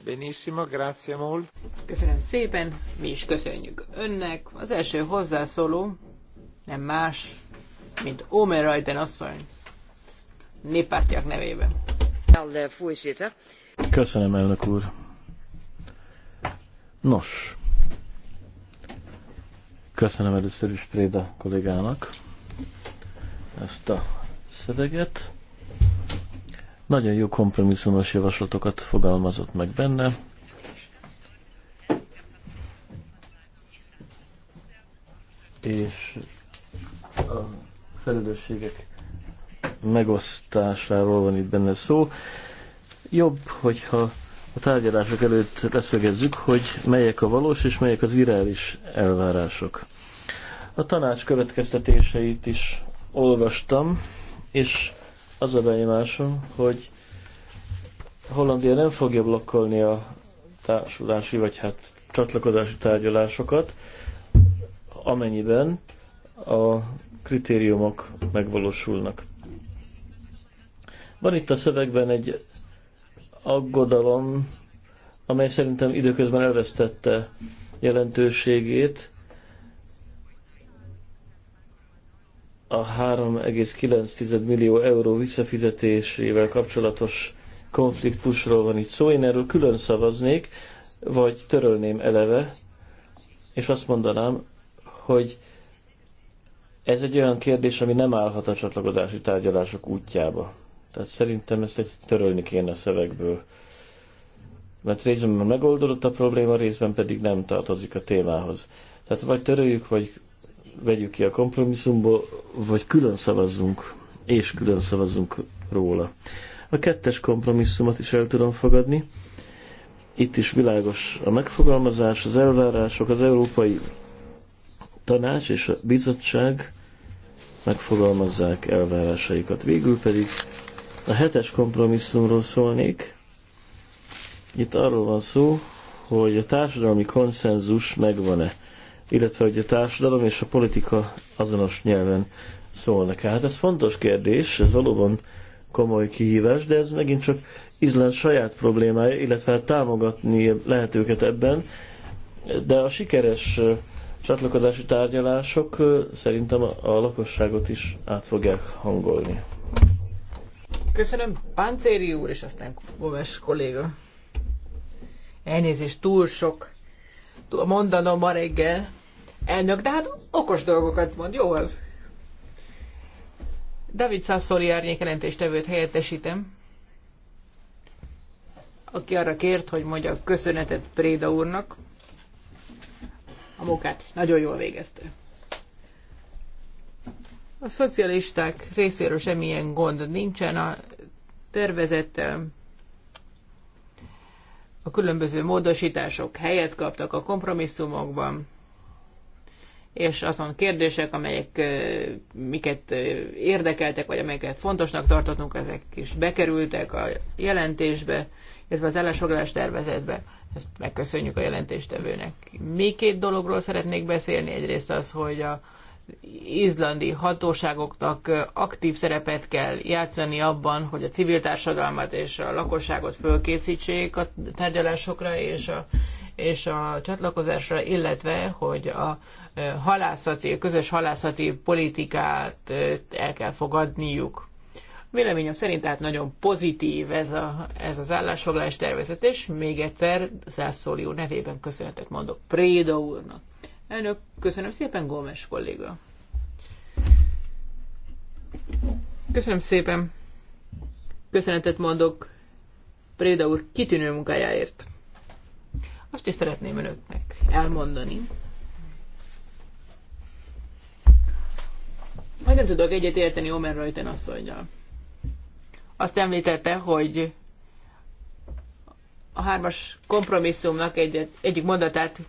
Benissimo, grazie molt. Köszönöm szépen, mi is köszönjük önnek. Az első hozzászóló nem más, mint Omer Rajten asszony, néppártiak nevében. Köszönöm, elnök úr. Nos, Köszönöm először is Préda kollégának ezt a szöveget. Nagyon jó kompromisszumos javaslatokat fogalmazott meg benne. És a felelősségek megosztásáról van itt benne szó. Jobb, hogyha a tárgyalások előtt leszögezzük, hogy melyek a valós és melyek az irreális elvárások. A tanács következtetéseit is olvastam, és az a benyomásom, hogy Hollandia nem fogja blokkolni a társulási, vagy hát csatlakozási tárgyalásokat, amennyiben a kritériumok megvalósulnak. Van itt a szövegben egy aggodalom, amely szerintem időközben elvesztette jelentőségét. A 3,9 millió euró visszafizetésével kapcsolatos konfliktusról van itt szó. Én erről külön szavaznék, vagy törölném eleve, és azt mondanám, hogy ez egy olyan kérdés, ami nem állhat a csatlakozási tárgyalások útjába. Tehát szerintem ezt egy törölni kéne a szövegből. Mert részben megoldódott a probléma, részben pedig nem tartozik a témához. Tehát vagy töröljük, vagy vegyük ki a kompromisszumból, vagy külön szavazzunk, és külön szavazzunk róla. A kettes kompromisszumot is el tudom fogadni. Itt is világos a megfogalmazás, az elvárások, az Európai Tanács és a Bizottság megfogalmazzák elvárásaikat. Végül pedig a hetes kompromisszumról szólnék. Itt arról van szó, hogy a társadalmi konszenzus megvan-e, illetve hogy a társadalom és a politika azonos nyelven szólnak. Hát ez fontos kérdés, ez valóban komoly kihívás, de ez megint csak Izland saját problémája, illetve hát támogatni lehet őket ebben, de a sikeres csatlakozási tárgyalások szerintem a lakosságot is át fogják hangolni. Köszönöm, Páncéri úr, és aztán Gomes kolléga. Elnézést, túl sok mondanom ma reggel. Elnök, de hát okos dolgokat mond, jó az. David Sassoli árnyék jelentéstevőt helyettesítem, aki arra kért, hogy mondja köszönetet Préda úrnak. A munkát nagyon jól végezte. A szocialisták részéről semmilyen gond nincsen a tervezett eh, A különböző módosítások helyet kaptak a kompromisszumokban, és azon kérdések, amelyek eh, miket eh, érdekeltek, vagy amelyeket fontosnak tartottunk, ezek is bekerültek a jelentésbe, illetve az állásfoglalás tervezetbe. Ezt megköszönjük a jelentéstevőnek. Még két dologról szeretnék beszélni. Egyrészt az, hogy a izlandi hatóságoknak aktív szerepet kell játszani abban, hogy a civil társadalmat és a lakosságot fölkészítsék a tárgyalásokra és a, és a csatlakozásra, illetve, hogy a halászati, közös halászati politikát el kell fogadniuk. Véleményem szerint tehát nagyon pozitív ez, a, ez az állásfoglalás tervezet, és még egyszer Zászlóli úr nevében köszönetet mondok Préda úrnak. Elnök, köszönöm szépen, Gómez kolléga. Köszönöm szépen. Köszönetet mondok Préda úr kitűnő munkájáért. Azt is szeretném önöknek elmondani. Majd nem tudok egyet érteni Omer Rajten asszonynal. Azt említette, hogy a hármas kompromisszumnak egyet, egyik mondatát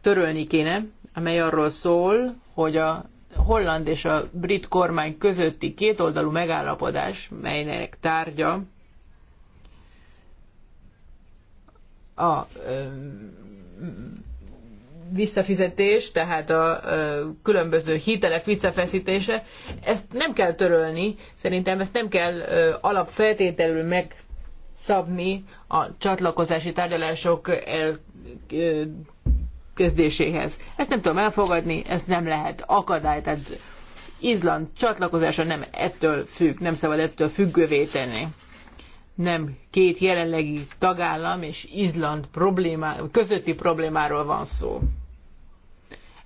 törölni kéne, amely arról szól, hogy a holland és a brit kormány közötti kétoldalú megállapodás, melynek tárgya a ö, visszafizetés, tehát a ö, különböző hitelek visszafeszítése, ezt nem kell törölni, szerintem ezt nem kell ö, alapfeltételül megszabni a csatlakozási tárgyalások el, ö, kezdéséhez. Ezt nem tudom elfogadni, ezt nem lehet akadály, tehát Izland csatlakozása nem ettől függ, nem szabad ettől függővé tenni. Nem két jelenlegi tagállam és Izland problémá, közötti problémáról van szó.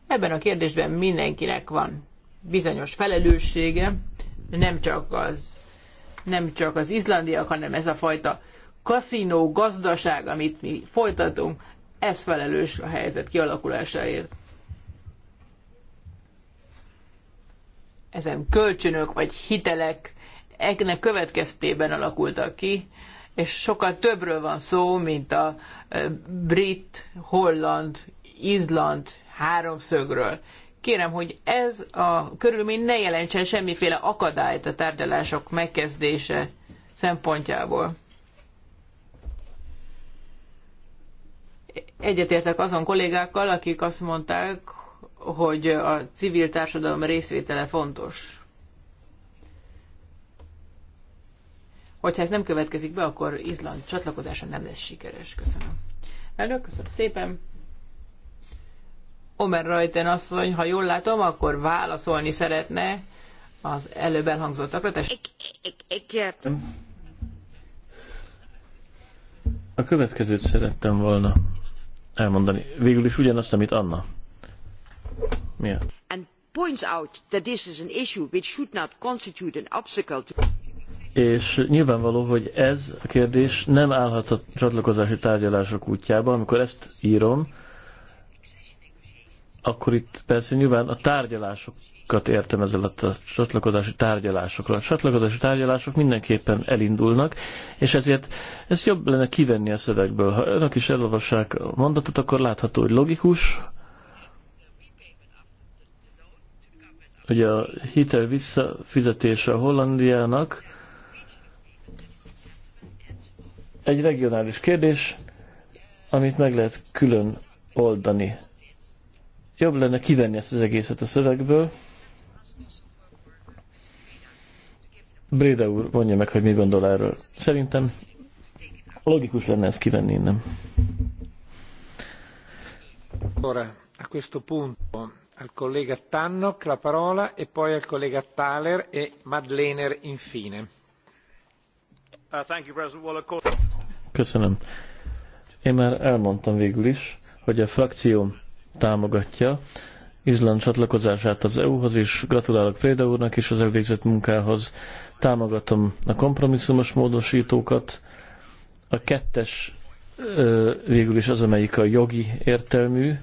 Ebben a kérdésben mindenkinek van bizonyos felelőssége, nem csak az, nem csak az izlandiak, hanem ez a fajta kaszinó gazdaság, amit mi folytatunk, ez felelős a helyzet kialakulásáért. Ezen kölcsönök vagy hitelek eknek következtében alakultak ki, és sokkal többről van szó, mint a brit, holland, izland háromszögről. Kérem, hogy ez a körülmény ne jelentsen semmiféle akadályt a tárgyalások megkezdése szempontjából. Egyetértek azon kollégákkal, akik azt mondták, hogy a civil társadalom részvétele fontos. Hogyha ez nem következik be, akkor Izland csatlakozása nem lesz sikeres. Köszönöm. Elnök, köszönöm szépen. Omer Rajten asszony, ha jól látom, akkor válaszolni szeretne az előbb elhangzottakra. Tessék. A következőt szerettem volna elmondani. Végül is ugyanazt, amit Anna. Milyen? And points out that this is an issue which should not constitute an obstacle to... És nyilvánvaló, hogy ez a kérdés nem állhat a csatlakozási tárgyalások útjába. Amikor ezt írom, akkor itt persze nyilván a tárgyalások csatlakozásokat értem ezzel a csatlakozási tárgyalásokra. A csatlakozási tárgyalások mindenképpen elindulnak, és ezért ezt jobb lenne kivenni a szövegből. Ha önök is elolvassák a mondatot, akkor látható, hogy logikus, hogy a hitel visszafizetése a Hollandiának egy regionális kérdés, amit meg lehet külön oldani. Jobb lenne kivenni ezt az egészet a szövegből. Bréda úr mondja meg, hogy mi gondol erről. Szerintem logikus lenne ezt kivenni innen. Ora, a questo punto al collega Tannock la parola e poi al collega Thaler e Madlener infine. Uh, Köszönöm. Én már elmondtam végül is, hogy a frakció támogatja Izland csatlakozását az EU-hoz, és gratulálok Préda úrnak is az elvégzett munkához támogatom a kompromisszumos módosítókat. A kettes végül is az, amelyik a jogi értelmű,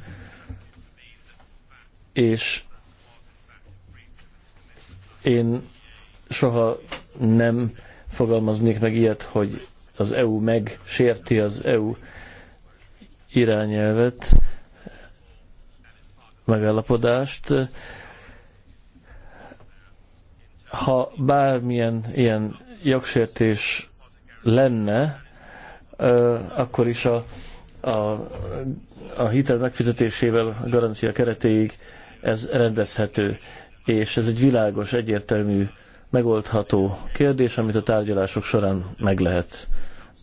és én soha nem fogalmaznék meg ilyet, hogy az EU megsérti az EU irányelvet, megállapodást ha bármilyen ilyen jogsértés lenne, akkor is a, a, a hitel megfizetésével a garancia keretéig ez rendezhető, és ez egy világos, egyértelmű, megoldható kérdés, amit a tárgyalások során meg lehet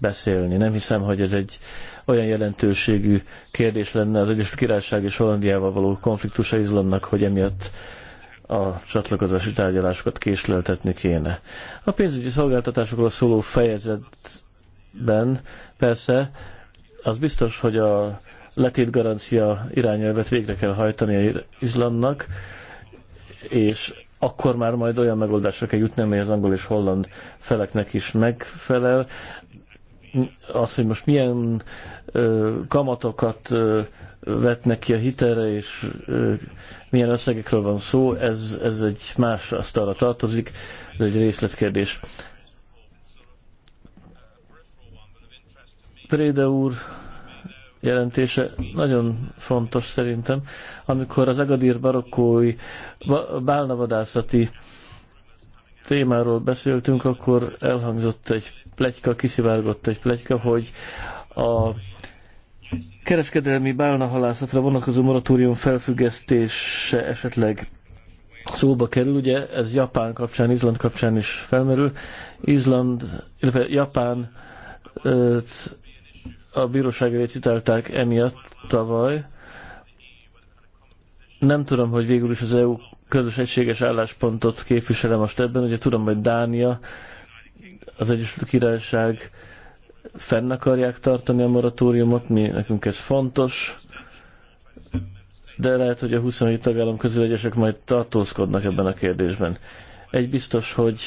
beszélni. Nem hiszem, hogy ez egy olyan jelentőségű kérdés lenne az Egyesült Királyság és Hollandiával való konfliktusa izlannak, hogy emiatt a csatlakozási tárgyalásokat késleltetni kéne. A pénzügyi szolgáltatásokról szóló fejezetben persze az biztos, hogy a letét garancia irányelvet végre kell hajtani Izlandnak, és akkor már majd olyan megoldásra kell jutni, amely az angol és holland feleknek is megfelel az, hogy most milyen ö, kamatokat ö, vetnek ki a hitelre, és ö, milyen összegekről van szó, ez, ez egy más asztalra tartozik, ez egy részletkérdés. Préde úr jelentése nagyon fontos szerintem, amikor az Agadir barokkói bálnavadászati témáról beszéltünk, akkor elhangzott egy pletyka, kiszivárgott egy pletyka, hogy a kereskedelmi bálnahalászatra vonatkozó moratórium felfüggesztése esetleg szóba kerül, ugye ez Japán kapcsán, Izland kapcsán is felmerül. Izland, illetve Japán a bíróság elé citálták emiatt tavaly. Nem tudom, hogy végül is az EU közös egységes álláspontot képvisele most ebben, ugye tudom, hogy Dánia az Egyesült Királyság fenn akarják tartani a moratóriumot, mi nekünk ez fontos, de lehet, hogy a 27 tagállam közül egyesek majd tartózkodnak ebben a kérdésben. Egy biztos, hogy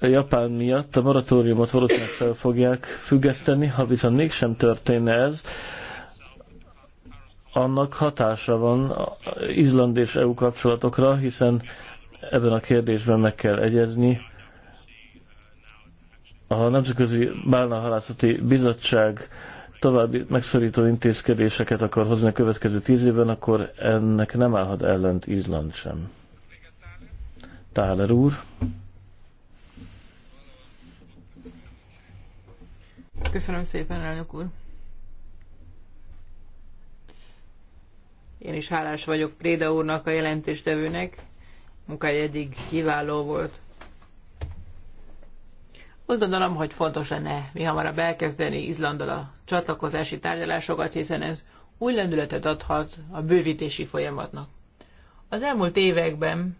a Japán miatt a moratóriumot valószínűleg fel fogják függeszteni, ha viszont mégsem történne ez, annak hatása van Izland és EU kapcsolatokra, hiszen ebben a kérdésben meg kell egyezni. A Nemzetközi Bálnahalászati Bizottság további megszorító intézkedéseket akar hozni a következő tíz évben, akkor ennek nem állhat ellent Izland sem. Táler úr. Köszönöm szépen, elnök úr. Én is hálás vagyok Préda úrnak, a jelentéstevőnek munkája eddig kiváló volt. Úgy gondolom, hogy fontos lenne mi hamarabb elkezdeni Izlandal a csatlakozási tárgyalásokat, hiszen ez új lendületet adhat a bővítési folyamatnak. Az elmúlt években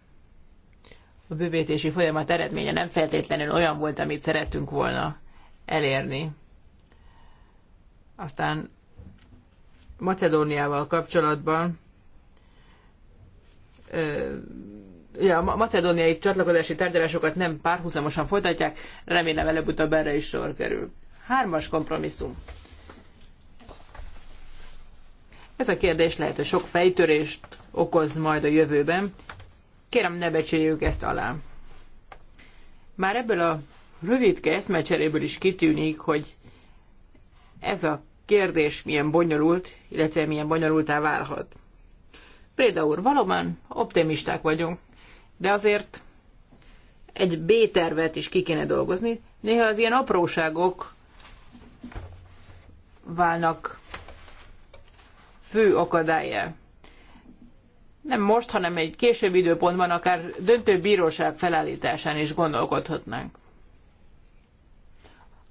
a bővítési folyamat eredménye nem feltétlenül olyan volt, amit szerettünk volna elérni. Aztán Macedóniával kapcsolatban ugye a macedóniai csatlakozási tárgyalásokat nem párhuzamosan folytatják, remélem előbb-utóbb erre is sor kerül. Hármas kompromisszum. Ez a kérdés lehet, hogy sok fejtörést okoz majd a jövőben. Kérem, ne becsüljük ezt alá. Már ebből a rövidke eszmecseréből is kitűnik, hogy ez a kérdés milyen bonyolult, illetve milyen bonyolultá válhat. Például valóban optimisták vagyunk de azért egy B-tervet is ki kéne dolgozni. Néha az ilyen apróságok válnak fő akadályá. Nem most, hanem egy később időpontban akár döntő bíróság felállításán is gondolkodhatnánk.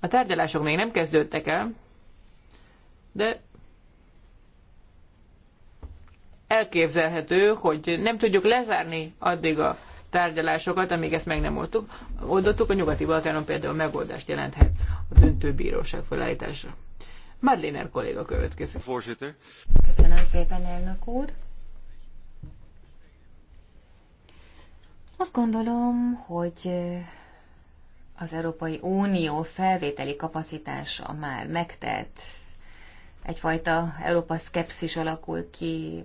A tárgyalások még nem kezdődtek el, de elképzelhető, hogy nem tudjuk lezárni addig a tárgyalásokat, amíg ezt meg nem oldtuk, oldottuk, a nyugati Balkánon például megoldást jelenthet a döntőbíróság felállításra. Madliner kolléga következik. Köszönöm szépen, elnök úr. Azt gondolom, hogy az Európai Unió felvételi kapacitása már megtelt. Egyfajta Európa szkepszis alakul ki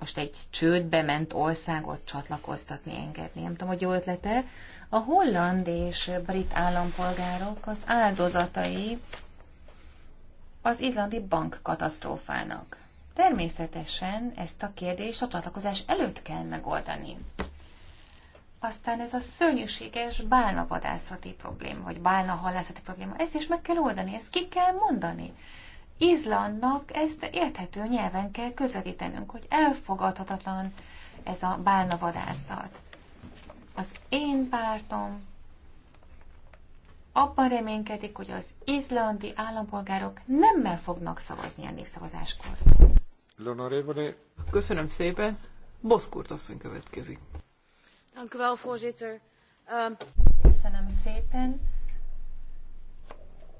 most egy csődbe ment országot csatlakoztatni, engedni. Nem tudom, hogy jó ötlete. A holland és brit állampolgárok az áldozatai az izlandi bank katasztrófának. Természetesen ezt a kérdést a csatlakozás előtt kell megoldani. Aztán ez a szörnyűséges vadászati probléma, vagy bálna halászati probléma, ezt is meg kell oldani, ezt ki kell mondani. Izlandnak ezt érthető nyelven kell közvetítenünk, hogy elfogadhatatlan ez a bálnavadászat. Az én pártom abban reménykedik, hogy az izlandi állampolgárok nemmel fognak szavazni a népszavazáskor. Köszönöm szépen. Boszkurt asszony következik. Ehm, Köszönöm szépen.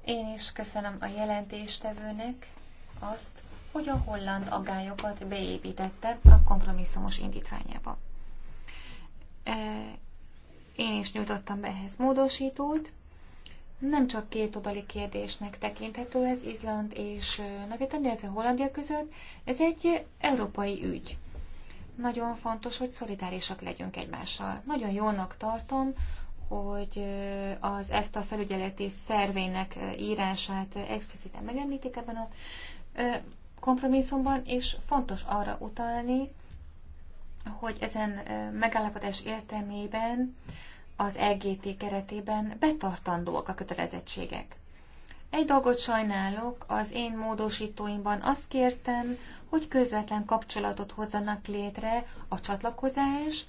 Én is köszönöm a jelentéstevőnek azt, hogy a holland agályokat beépítette a kompromisszumos indítványába. E, én is nyújtottam be ehhez módosítót. Nem csak két odali kérdésnek tekinthető ez Izland és Nagy-Britannia, illetve Hollandia között, ez egy európai ügy. Nagyon fontos, hogy szolidárisak legyünk egymással. Nagyon jónak tartom, hogy az EFTA felügyeleti szervének írását expliciten megemlítik ebben a kompromisszumban, és fontos arra utalni, hogy ezen megállapodás értelmében az EGT keretében betartandóak a kötelezettségek. Egy dolgot sajnálok, az én módosítóimban azt kértem, hogy közvetlen kapcsolatot hozzanak létre a csatlakozás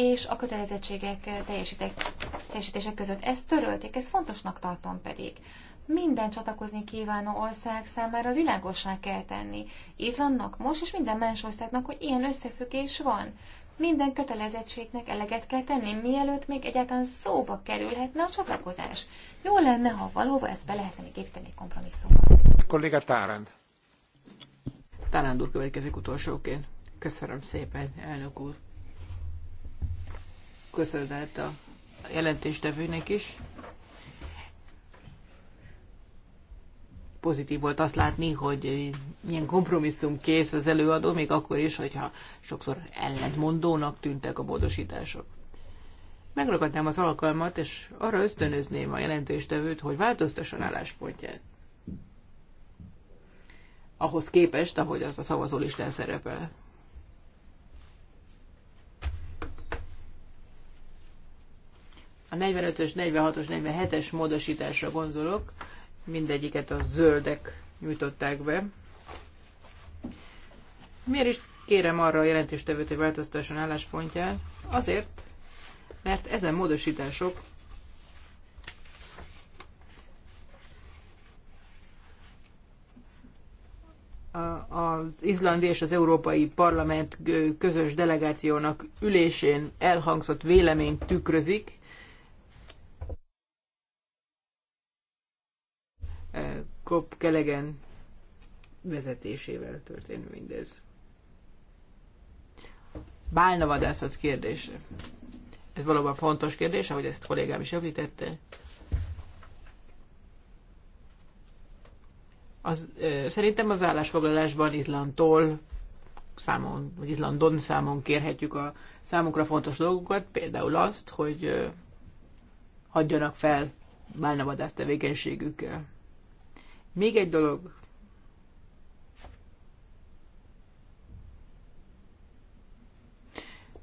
és a kötelezettségek teljesítések között. Ezt törölték, ezt fontosnak tartom pedig. Minden csatlakozni kívánó ország számára világosá kell tenni. Izlandnak most, és minden más országnak, hogy ilyen összefüggés van. Minden kötelezettségnek eleget kell tenni, mielőtt még egyáltalán szóba kerülhetne a csatlakozás. Jó lenne, ha valahova ezt be lehetne még építeni kompromisszumban. Kolléga Tárend. Tárend úr következik utolsóként. Köszönöm szépen, elnök úr köszönet a jelentéstevőnek is. Pozitív volt azt látni, hogy milyen kompromisszum kész az előadó, még akkor is, hogyha sokszor ellentmondónak tűntek a módosítások. Megragadnám az alkalmat, és arra ösztönözném a jelentéstevőt, hogy változtasson álláspontját. Ahhoz képest, ahogy az a is szerepel. A 45-ös, 46-os, 47-es módosításra gondolok, mindegyiket a zöldek nyújtották be. Miért is kérem arra a jelentéstevőt, hogy változtasson álláspontját? Azért, mert ezen módosítások az izlandi és az európai parlament közös delegációnak ülésén elhangzott vélemény tükrözik, Kop Kelegen vezetésével történő mindez. Bálna vadászat kérdése. Ez valóban fontos kérdés, ahogy ezt kollégám is említette. Az, ö, szerintem az állásfoglalásban Izlandtól számon, vagy Izlandon számon kérhetjük a számunkra fontos dolgokat, például azt, hogy ö, adjanak fel bálnavadász tevékenységükkel. Még egy dolog.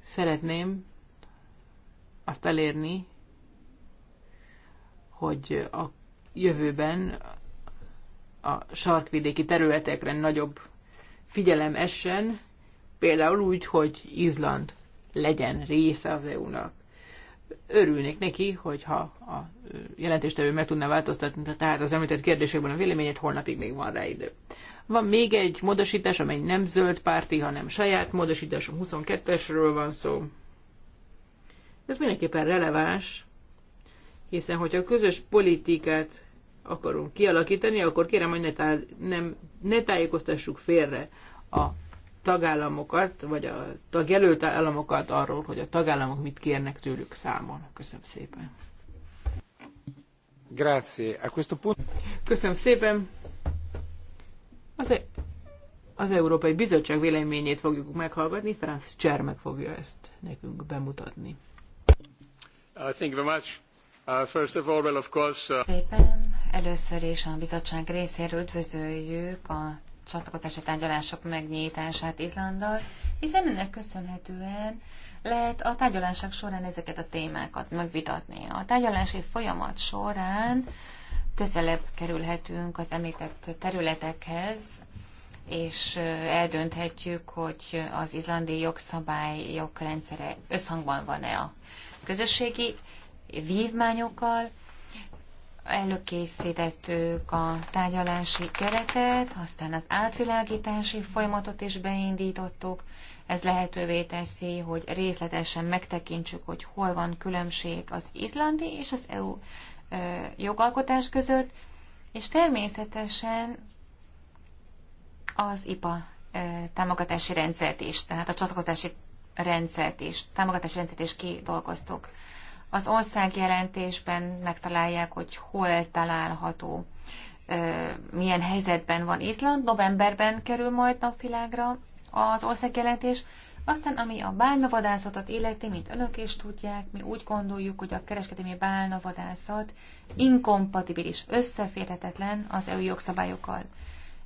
Szeretném azt elérni, hogy a jövőben a sarkvidéki területekre nagyobb figyelem essen, például úgy, hogy Izland legyen része az EU-nak örülnék neki, hogyha a jelentéstevő meg tudná változtatni, tehát az említett kérdésekben a véleményét holnapig még van rá idő. Van még egy módosítás, amely nem zöld párti, hanem saját módosítás, 22-esről van szó. Ez mindenképpen releváns, hiszen hogyha közös politikát akarunk kialakítani, akkor kérem, hogy ne, tá- nem, ne tájékoztassuk félre a tagállamokat, vagy a tagjelölt államokat arról, hogy a tagállamok mit kérnek tőlük számon. Köszönöm szépen. Grazie. A questo punto... Köszönöm szépen. Az, e az Európai Bizottság véleményét fogjuk meghallgatni, Franz Csermek fogja ezt nekünk bemutatni. Uh, thank you very much. Uh, first of all, well, of course... Uh... Szépen. Először is a bizottság részéről üdvözöljük a csatlakozási tárgyalások megnyitását Izlanddal, hiszen ennek köszönhetően lehet a tárgyalások során ezeket a témákat megvitatni. A tárgyalási folyamat során közelebb kerülhetünk az említett területekhez, és eldönthetjük, hogy az izlandi jogszabály jogrendszere összhangban van-e a közösségi vívmányokkal, előkészítettük a tárgyalási keretet, aztán az átvilágítási folyamatot is beindítottuk. Ez lehetővé teszi, hogy részletesen megtekintsük, hogy hol van különbség az izlandi és az EU jogalkotás között, és természetesen az IPA támogatási rendszert is, tehát a csatlakozási rendszert is, támogatási rendszert is kidolgoztuk. Az országjelentésben megtalálják, hogy hol található, milyen helyzetben van Izland. Novemberben kerül majd napvilágra az országjelentés. Aztán, ami a bálnavadászatot illeti, mint önök is tudják, mi úgy gondoljuk, hogy a kereskedelmi bálnavadászat inkompatibilis, összeférhetetlen az EU jogszabályokkal.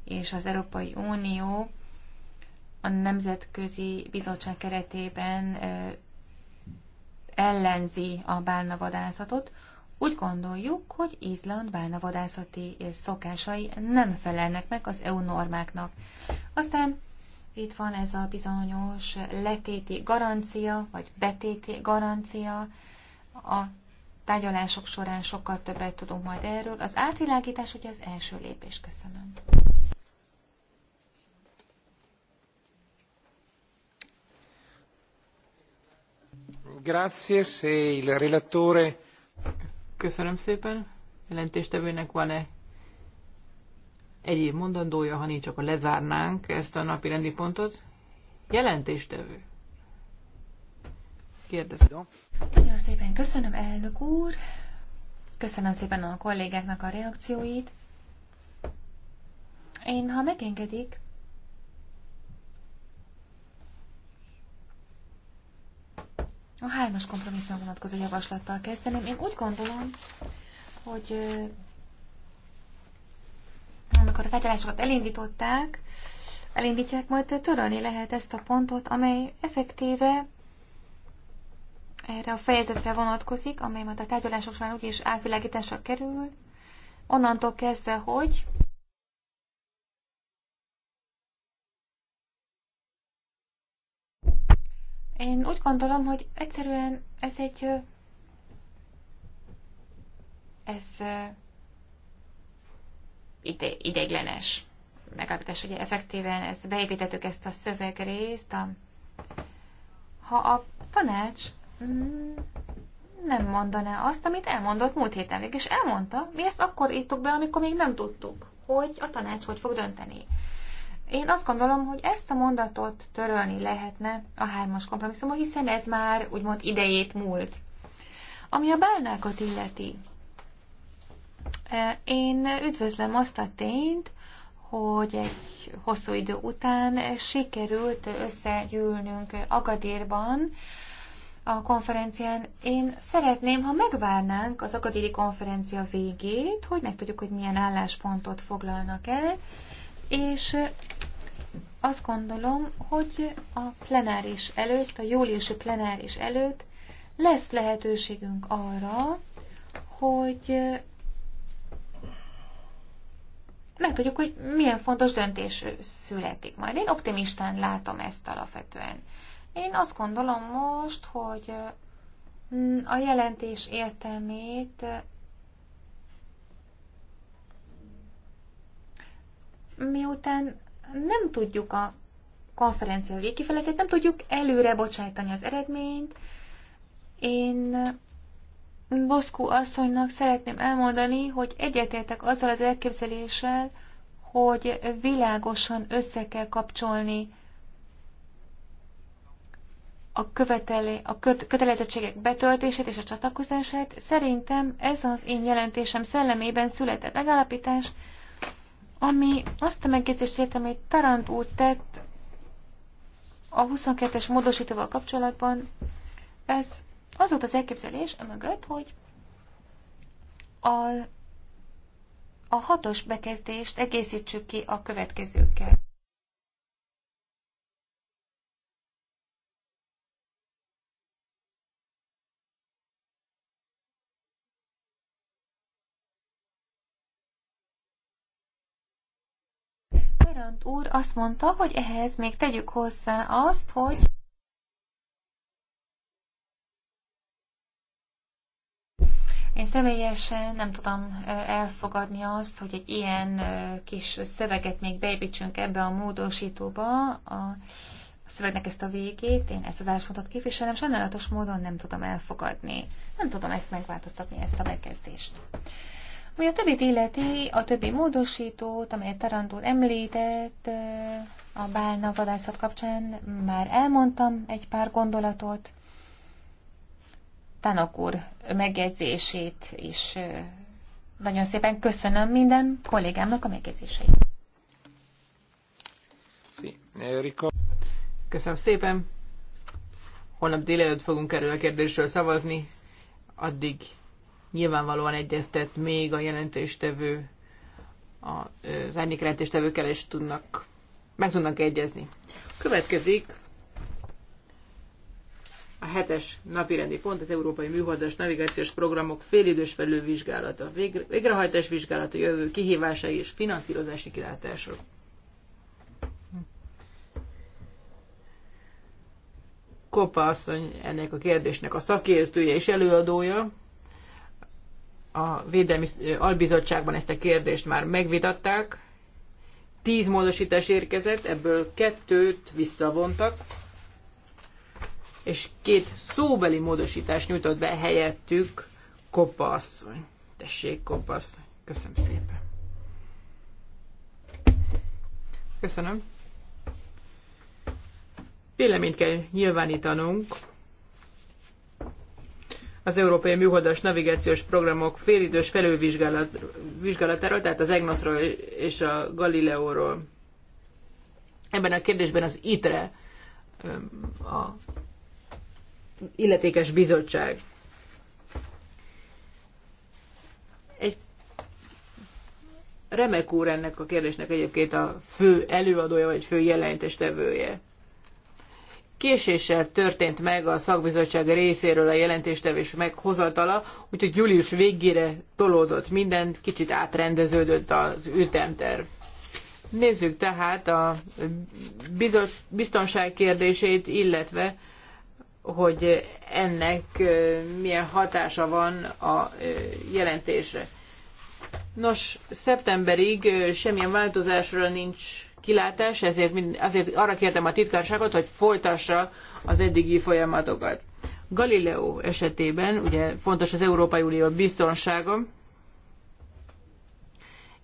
És az Európai Unió a Nemzetközi Bizottság keretében ellenzi a bálnavadászatot, úgy gondoljuk, hogy Izland bálnavadászati szokásai nem felelnek meg az EU normáknak. Aztán itt van ez a bizonyos letéti garancia, vagy betéti garancia. A tárgyalások során sokkal többet tudunk majd erről. Az átvilágítás ugye az első lépés. Köszönöm. Köszönöm szépen. Jelentéstevőnek van-e egyéb mondandója, ha nincs, akkor lezárnánk ezt a napi rendi pontot. Jelentéstevő. Kérdezem. Nagyon szépen köszönöm, elnök úr. Köszönöm szépen a kollégáknak a reakcióit. Én, ha megengedik, A hármas kompromisszum vonatkozó javaslattal kezdeném. Én úgy gondolom, hogy amikor a tárgyalásokat elindították, elindítják, majd törölni lehet ezt a pontot, amely effektíve erre a fejezetre vonatkozik, amely majd a tárgyalások során úgyis átvilágításra kerül, onnantól kezdve, hogy Én úgy gondolom, hogy egyszerűen ez egy... Ez ide, ideiglenes megállapítás, hogy effektíven ezt beépítettük ezt a szövegrészt. A, ha a tanács mm, nem mondaná azt, amit elmondott múlt héten végig, és elmondta, mi ezt akkor írtuk be, amikor még nem tudtuk, hogy a tanács hogy fog dönteni. Én azt gondolom, hogy ezt a mondatot törölni lehetne a hármas kompromisszumból, hiszen ez már úgymond idejét múlt. Ami a bálnákat illeti, e, én üdvözlöm azt a tényt, hogy egy hosszú idő után sikerült összegyűlnünk Agadérban a konferencián. Én szeretném, ha megvárnánk az Agadéri konferencia végét, hogy megtudjuk, hogy milyen álláspontot foglalnak el, és azt gondolom, hogy a plenáris előtt, a júliusi plenáris előtt lesz lehetőségünk arra, hogy megtudjuk, hogy milyen fontos döntés születik majd. Én optimistán látom ezt alapvetően. Én azt gondolom most, hogy a jelentés értelmét miután nem tudjuk a konferencia végkifeletét, nem tudjuk előre bocsájtani az eredményt, én Boszkó asszonynak szeretném elmondani, hogy egyetértek azzal az elképzeléssel, hogy világosan össze kell kapcsolni a, követeli, a kötelezettségek betöltését és a csatlakozását. Szerintem ez az én jelentésem szellemében született megállapítás, ami azt a megjegyzést értem, amit Tarant úr tett a 22-es módosítóval kapcsolatban, ez az volt az elképzelés mögött, hogy a, a hatos bekezdést egészítsük ki a következőkkel. Szent úr azt mondta, hogy ehhez még tegyük hozzá azt, hogy Én személyesen nem tudom elfogadni azt, hogy egy ilyen kis szöveget még beépítsünk ebbe a módosítóba, a szövegnek ezt a végét, én ezt az álláspontot képviselem, sajnálatos módon nem tudom elfogadni. Nem tudom ezt megváltoztatni, ezt a bekezdést. Ami a többit illeti, a többi módosítót, amelyet Tarandúr említett, eh, a bálna vadászat kapcsán már elmondtam egy pár gondolatot. Tanok úr megjegyzését is eh, nagyon szépen köszönöm minden kollégámnak a megjegyzéseit. Eh, köszönöm szépen. Holnap délelőtt fogunk erről a kérdésről szavazni. Addig nyilvánvalóan egyeztet még a jelentéstevő, az árnyék jelentéstevőkkel is tudnak, meg tudnak egyezni. Következik a hetes napirendi pont az Európai Műholdas Navigációs Programok félidős felülvizsgálata, végre, végrehajtás vizsgálata, jövő kihívásai és finanszírozási kilátások. Kopa asszony ennek a kérdésnek a szakértője és előadója a Védelmi Albizottságban ezt a kérdést már megvitatták. Tíz módosítás érkezett, ebből kettőt visszavontak, és két szóbeli módosítást nyújtott be helyettük Kopasz. Tessék, Kopasz. Köszönöm szépen. Köszönöm. Véleményt kell nyilvánítanunk az Európai Műholdas Navigációs Programok félidős felülvizsgálatáról, tehát az EGNOS-ról és a Galileóról. Ebben a kérdésben az ITRE a illetékes bizottság. Egy remek úr ennek a kérdésnek egyébként a fő előadója vagy fő jelentéstevője késéssel történt meg a szakbizottság részéről a jelentéstevés meghozatala, úgyhogy július végére tolódott minden, kicsit átrendeződött az ütemterv. Nézzük tehát a biztonság kérdését, illetve hogy ennek milyen hatása van a jelentésre. Nos, szeptemberig semmilyen változásra nincs kilátás, ezért mind, azért arra kértem a titkárságot, hogy folytassa az eddigi folyamatokat. Galileo esetében ugye fontos az Európai Unió biztonsága,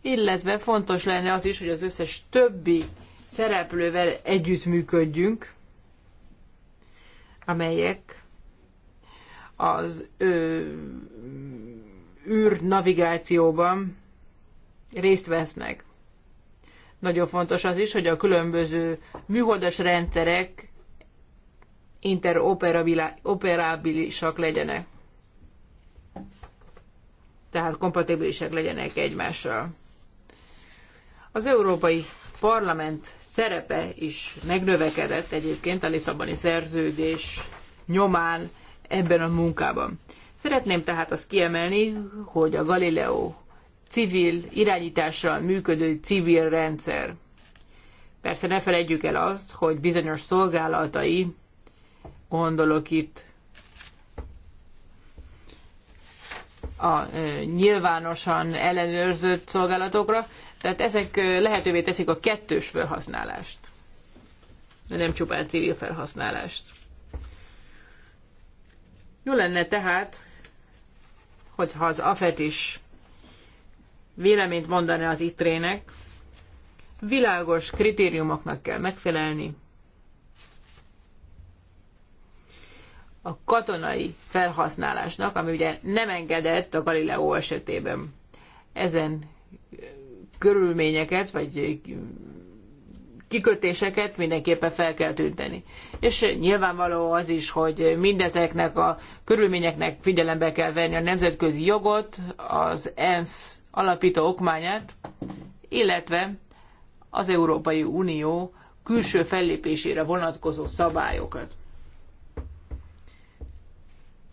illetve fontos lenne az is, hogy az összes többi szereplővel együttműködjünk, amelyek az ö, űrnavigációban részt vesznek. Nagyon fontos az is, hogy a különböző műholdas rendszerek interoperabilisak legyenek. Tehát kompatibilisek legyenek egymással. Az Európai Parlament szerepe is megnövekedett egyébként a Lisszaboni szerződés nyomán ebben a munkában. Szeretném tehát azt kiemelni, hogy a Galileo civil irányítással működő civil rendszer. Persze ne felejtjük el azt, hogy bizonyos szolgálatai, gondolok itt a nyilvánosan ellenőrzött szolgálatokra, tehát ezek lehetővé teszik a kettős felhasználást, de nem csupán civil felhasználást. Jó lenne tehát, hogyha az AFET is véleményt mondani az ITRE-nek. Világos kritériumoknak kell megfelelni. A katonai felhasználásnak, ami ugye nem engedett a Galileo esetében. Ezen körülményeket, vagy kikötéseket mindenképpen fel kell tünteni. És nyilvánvaló az is, hogy mindezeknek a körülményeknek figyelembe kell venni a nemzetközi jogot, az ENSZ alapító okmányát, illetve az Európai Unió külső fellépésére vonatkozó szabályokat.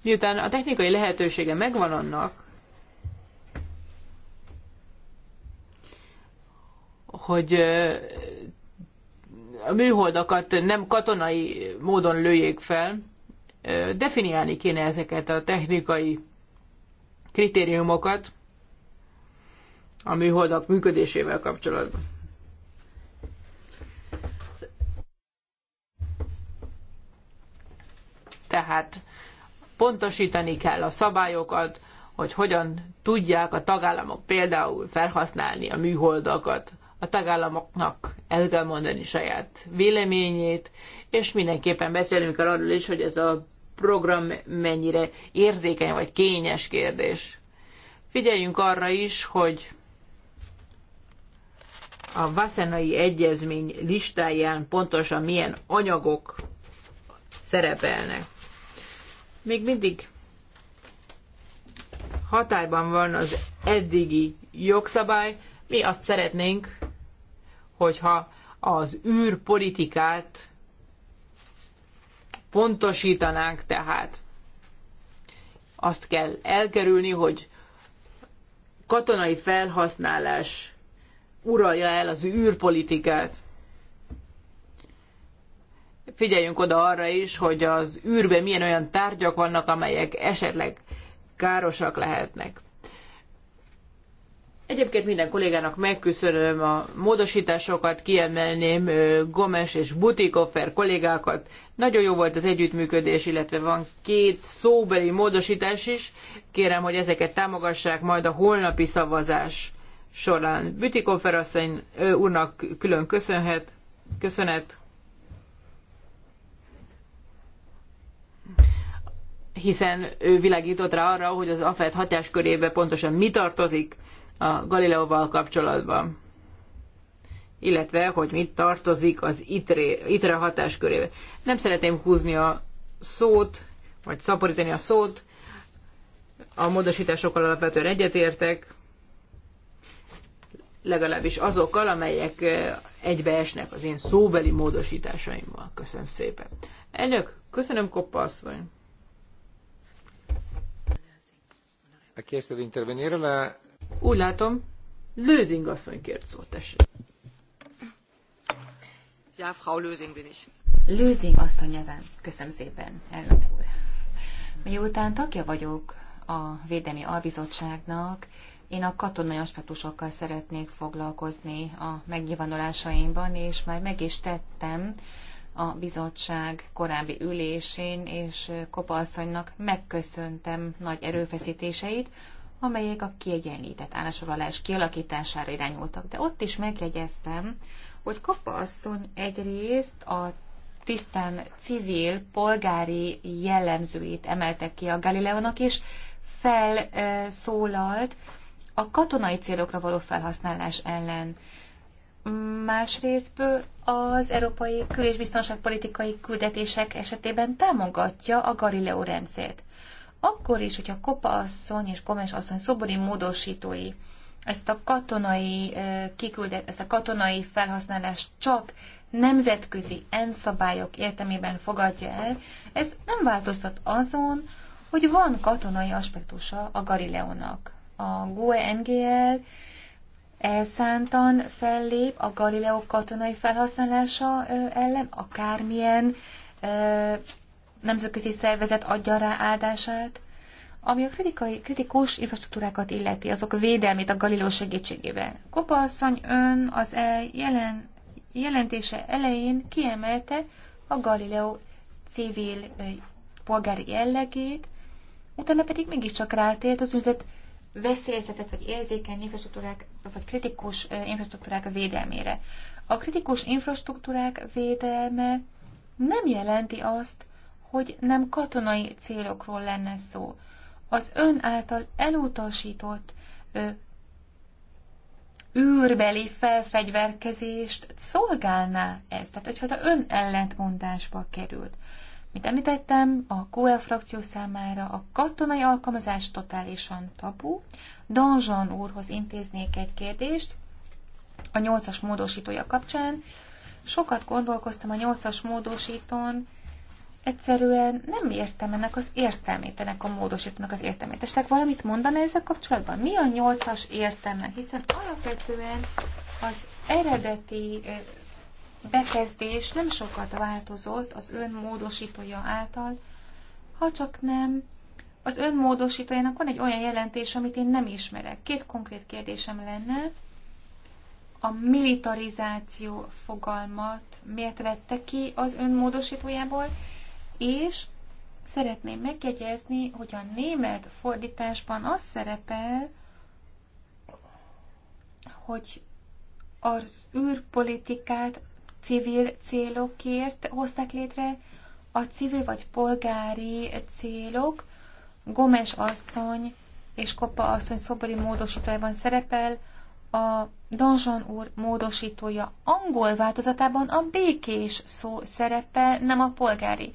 Miután a technikai lehetősége megvan annak, hogy a műholdakat nem katonai módon lőjék fel, definiálni kéne ezeket a technikai kritériumokat, a műholdak működésével kapcsolatban. Tehát pontosítani kell a szabályokat, hogy hogyan tudják a tagállamok például felhasználni a műholdakat. A tagállamoknak el kell mondani saját véleményét, és mindenképpen beszélünk el arról is, hogy ez a program mennyire érzékeny vagy kényes kérdés. Figyeljünk arra is, hogy a Vaszenai Egyezmény listáján pontosan milyen anyagok szerepelnek. Még mindig hatályban van az eddigi jogszabály. Mi azt szeretnénk, hogyha az űrpolitikát pontosítanánk tehát. Azt kell elkerülni, hogy katonai felhasználás uralja el az űrpolitikát. Figyeljünk oda arra is, hogy az űrben milyen olyan tárgyak vannak, amelyek esetleg károsak lehetnek. Egyébként minden kollégának megköszönöm a módosításokat, kiemelném Gomes és Butikoffer kollégákat. Nagyon jó volt az együttműködés, illetve van két szóbeli módosítás is. Kérem, hogy ezeket támogassák majd a holnapi szavazás során. Bütikofer asszony úrnak külön köszönhet, köszönet, hiszen ő világított rá arra, hogy az AFED hatáskörébe pontosan mi tartozik a Galileóval kapcsolatban illetve hogy mit tartozik az ITRE, ITRE hatáskörébe. Nem szeretném húzni a szót, vagy szaporítani a szót, a módosításokkal alapvetően egyetértek, legalábbis azokkal, amelyek egybeesnek az én szóbeli módosításaimmal. Köszönöm szépen. Elnök, köszönöm, Koppa asszony. A Úgy látom, Lőzing asszony kért szót, tessék. Ja, Frau Lőzing bin ich. Lőzing asszony nyelven. Köszönöm szépen, elnök úr. Miután tagja vagyok a Védelmi Albizottságnak, én a katonai aspektusokkal szeretnék foglalkozni a megnyilvánulásaimban, és már meg is tettem a bizottság korábbi ülésén, és Kopalszonynak megköszöntem nagy erőfeszítéseit, amelyek a kiegyenlített állásfoglalás kialakítására irányultak. De ott is megjegyeztem, hogy Kappa asszony egyrészt a tisztán civil, polgári jellemzőit emelte ki a Galileónak, és felszólalt a katonai célokra való felhasználás ellen. Másrésztből az európai kül- és biztonságpolitikai küldetések esetében támogatja a Galileo rendszert. Akkor is, hogyha Kopa asszony és Gomes asszony szobori módosítói ezt a katonai kiküldet, ezt a katonai felhasználást csak nemzetközi enszabályok értelmében fogadja el, ez nem változtat azon, hogy van katonai aspektusa a Galileónak a GUE NGL elszántan fellép a Galileo katonai felhasználása ellen, akármilyen nemzetközi szervezet adja rá áldását, ami a kritikai, kritikus infrastruktúrákat illeti, azok védelmét a Galileo segítségével. Kopa ön az e jelen, jelentése elején kiemelte a Galileo civil polgári jellegét, utána pedig mégiscsak rátért az üzlet veszélyeztetett vagy érzékeny infrastruktúrák, vagy kritikus infrastruktúrák védelmére. A kritikus infrastruktúrák védelme nem jelenti azt, hogy nem katonai célokról lenne szó. Az ön által elutasított ö, űrbeli felfegyverkezést szolgálná ez? Tehát, hogyha ön ellentmondásba került. Mint említettem, a QL e frakció számára a katonai alkalmazás totálisan tabu. Danzsan úrhoz intéznék egy kérdést a nyolcas módosítója kapcsán. Sokat gondolkoztam a nyolcas módosítón, egyszerűen nem értem ennek az értelmét, ennek a módosítónak az értelmét. Esetleg valamit mondaná ezzel kapcsolatban? Mi a nyolcas értelme? Hiszen alapvetően az eredeti eh, bekezdés nem sokat változott az ön módosítója által, ha csak nem az ön módosítójának van egy olyan jelentés, amit én nem ismerek. Két konkrét kérdésem lenne. A militarizáció fogalmat miért vette ki az ön módosítójából, és szeretném megjegyezni, hogy a német fordításban az szerepel, hogy az űrpolitikát civil célokért hozták létre, a civil vagy polgári célok Gomes asszony és Koppa asszony szobori módosítójában szerepel, a Donjon úr módosítója angol változatában a békés szó szerepel, nem a polgári.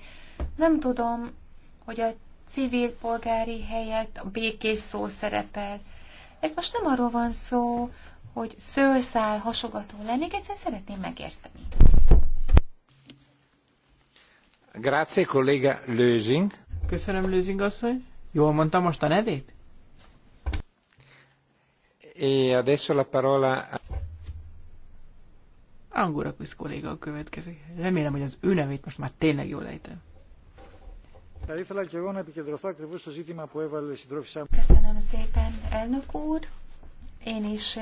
Nem tudom, hogy a civil polgári helyett a békés szó szerepel. Ez most nem arról van szó, hogy szőrszál hasogató lennék, egyszerűen szeretném megérteni. Grazie, kolléga Lőzing. Köszönöm, Lőzing asszony. Jól mondtam most a nevét? E adesso la parola... Angura Angurakusz kolléga a következő. Remélem, hogy az ő nevét most már tényleg jól ejtem. Köszönöm szépen, elnök úr. Én is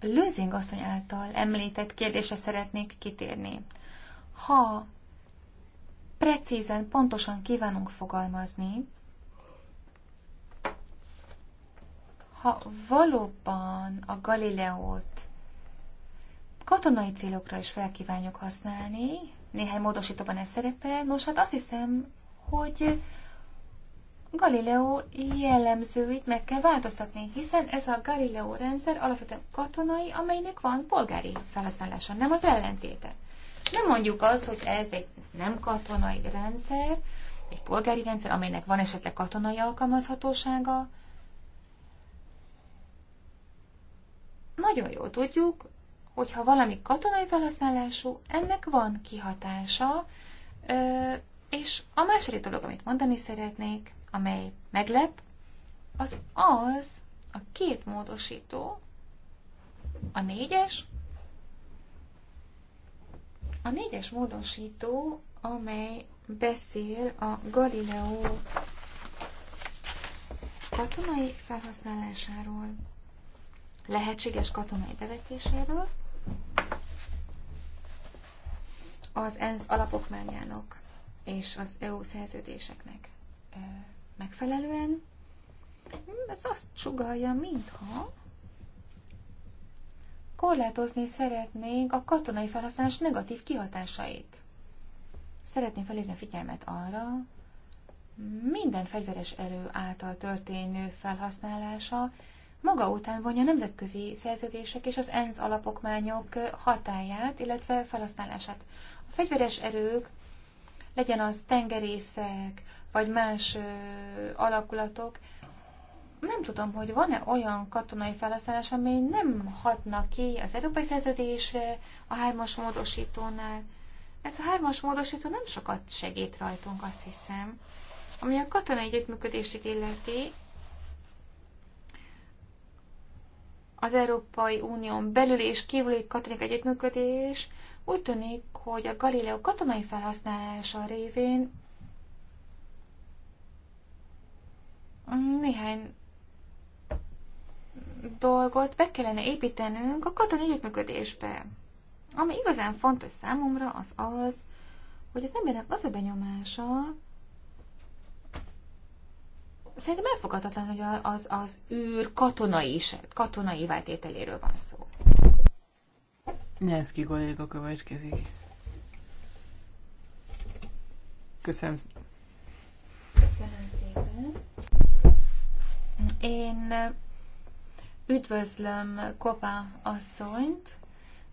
Lőzing asszony által említett kérdésre szeretnék kitérni. Ha precízen, pontosan kívánunk fogalmazni, ha valóban a Galileót katonai célokra is felkívánjuk használni, néhány módosítóban ez szerepel, nos hát azt hiszem, hogy Galileo jellemzőit meg kell változtatni, hiszen ez a Galileo rendszer alapvetően katonai, amelynek van polgári felhasználása, nem az ellentéte. Nem mondjuk azt, hogy ez egy nem katonai rendszer, egy polgári rendszer, amelynek van esetleg katonai alkalmazhatósága. Nagyon jól tudjuk, hogy ha valami katonai felhasználású, ennek van kihatása, és a második dolog, amit mondani szeretnék, amely meglep, az az a két módosító, a négyes, a négyes módosító, amely beszél a Galileo katonai felhasználásáról, lehetséges katonai bevetéséről, az ENSZ alapokmányának és az EU szerződéseknek eh, megfelelően, hmm, ez azt sugalja, mintha korlátozni szeretnénk a katonai felhasználás negatív kihatásait. Szeretném felírni a figyelmet arra, minden fegyveres erő által történő felhasználása maga után vonja nemzetközi szerződések és az ENSZ alapokmányok hatáját, illetve felhasználását. A fegyveres erők legyen az tengerészek, vagy más ö, alakulatok, nem tudom, hogy van-e olyan katonai felhasználás, ami nem hatna ki az európai szerződésre, a hármas módosítónál. Ez a hármas módosító nem sokat segít rajtunk, azt hiszem. Ami a katonai együttműködését illeti, az Európai Unión belül és kívüli katonai együttműködés úgy tűnik, hogy a Galileo katonai felhasználása révén néhány dolgot be kellene építenünk a katonai együttműködésbe. Ami igazán fontos számomra az az, hogy az embernek az a benyomása, szerintem elfogadhatatlan, hogy az, az űr katonai, is, katonai váltételéről van szó. Nyenszki kolléga következik. Köszönöm. Köszönöm szépen. Én üdvözlöm Kopa asszonyt,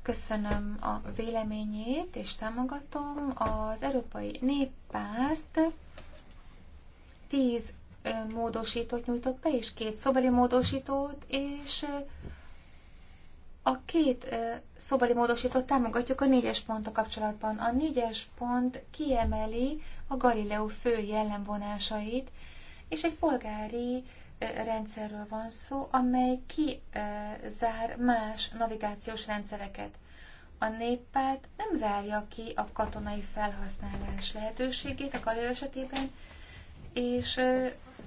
köszönöm a véleményét, és támogatom az Európai Néppárt tíz módosítót nyújtott be, és két szobeli módosítót, és a két szobali módosítót támogatjuk a négyes pont a kapcsolatban. A négyes pont kiemeli a Galileo fő jellemvonásait, és egy polgári rendszerről van szó, amely kizár más navigációs rendszereket. A néppárt nem zárja ki a katonai felhasználás lehetőségét a Galileo esetében, és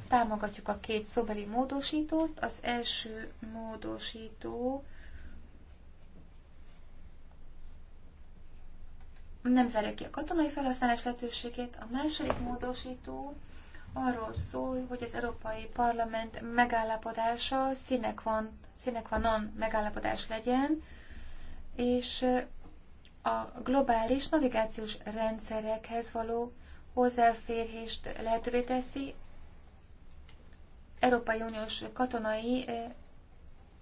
támogatjuk a két szobeli módosítót. Az első módosító nem zárja ki a katonai felhasználás lehetőségét. A második módosító arról szól, hogy az Európai Parlament megállapodása színek van, színek van non megállapodás legyen, és a globális navigációs rendszerekhez való hozzáférést lehetővé teszi Európai Uniós katonai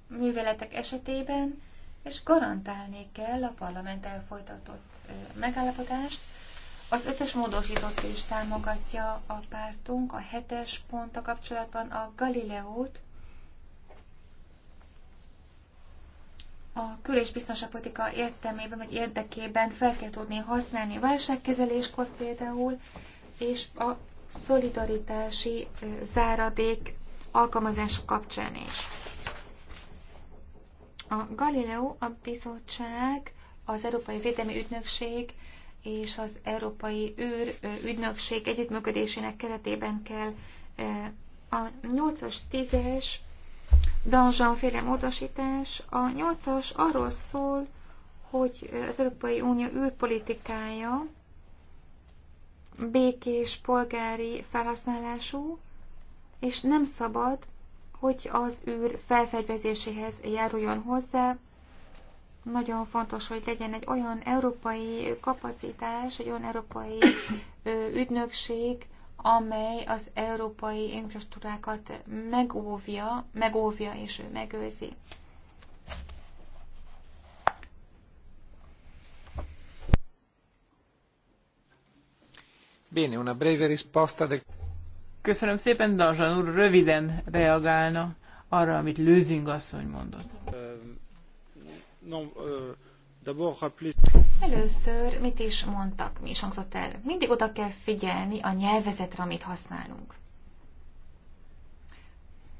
műveletek esetében, és garantálni kell a parlament elfolytatott megállapodást. Az ötös módosított is támogatja a pártunk, a hetes pont a kapcsolatban a Galileót, a kül- és biztonságpolitika értelmében vagy érdekében fel kell tudni használni válságkezeléskor például, és a szolidaritási záradék alkalmazása kapcsán is. A Galileo a bizottság, az Európai Védelmi Ügynökség és az Európai űr ügynökség együttműködésének keretében kell a 8-as, 10-es Danzsan féle módosítás. A 8-as arról szól, hogy az Európai Unió űrpolitikája békés polgári felhasználású, és nem szabad hogy az űr felfegyvezéséhez járuljon hozzá. Nagyon fontos, hogy legyen egy olyan európai kapacitás, egy olyan európai ügynökség, amely az európai infrastruktúrákat megóvja, megóvja és ő megőrzi. Bene, una breve risposta de... Köszönöm szépen, Danzsan úr röviden reagálna arra, amit Lőzing asszony mondott. Először mit is mondtak, mi is hangzott el? Mindig oda kell figyelni a nyelvezetre, amit használunk.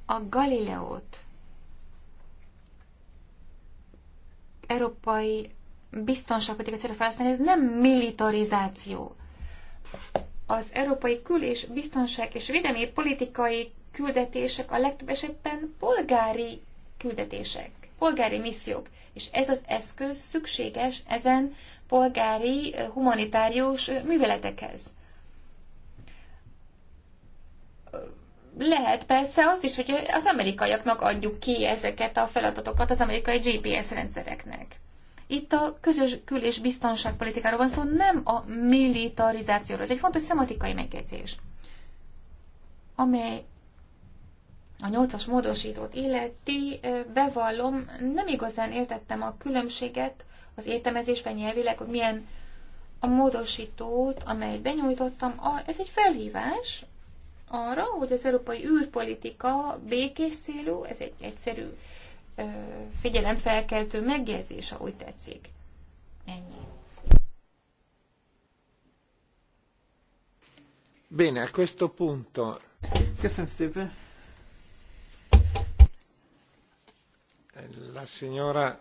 A Galileót európai biztonságpolitikai célra felhasználni, ez nem militarizáció az európai kül- és biztonság és védelmi politikai küldetések a legtöbb esetben polgári küldetések, polgári missziók, és ez az eszköz szükséges ezen polgári humanitárius műveletekhez. Lehet persze azt is, hogy az amerikaiaknak adjuk ki ezeket a feladatokat az amerikai GPS rendszereknek. Itt a közös kül- és biztonságpolitikáról van szó, nem a militarizációról. Ez egy fontos szematikai megjegyzés, amely a nyolcas módosítót illeti, bevallom, nem igazán értettem a különbséget az értelmezésben nyelvileg, hogy milyen a módosítót, amelyet benyújtottam. A, ez egy felhívás arra, hogy az európai űrpolitika békés célú, ez egy egyszerű figyelemfelkeltő megjegyzés, ha úgy tetszik. Ennyi. Bene, a questo punto. Köszönöm szépen. La signora,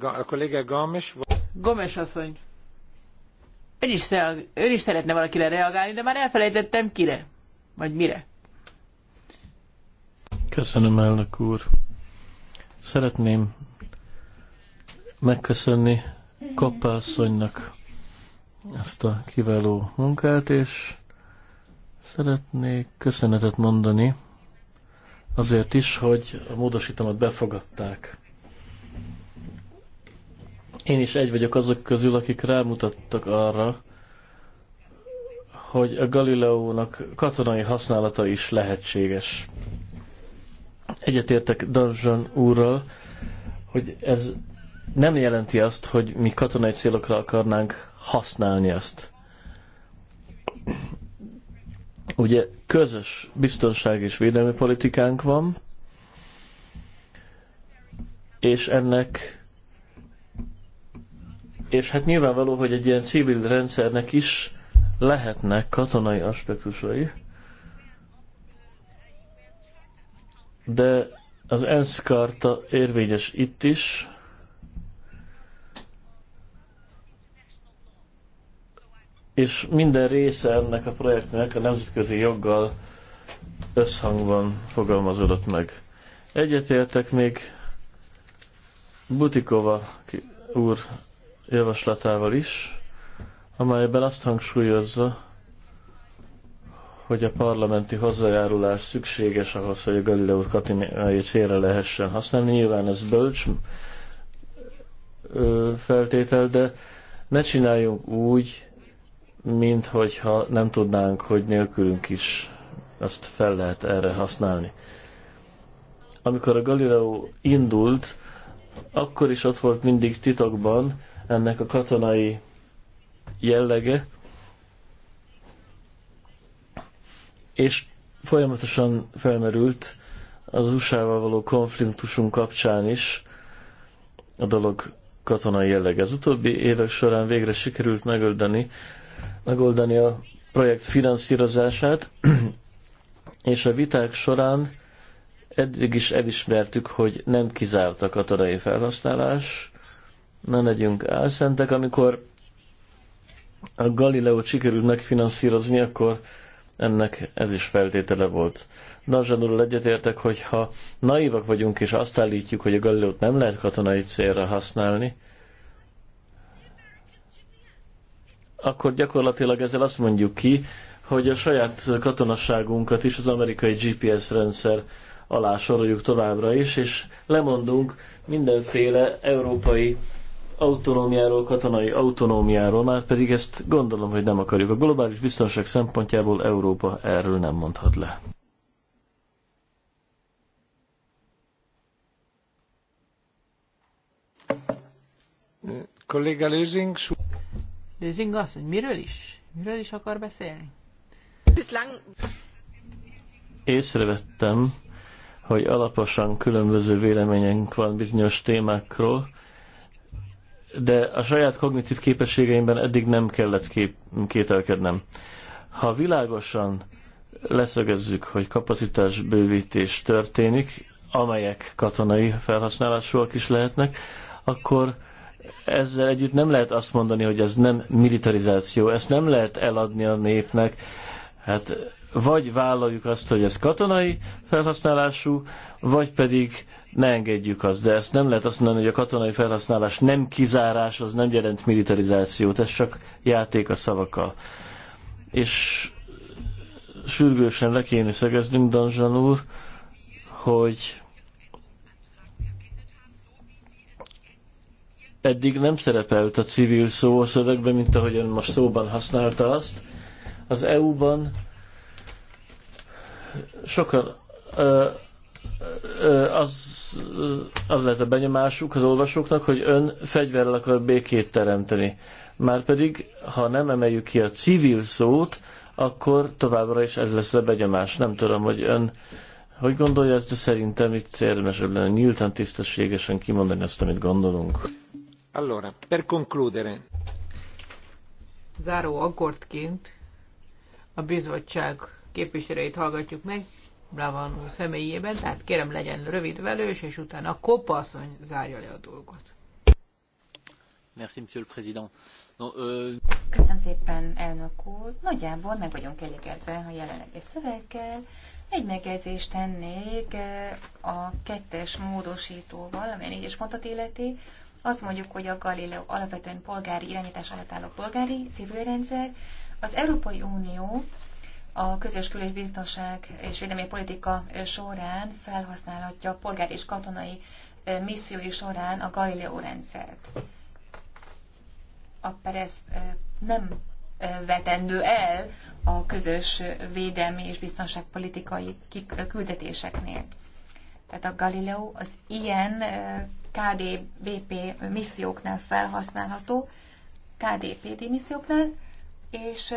a kolléga Gomes. Gomes asszony. Ön is, ön is szeretne valakire reagálni, de már elfelejtettem kire. Vagy mire. Köszönöm, elnök úr. Szeretném megköszönni Koppászonynak ezt a kiváló munkát, és szeretnék köszönetet mondani azért is, hogy a módosítomat befogadták. Én is egy vagyok azok közül, akik rámutattak arra, hogy a Galileónak katonai használata is lehetséges. Egyetértek Darzsan úrral, hogy ez nem jelenti azt, hogy mi katonai célokra akarnánk használni ezt. Ugye közös biztonság és védelmi politikánk van, és ennek és hát nyilvánvaló, hogy egy ilyen civil rendszernek is lehetnek katonai aspektusai. de az ENSZ karta érvényes itt is, és minden része ennek a projektnek a nemzetközi joggal összhangban fogalmazódott meg. Egyetértek még Butikova úr javaslatával is, amelyben azt hangsúlyozza, hogy a parlamenti hozzájárulás szükséges ahhoz, hogy a Galileót katinai célra lehessen használni. Nyilván ez bölcs feltétel, de ne csináljunk úgy, mint hogyha nem tudnánk, hogy nélkülünk is azt fel lehet erre használni. Amikor a Galileo indult, akkor is ott volt mindig titokban ennek a katonai jellege, és folyamatosan felmerült az USA-val való konfliktusunk kapcsán is a dolog katonai jelleg Az utóbbi évek során végre sikerült megoldani, megoldani a projekt finanszírozását, és a viták során eddig is elismertük, hogy nem kizárt a katonai felhasználás, ne legyünk álszentek, amikor a Galileo sikerült megfinanszírozni, akkor ennek ez is feltétele volt. Nazsanul egyetértek, hogy ha naívak vagyunk és azt állítjuk, hogy a Galileót nem lehet katonai célra használni, akkor gyakorlatilag ezzel azt mondjuk ki, hogy a saját katonasságunkat is az amerikai GPS rendszer alá soroljuk továbbra is, és lemondunk mindenféle európai autonómiáról, katonai autonómiáról, már pedig ezt gondolom, hogy nem akarjuk. A globális biztonság szempontjából Európa erről nem mondhat le. Kolléga Lőzing. Lőzing asszony, miről is? Miről is akar beszélni? Bislang Észrevettem, hogy alaposan különböző véleményünk van bizonyos témákról, de a saját kognitív képességeimben eddig nem kellett kép, kételkednem. Ha világosan leszögezzük, hogy kapacitásbővítés történik, amelyek katonai felhasználásúak is lehetnek, akkor ezzel együtt nem lehet azt mondani, hogy ez nem militarizáció, ezt nem lehet eladni a népnek. Hát vagy vállaljuk azt, hogy ez katonai felhasználású, vagy pedig ne engedjük azt. De ezt nem lehet azt mondani, hogy a katonai felhasználás nem kizárás, az nem jelent militarizációt, ez csak játék a szavakkal. És sürgősen le kéne szegeznünk, Danzsan úr, hogy eddig nem szerepelt a civil szó a szövegben, mint ön most szóban használta azt. Az EU-ban sokan ö, ö, az, az lehet a benyomásuk az olvasóknak, hogy ön fegyverrel akar békét teremteni. Márpedig, ha nem emeljük ki a civil szót, akkor továbbra is ez lesz a benyomás. Nem tudom, hogy ön hogy gondolja ezt, de szerintem itt érdemesebb lenne nyíltan, tisztességesen kimondani azt, amit gondolunk. Allora, per concludere. Záró akkordként a bizottság képviselőit hallgatjuk meg, Bráván úr személyében, tehát kérem legyen rövid velős, és utána a kopaszony zárja le a dolgot. Merci, monsieur le président. No, ö... Euh, Köszönöm szépen, elnök úr. Nagyjából meg vagyunk elégedve a jelenlegi szöveggel. Egy megjegyzést tennék eh, a kettes módosítóval, amely négyes pontot illeti. Azt mondjuk, hogy a Galileo alapvetően polgári irányítás alatt álló polgári civil rendszer. Az Európai Unió a közös kül- és biztonság és védelmi politika során felhasználhatja a polgári és katonai missziói során a Galileo rendszert. A Perez nem vetendő el a közös védelmi és biztonságpolitikai küldetéseknél. Tehát a Galileo az ilyen KDBP misszióknál felhasználható, KDPD misszióknál, és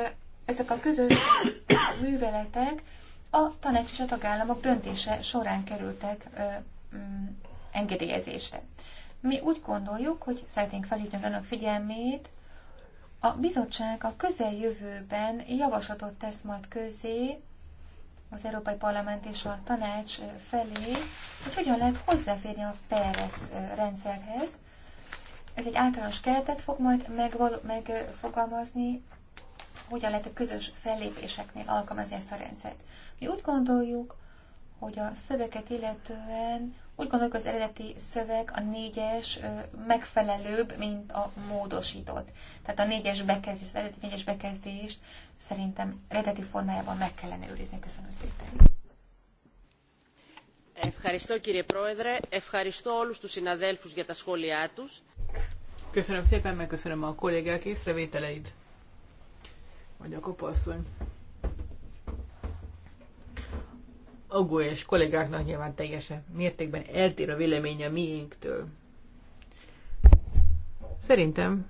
ezek a közös műveletek a tanács és a tagállamok döntése során kerültek ö, m, mm, engedélyezésre. Mi úgy gondoljuk, hogy szeretnénk felhívni az önök figyelmét, a bizottság a közeljövőben javaslatot tesz majd közé az Európai Parlament és a tanács felé, hogy hogyan lehet hozzáférni a PERESZ rendszerhez. Ez egy általános keretet fog majd megfogalmazni, hogyan lehet a közös fellépéseknél alkalmazni ezt a rendszert. Mi úgy gondoljuk, hogy a szöveget illetően úgy gondoljuk, az eredeti szöveg a négyes megfelelőbb, mint a módosított. Tehát a négyes bekezdés, az eredeti négyes bekezdést szerintem eredeti formájában meg kellene őrizni. Köszönöm szépen. Ευχαριστώ κύριε Πρόεδρε, ευχαριστώ όλους τους συναδέλφους για τα σχόλιά τους. Köszönöm szépen, megköszönöm a kollégák észrevételeid a Kopasszony. Agó és kollégáknak nyilván teljesen mértékben eltér a véleménye a miénktől. Szerintem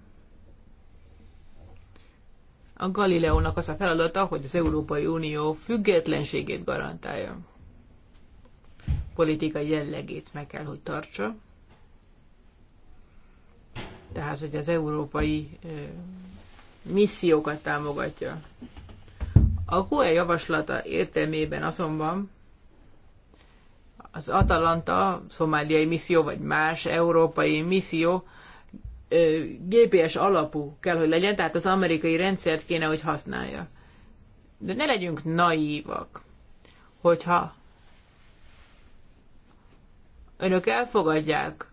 a Galileónak az a feladata, hogy az Európai Unió függetlenségét garantálja. Politikai jellegét meg kell, hogy tartsa. Tehát, hogy az európai missziókat támogatja. A GUE javaslata értelmében azonban az Atalanta, szomáliai misszió, vagy más európai misszió GPS alapú kell, hogy legyen, tehát az amerikai rendszert kéne, hogy használja. De ne legyünk naívak, hogyha önök elfogadják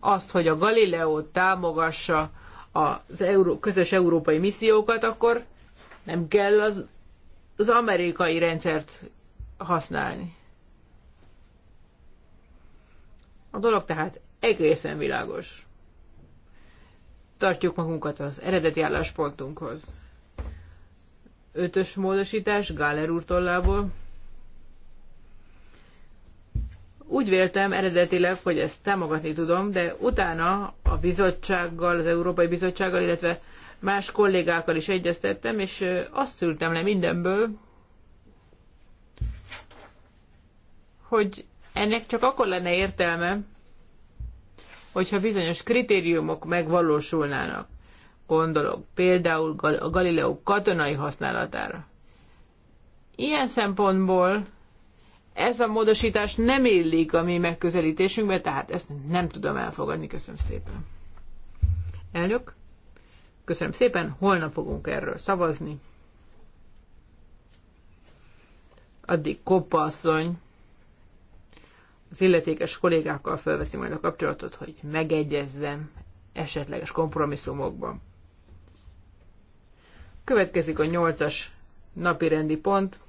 azt, hogy a Galileót támogassa az euró, közös európai missziókat, akkor nem kell az, az amerikai rendszert használni. A dolog tehát egészen világos. Tartjuk magunkat az eredeti álláspontunkhoz. Ötös módosítás Gáler úr tollából. Úgy véltem eredetileg, hogy ezt támogatni tudom, de utána a bizottsággal, az Európai Bizottsággal, illetve más kollégákkal is egyeztettem, és azt szültem le mindenből, hogy ennek csak akkor lenne értelme, hogyha bizonyos kritériumok megvalósulnának. Gondolok például a Galileo katonai használatára. Ilyen szempontból ez a módosítás nem illik a mi megközelítésünkbe, tehát ezt nem tudom elfogadni. Köszönöm szépen. Elnök, köszönöm szépen, holnap fogunk erről szavazni. Addig kopasszony az illetékes kollégákkal felveszi majd a kapcsolatot, hogy megegyezzen esetleges kompromisszumokban. Következik a nyolcas napi rendi pont.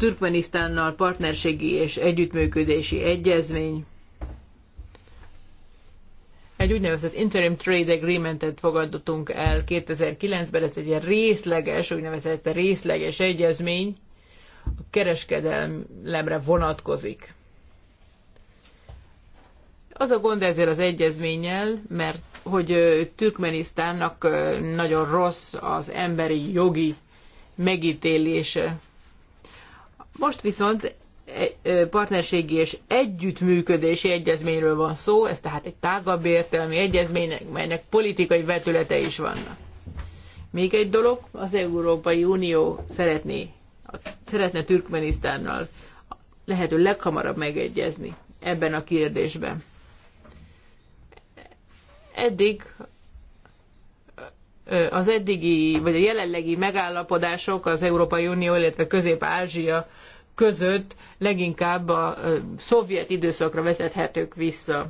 Türkmenisztánnal partnerségi és együttműködési egyezmény. Egy úgynevezett Interim Trade Agreement-et fogadottunk el 2009-ben, ez egy részleges, úgynevezett részleges egyezmény, a kereskedelemre vonatkozik. Az a gond ezzel az egyezménnyel, mert hogy Türkmenisztánnak nagyon rossz az emberi jogi megítélése. Most viszont e, partnerségi és együttműködési egyezményről van szó, ez tehát egy tágabb értelmi egyezménynek, melynek politikai vetülete is vannak. Még egy dolog, az Európai Unió szeretné, szeretne Türkmenisztánnal lehető leghamarabb megegyezni ebben a kérdésben. Eddig az eddigi, vagy a jelenlegi megállapodások az Európai Unió, illetve Közép-Ázsia között leginkább a szovjet időszakra vezethetők vissza.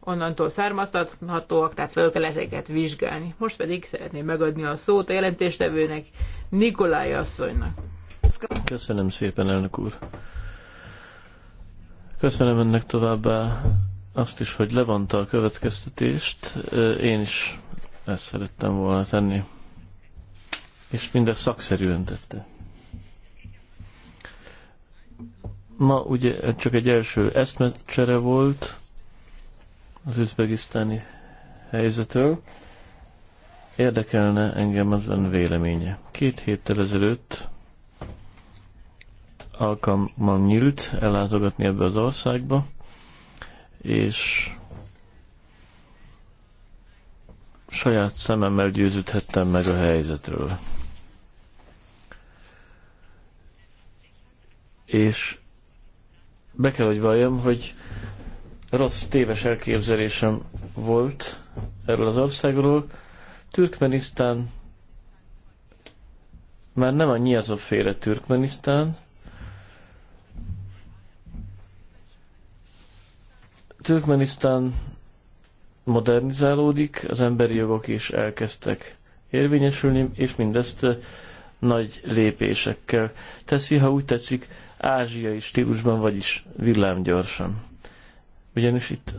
Onnantól származtathatóak, tehát fel kell ezeket vizsgálni. Most pedig szeretném megadni a szót a jelentéstevőnek, Nikolaj asszonynak. Köszönöm szépen, elnök úr. Köszönöm ennek továbbá azt is, hogy levonta a következtetést. Én is ezt szerettem volna tenni. És mindezt szakszerűen tette. Ma ugye csak egy első eszmecsere volt az üzbegisztáni helyzetről. Érdekelne engem az ön véleménye. Két héttel ezelőtt alkalmam nyílt ellátogatni ebbe az országba, és saját szememmel győződhettem meg a helyzetről. És be kell, hogy valljam, hogy rossz téves elképzelésem volt erről az országról. Türkmenisztán már nem a a féle Türkmenisztán. Türkmenisztán modernizálódik, az emberi jogok is elkezdtek érvényesülni, és mindezt eh, nagy lépésekkel teszi, ha úgy tetszik, ázsiai stílusban, vagyis villámgyorsan. Ugyanis itt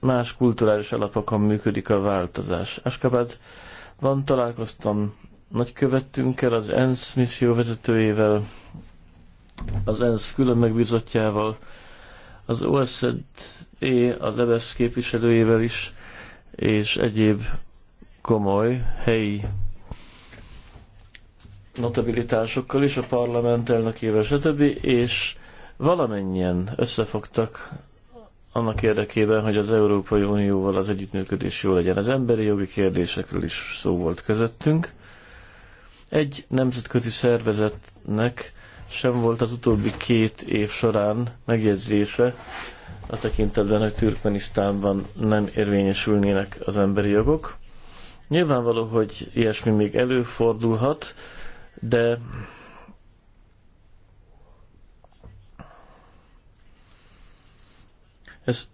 más kulturális alapokon működik a változás. van találkoztam nagykövettünkkel, az ENSZ misszió vezetőjével, az ENSZ külön megbízottjával, az OSZED az EBSZ e képviselőjével is, és egyéb komoly helyi notabilitásokkal is, a parlament elnökével, stb. és valamennyien összefogtak annak érdekében, hogy az Európai Unióval az együttműködés jó legyen. Az emberi jogi kérdésekről is szó volt közöttünk. Egy nemzetközi szervezetnek sem volt az utóbbi két év során megjegyzése a tekintetben, hogy Türkmenisztánban nem érvényesülnének az emberi jogok. Nyilvánvaló, hogy ilyesmi még előfordulhat, de ez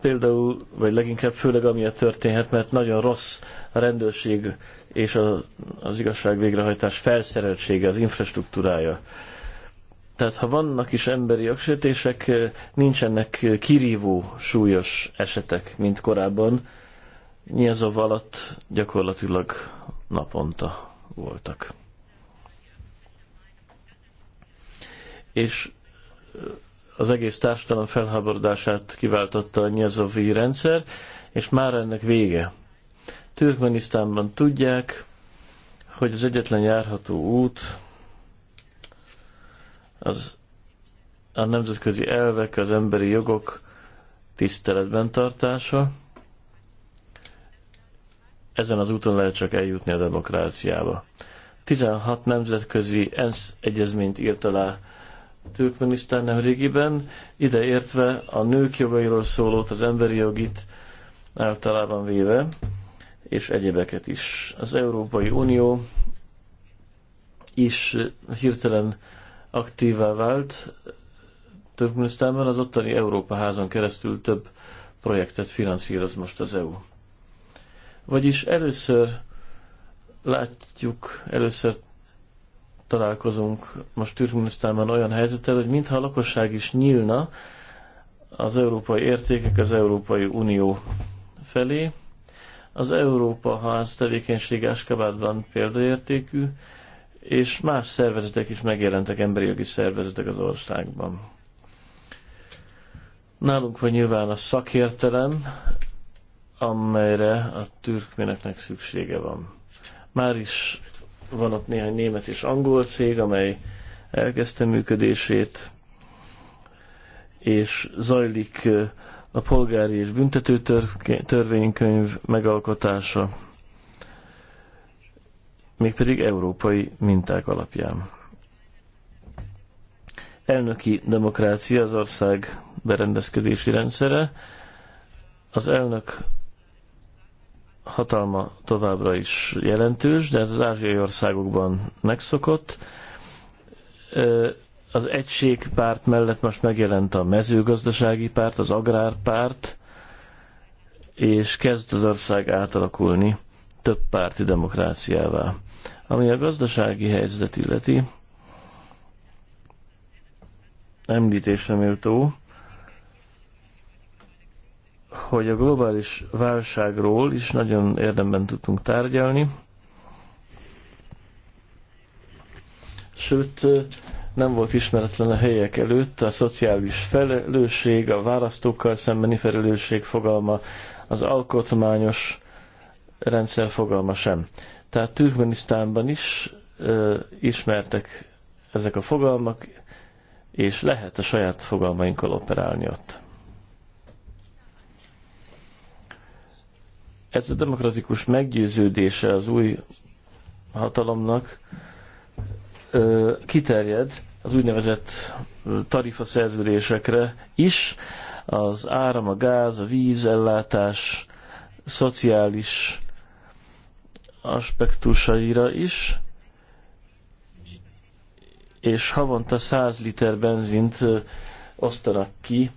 például, vagy leginkább főleg amiatt történhet, mert nagyon rossz a rendőrség és az, az igazság végrehajtás felszereltsége, az infrastruktúrája. Tehát ha vannak is emberi jogsértések, eh, nincsenek eh, kirívó súlyos esetek, mint korábban. Nyilzov alatt gyakorlatilag naponta voltak. És eh, az egész társadalom felháborodását kiváltotta a nyezovi rendszer, és már ennek vége. Türkmenisztánban tudják, hogy az egyetlen járható út az a nemzetközi elvek, az emberi jogok tiszteletben tartása. Ezen az úton lehet csak eljutni a demokráciába. 16 nemzetközi ENSZ egyezményt írt alá Türkmenisztán nemrégiben, ide értve a nők jogairól szólót, az emberi jogit általában véve, és egyebeket is. Az Európai Unió is hirtelen aktívá vált Türkmenisztánban, az ottani Európa házon keresztül több projektet finanszíroz most az EU. Vagyis először látjuk, először találkozunk most Türkmenisztánban olyan helyzettel, hogy mintha a lakosság is nyílna az európai értékek az Európai Unió felé. Az Európa ház tevékenység Áskabádban példaértékű, és más szervezetek is megjelentek, emberi jogi szervezetek az országban. Nálunk van nyilván a szakértelem, amelyre a türkméneknek szüksége van. Már is van ott néhány német és angol cég, amely elkezdte működését, és zajlik a polgári és büntető törvénykönyv megalkotása mégpedig európai minták alapján. Elnöki demokrácia az ország berendezkedési rendszere. Az elnök hatalma továbbra is jelentős, de ez az ázsiai országokban megszokott. Az egységpárt mellett most megjelent a mezőgazdasági párt, az agrárpárt, és kezd az ország átalakulni több párti demokráciává. Ami a gazdasági helyzet illeti, említésre méltó, hogy a globális válságról is nagyon érdemben tudtunk tárgyalni, sőt nem volt ismeretlen a helyek előtt a szociális felelősség, a választókkal szembeni felelősség fogalma, az alkotmányos rendszer fogalma sem. Tehát Türkmenisztánban is ö, ismertek ezek a fogalmak, és lehet a saját fogalmainkkal operálni ott. Ez a demokratikus meggyőződése az új hatalomnak ö, kiterjed az úgynevezett szerződésekre is, az áram, a gáz, a vízellátás, szociális aspektusaira is, és havonta 100 liter benzint osztanak ki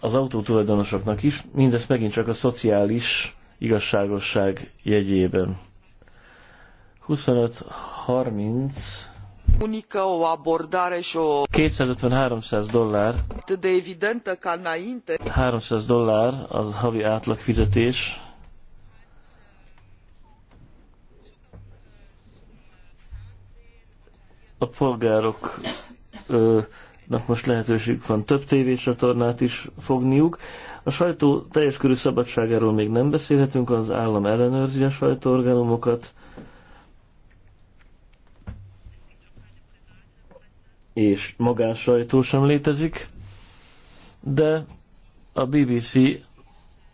az tulajdonosoknak is, mindez megint csak a szociális igazságosság jegyében. 25-30 Unica o abordare și o... 250-300 dollár. de evidentă ca înainte. 300 dollár az havi átlagfizetés a polgároknak most lehetőség van több tévécsatornát is fogniuk. A sajtó teljes körű szabadságáról még nem beszélhetünk, az állam ellenőrzi a sajtóorganumokat, és magánsajtó sem létezik, de a BBC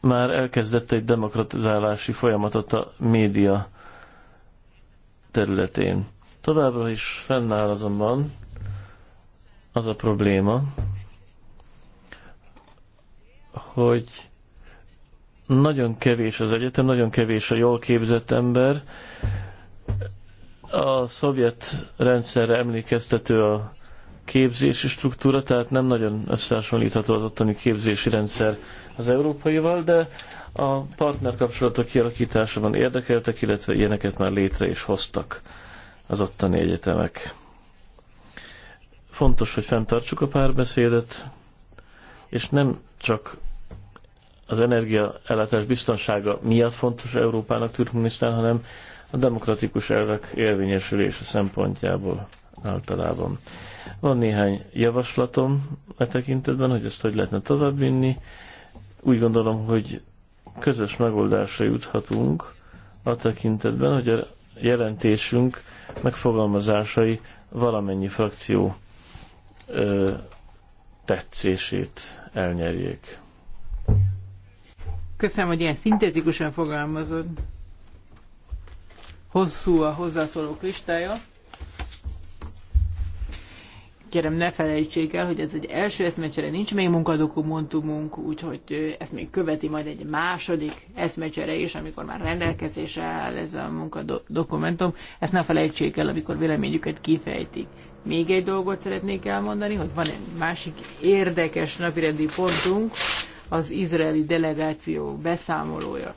már elkezdett egy demokratizálási folyamatot a média területén. Továbbra is fennáll azonban az a probléma, hogy nagyon kevés az egyetem, nagyon kevés a jól képzett ember. A szovjet rendszerre emlékeztető a képzési struktúra, tehát nem nagyon összehasonlítható az ottani képzési rendszer az európaival, de a partnerkapcsolatok kialakításában érdekeltek, illetve ilyeneket már létre is hoztak az ottani egyetemek. Fontos, hogy fenntartsuk a párbeszédet, és nem csak az energiaellátás biztonsága miatt fontos Európának Türkmenisztán, hanem a demokratikus elvek érvényesülése szempontjából általában. Van néhány javaslatom e tekintetben, hogy ezt hogy lehetne továbbvinni. Úgy gondolom, hogy közös megoldásra juthatunk a tekintetben, hogy a jelentésünk megfogalmazásai valamennyi frakció ö, tetszését elnyerjék. Köszönöm, hogy ilyen szintetikusan fogalmazod. Hosszú a hozzászólók listája kérem ne felejtsék el, hogy ez egy első eszmecsere, nincs még munkadokumentumunk, úgyhogy ezt még követi majd egy második eszmecsere is, amikor már rendelkezésre áll ez a munkadokumentum. Ezt ne felejtsék el, amikor véleményüket kifejtik. Még egy dolgot szeretnék elmondani, hogy van egy másik érdekes napirendi pontunk, az izraeli delegáció beszámolója.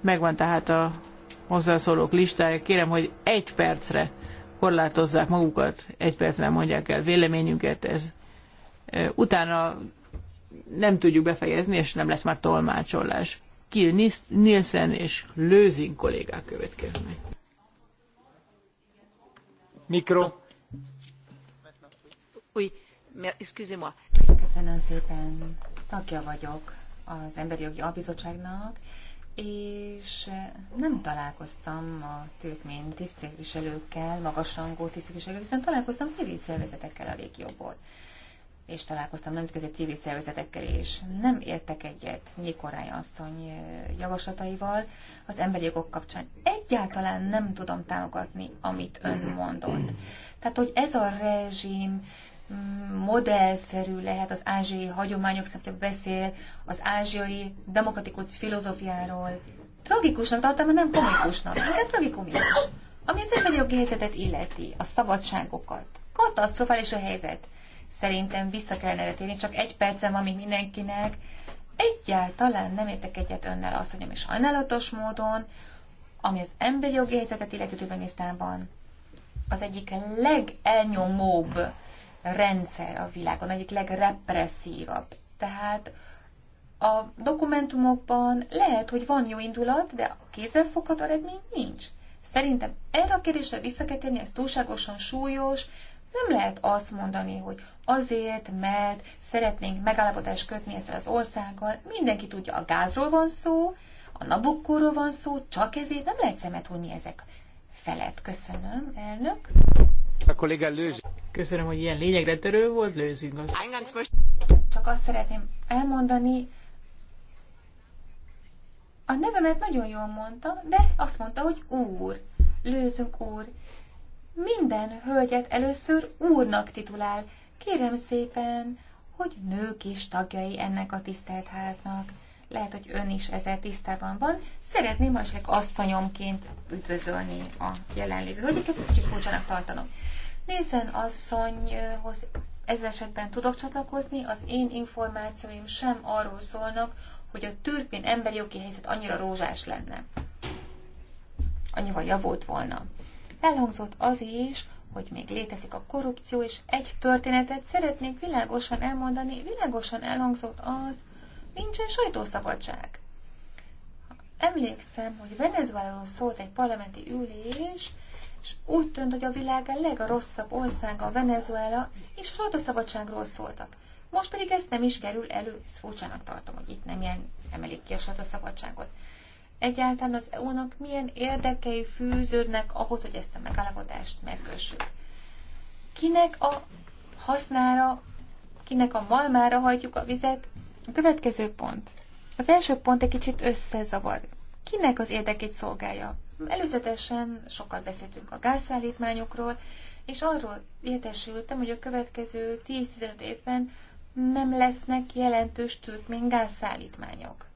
Megvan tehát a hozzászólók listája. Kérem, hogy egy percre korlátozzák magukat, egy percre mondják el véleményünket, ez utána nem tudjuk befejezni, és nem lesz már tolmácsolás. Kill Nielsen és Lőzin kollégák következnek. Mikro. Új, excusez-moi. Köszönöm szépen. Tagja vagyok az Emberi Jogi Albizottságnak, és eh, nem találkoztam a tisztviselőkkel tisztségviselőkkel, magasrangú tisztségviselőkkel, viszont találkoztam civil szervezetekkel a légjobból. És találkoztam nemzetközi civil szervezetekkel, és nem értek egyet Nyikorály asszony eh, javaslataival az emberi jogok kapcsán. Egyáltalán nem tudom támogatni, amit ön mondott. Tehát, hogy ez a rezsim modellszerű lehet az ázsiai hagyományok szempontjából beszél, az ázsiai demokratikus filozófiáról. Tragikusnak tartom, de nem komikusnak, inkább tragikomikus. Ami az emberi jogi helyzetet illeti, a szabadságokat. Katasztrofális a helyzet. Szerintem vissza kellene retérni, csak egy percem van mindenkinek. Egyáltalán nem értek egyet önnel, azt mondjam, és sajnálatos módon, ami az emberi jogi helyzetet illeti Türkmenisztánban, az egyik legelnyomóbb rendszer a világon, egyik legrepresszívabb. Tehát a dokumentumokban lehet, hogy van jó indulat, de a kézzelfogható eredmény nincs. Szerintem erre a kérdésre vissza kell térni, ez túlságosan súlyos, nem lehet azt mondani, hogy azért, mert szeretnénk megállapodást kötni ezzel az országgal, mindenki tudja, a gázról van szó, a nabukkóról van szó, csak ezért nem lehet szemet hunni ezek felett. Köszönöm, elnök. A kolléga Lőz. Köszönöm, hogy ilyen lényegre törő volt, lőzünk az. Csak azt szeretném elmondani, a nevemet nagyon jól mondta, de azt mondta, hogy úr, lőzünk úr. Minden hölgyet először úrnak titulál. Kérem szépen, hogy nők is tagjai ennek a tisztelt háznak. Lehet, hogy ön is ezzel tisztában van. Szeretném esetleg asszonyomként üdvözölni a jelenlévő hölgyeket, kicsit furcsának tartanom. Nézen asszonyhoz ez esetben tudok csatlakozni, az én információim sem arról szólnak, hogy a türkmén emberi jogi helyzet annyira rózsás lenne. Annyival javult volna. Elhangzott az is, hogy még létezik a korrupció, és egy történetet szeretnék világosan elmondani, világosan elhangzott az, nincsen sajtószabadság. Emlékszem, hogy Venezueláról szólt egy parlamenti ülés, és úgy tűnt, hogy a világ a legrosszabb országa, Venezuela, és a sajtószabadságról szóltak. Most pedig ezt nem is kerül elő, ezt furcsának tartom, hogy itt nem ilyen emelik ki a sajtószabadságot. Egyáltalán az EU-nak milyen érdekei fűződnek ahhoz, hogy ezt a megállapodást megkössük. Kinek a hasznára, kinek a malmára hagyjuk a vizet? A következő pont. Az első pont egy kicsit összezavar. Kinek az érdekét szolgálja? Előzetesen sokat beszéltünk a gázszállítmányokról, és arról értesültem, hogy a következő 10-15 évben nem lesznek jelentős tűzmény gázszállítmányok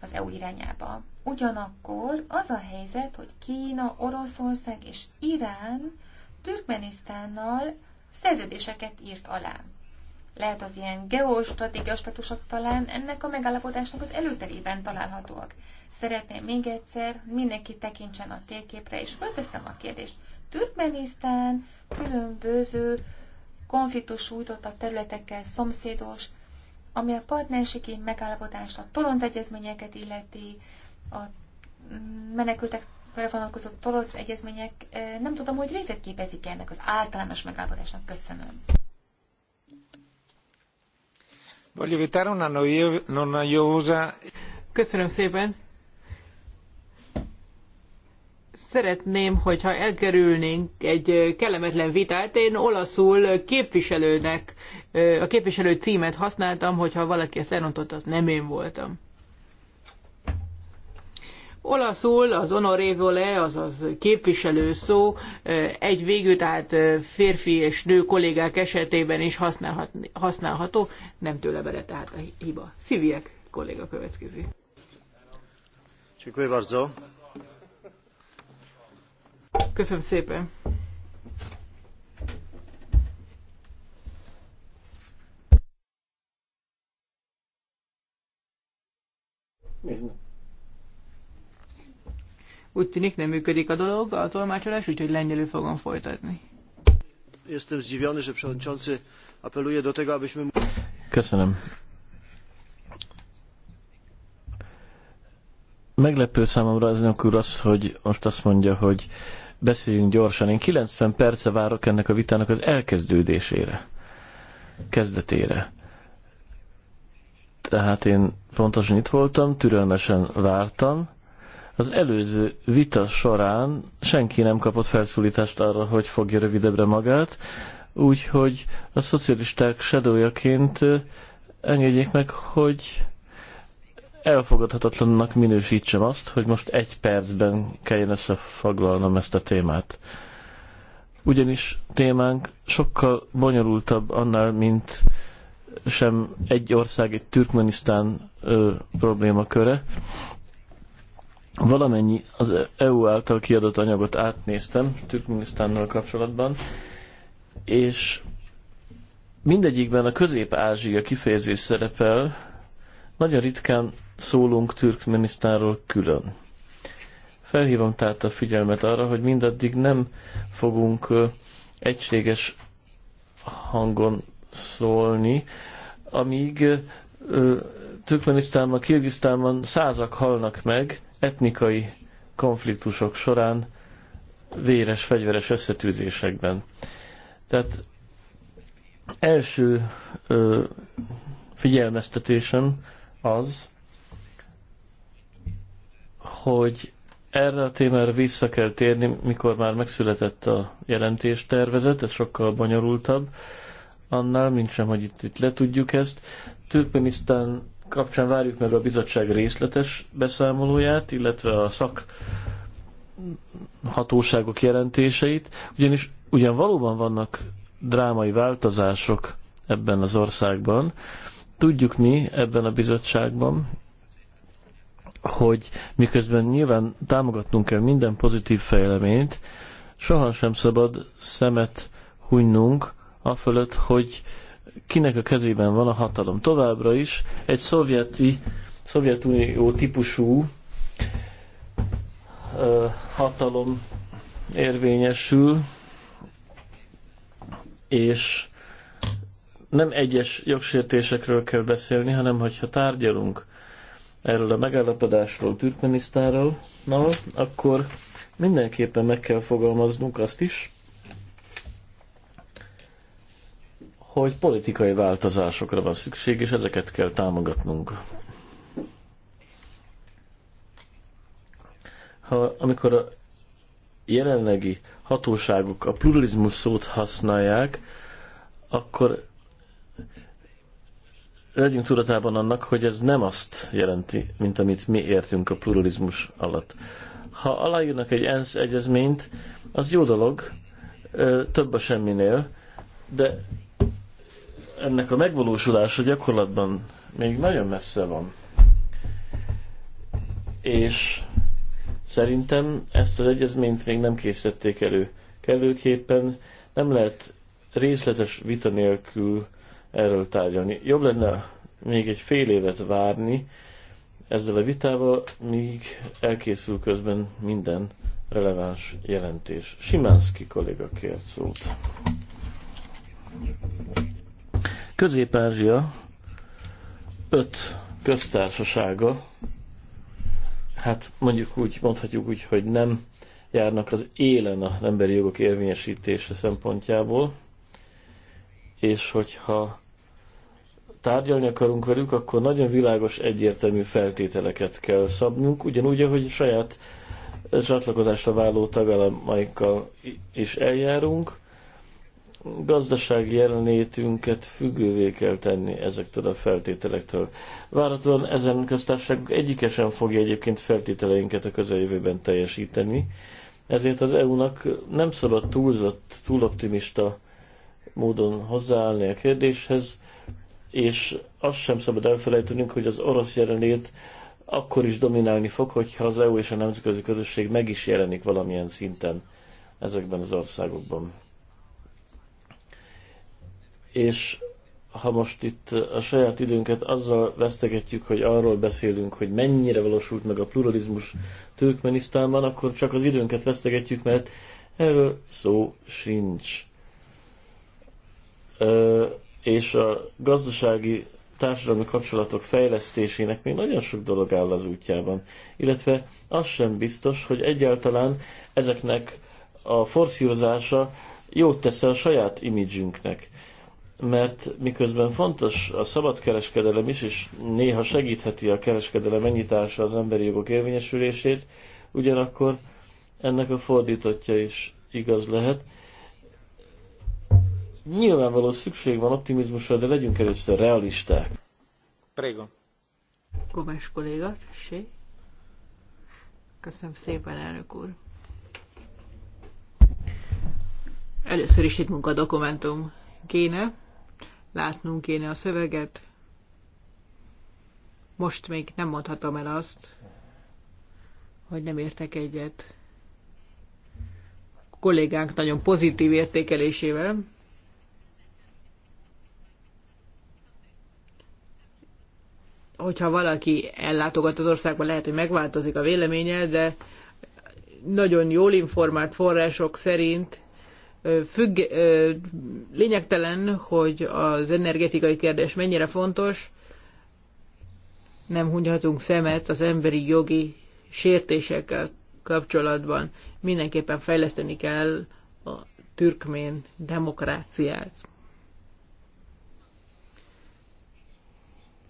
az EU irányába. Ugyanakkor az a helyzet, hogy Kína, Oroszország és Irán Türkmenisztánnal szerződéseket írt alá lehet az ilyen geostratégia aspektusok talán ennek a megállapodásnak az előterében találhatóak. Szeretném még egyszer, mindenki tekintsen a térképre, és fölteszem a kérdést. Türkmenisztán különböző konfliktus sújtott a területekkel szomszédos, ami a partnerségi megállapodást, a tolonc egyezményeket illeti, a menekültek vonatkozott tolonc egyezmények, eh, nem tudom, hogy részét képezik ennek az általános megállapodásnak. Köszönöm. Voglio evitare una noiosa... Köszönöm szépen. Szeretném, hogyha elkerülnénk egy kellemetlen vitát. Én olaszul képviselőnek, a képviselő címet használtam, hogyha valaki ezt elrontotta, az nem én voltam. Olaszul az honorévole, azaz képviselő szó egy végű, tehát férfi és nő kollégák esetében is használhat, használható, nem tőle bele tehát a hiba. Sziviek kolléga következik. Köszönöm szépen. Mm-hmm. Úgy tűnik, nem működik a dolog, a tolmácsolás, úgyhogy lengyelül fogom folytatni. Köszönöm. Meglepő számomra az nyakúr az, hogy most azt mondja, hogy beszéljünk gyorsan. Én 90 perce várok ennek a vitának az elkezdődésére, kezdetére. Tehát én pontosan itt voltam, türelmesen vártam, az előző vita során senki nem kapott felszólítást arra, hogy fogja rövidebbre magát, úgyhogy a szocialisták sedójaként engedjék meg, hogy elfogadhatatlannak minősítsem azt, hogy most egy percben kelljen összefoglalnom ezt a témát. Ugyanis témánk sokkal bonyolultabb annál, mint sem egy ország, egy Türkmenisztán ö, köre, Valamennyi az EU által kiadott anyagot átnéztem Türkmenisztánnal kapcsolatban, és mindegyikben a közép-ázsia kifejezés szerepel, nagyon ritkán szólunk Türkmenisztánról külön. Felhívom tehát a figyelmet arra, hogy mindaddig nem fogunk egységes hangon szólni, amíg Türkmenisztánban, Kirgisztánban százak halnak meg etnikai konfliktusok során véres, fegyveres összetűzésekben. Tehát első ö, figyelmeztetésem az, hogy erre a témára vissza kell térni, mikor már megszületett a jelentéstervezet, ez sokkal bonyolultabb, annál, mint sem, hogy itt, itt le tudjuk ezt. Türkmenisztán kapcsán várjuk meg a bizottság részletes beszámolóját, illetve a szak hatóságok jelentéseit, ugyanis ugyan valóban vannak drámai változások ebben az országban. Tudjuk mi ebben a bizottságban, hogy miközben nyilván támogatnunk kell minden pozitív fejleményt, soha sem szabad szemet hunynunk afölött, hogy kinek a kezében van a hatalom. Továbbra is egy szovjeti, Szovjetunió típusú hatalom érvényesül, és nem egyes jogsértésekről kell beszélni, hanem hogyha tárgyalunk erről a megállapodásról na, akkor mindenképpen meg kell fogalmaznunk azt is, hogy politikai változásokra van szükség, és ezeket kell támogatnunk. Ha, amikor a jelenlegi hatóságok a pluralizmus szót használják, akkor legyünk tudatában annak, hogy ez nem azt jelenti, mint amit mi értünk a pluralizmus alatt. Ha aláírnak egy ENSZ egyezményt, az jó dolog, több a semminél, de ennek a megvalósulása gyakorlatban még nagyon messze van. És szerintem ezt az egyezményt még nem készítették elő kellőképpen. Nem lehet részletes vita nélkül erről tárgyalni. Jobb lenne még egy fél évet várni ezzel a vitával, míg elkészül közben minden releváns jelentés. Simánszki kolléga kért szót. Közép-Ázsia öt köztársasága, hát mondjuk úgy, mondhatjuk úgy, hogy nem járnak az élen az emberi jogok érvényesítése szempontjából, és hogyha tárgyalni akarunk velük, akkor nagyon világos, egyértelmű feltételeket kell szabnunk, ugyanúgy, ahogy saját csatlakozásra váló tagállamaikkal is eljárunk, gazdasági jelenlétünket függővé kell tenni ezektől a feltételektől. Várhatóan ezen köztársaságok egyike sem fogja egyébként feltételeinket a közeljövőben teljesíteni, ezért az EU-nak nem szabad túlzott, túl optimista módon hozzáállni a kérdéshez, és azt sem szabad elfelejtenünk, hogy az orosz jelenlét akkor is dominálni fog, hogyha az EU és a nemzetközi közösség meg is jelenik valamilyen szinten ezekben az országokban és ha most itt a saját időnket azzal vesztegetjük, hogy arról beszélünk, hogy mennyire valósult meg a pluralizmus Türkmenisztánban, akkor csak az időnket vesztegetjük, mert erről szó sincs. Ö, és a gazdasági társadalmi kapcsolatok fejlesztésének még nagyon sok dolog áll az útjában. Illetve az sem biztos, hogy egyáltalán ezeknek a forszírozása jót tesz a saját imidzsünknek mert miközben fontos a szabadkereskedelem is, és néha segítheti a kereskedelem ennyitása az emberi jogok érvényesülését, ugyanakkor ennek a fordítottja is igaz lehet. Nyilvánvaló szükség van optimizmusra, de legyünk először realisták. Prego. Gomes kolléga, tessék. Köszönöm szépen, elnök úr. Először is itt munkadokumentum kéne látnunk kéne a szöveget. Most még nem mondhatom el azt, hogy nem értek egyet a kollégánk nagyon pozitív értékelésével. Hogyha valaki ellátogat az országba, lehet, hogy megváltozik a véleménye, de nagyon jól informált források szerint függ, lényegtelen, hogy az energetikai kérdés mennyire fontos, nem hunyhatunk szemet az emberi jogi sértésekkel kapcsolatban. Mindenképpen fejleszteni kell a türkmén demokráciát.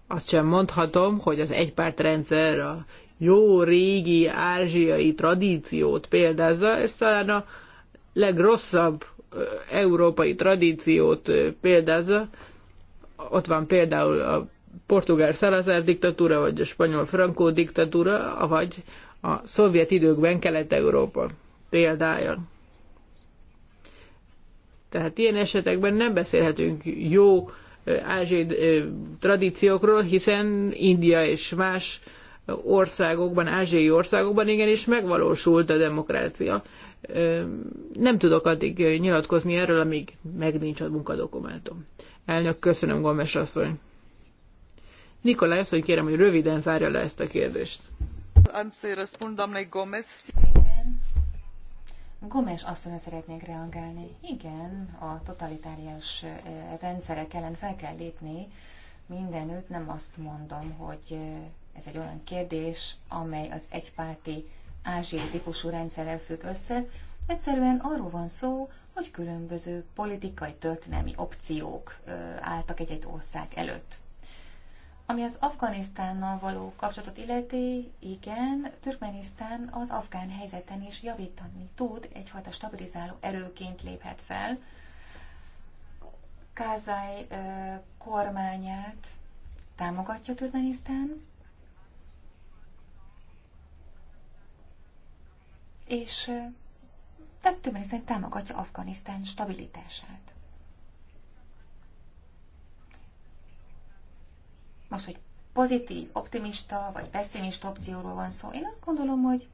Azt sem mondhatom, hogy az egypártrendszer a jó régi ázsiai tradíciót példázza, ez talán a legrosszabb európai tradíciót példázza. Ott van például a portugál Salazar diktatúra, vagy a spanyol Franco diktatúra, vagy a szovjet időkben Kelet-Európa példája. Tehát ilyen esetekben nem beszélhetünk jó ázsiai tradíciókról, hiszen India és más országokban, ázsiai országokban igenis megvalósult a demokrácia nem tudok addig nyilatkozni erről, amíg meg nincs a munkadokumentum. Elnök, köszönöm, Gomes asszony. Nikolaj asszony, kérem, hogy röviden zárja le ezt a kérdést. Am să-i Gomes asszonyra szeretnék reagálni. Igen, a totalitárius rendszerek ellen fel kell lépni. Mindenütt nem azt mondom, hogy ez egy olyan kérdés, amely az egypárti ázsiai típusú rendszerrel függ össze, egyszerűen arról van szó, hogy különböző politikai, történelmi opciók álltak egy-egy ország előtt. Ami az Afganisztánnal való kapcsolatot illeti, igen, Türkmenisztán az afgán helyzeten is javítani tud, egyfajta stabilizáló erőként léphet fel. Kázály kormányát támogatja Türkmenisztán, és tehát tömegesen támogatja Afganisztán stabilitását. Most, hogy pozitív, optimista vagy pessimista opcióról van szó, én azt gondolom, hogy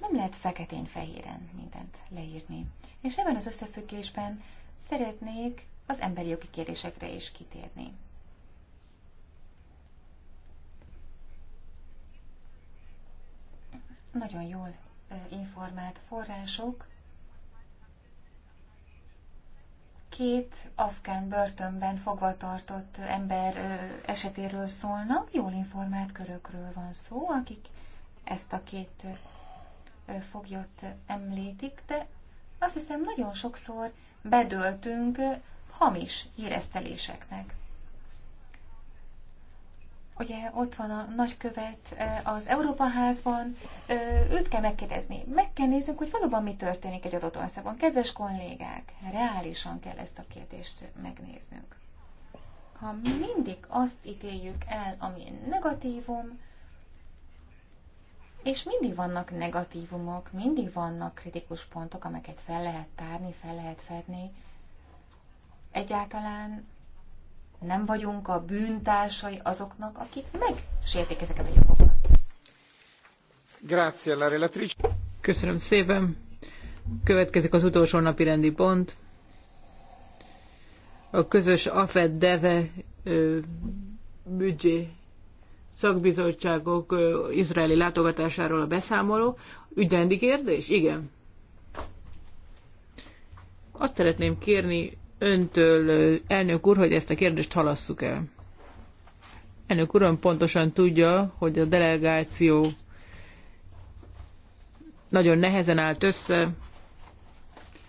nem lehet feketén-fehéren mindent leírni. És ebben az összefüggésben szeretnék az emberi jogi kérdésekre is kitérni. nagyon jól informált források két afgán börtönben fogvatartott ember esetéről szólnak, jól informált körökről van szó, akik ezt a két foglyot említik, de azt hiszem nagyon sokszor bedöltünk hamis híreszteléseknek ugye ott van a nagykövet az Európa házban, őt kell megkérdezni. Meg kell néznünk, hogy valóban mi történik egy adott országban. Kedves kollégák, reálisan kell ezt a kérdést megnéznünk. Ha mindig azt ítéljük el, ami negatívum, és mindig vannak negatívumok, mindig vannak kritikus pontok, amelyeket fel lehet tárni, fel lehet fedni, egyáltalán nem vagyunk a bűntársai azoknak, akik megsértik ezeket a jogokat. Grazie, la relatrice. Köszönöm szépen. Következik az utolsó napi rendi pont. A közös AFED deve ö, büdzsé szakbizottságok ö, izraeli látogatásáról a beszámoló. Ügyrendi kérdés? Igen. Azt szeretném kérni öntől, elnök úr, hogy ezt a kérdést halasszuk el. Elnök úr, pontosan tudja, hogy a delegáció nagyon nehezen állt össze,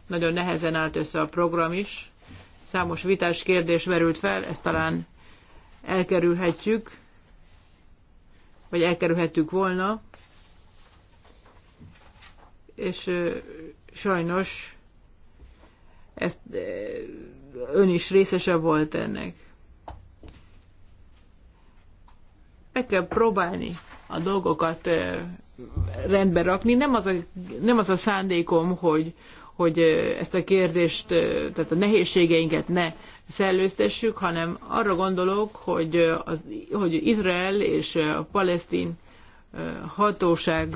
nagyon nehezen állt össze a program is. Számos vitás kérdés merült fel, ezt talán elkerülhetjük, vagy elkerülhettük volna, és sajnos ezt ön is részese volt ennek. Meg kell próbálni a dolgokat rendbe rakni. Nem az a, nem az a szándékom, hogy, hogy ezt a kérdést, tehát a nehézségeinket ne szellőztessük, hanem arra gondolok, hogy, az, hogy Izrael és a palesztin hatóság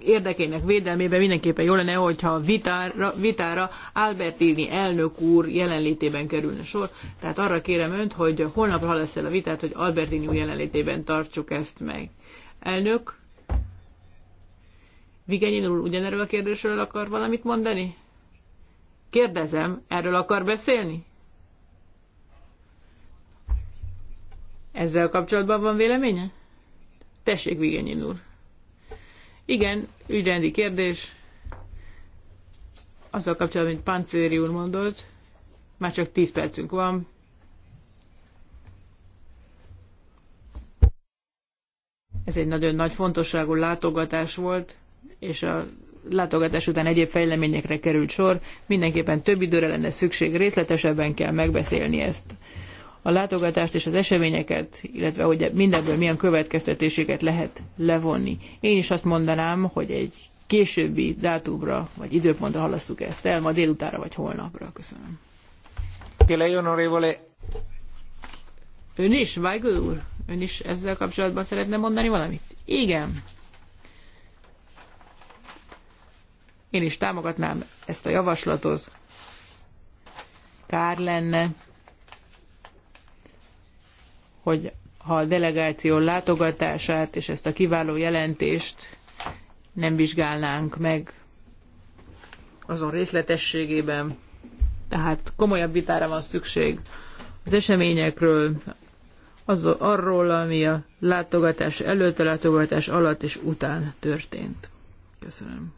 érdekének védelmében mindenképpen jó lenne, hogyha vitára, vitára Albertini elnök úr jelenlétében kerülne sor. Tehát arra kérem önt, hogy holnap hallasz el a vitát, hogy Albertini úr jelenlétében tartsuk ezt meg. Elnök, Vigenyin úr ugyanerről a kérdésről akar valamit mondani? Kérdezem, erről akar beszélni? Ezzel kapcsolatban van véleménye? Tessék, Vigenyin úr! Igen, ügyrendi kérdés. Azzal kapcsolatban, amit Pancéri úr mondott, már csak 10 percünk van. Ez egy nagyon nagy fontosságú látogatás volt, és a látogatás után egyéb fejleményekre került sor. Mindenképpen több időre lenne szükség, részletesebben kell megbeszélni ezt a látogatást és az eseményeket, illetve hogy mindebből milyen következtetéseket lehet levonni. Én is azt mondanám, hogy egy későbbi dátumra vagy időpontra halasszuk ezt el, ma délutára vagy holnapra. Köszönöm. Ön is, Weigl úr? Ön is ezzel kapcsolatban szeretne mondani valamit? Igen. Én is támogatnám ezt a javaslatot. Kár lenne, hogy ha a delegáció látogatását és ezt a kiváló jelentést nem vizsgálnánk meg azon részletességében. Tehát komolyabb vitára van szükség az eseményekről, az, arról, ami a látogatás előtt, a látogatás alatt és után történt. Köszönöm.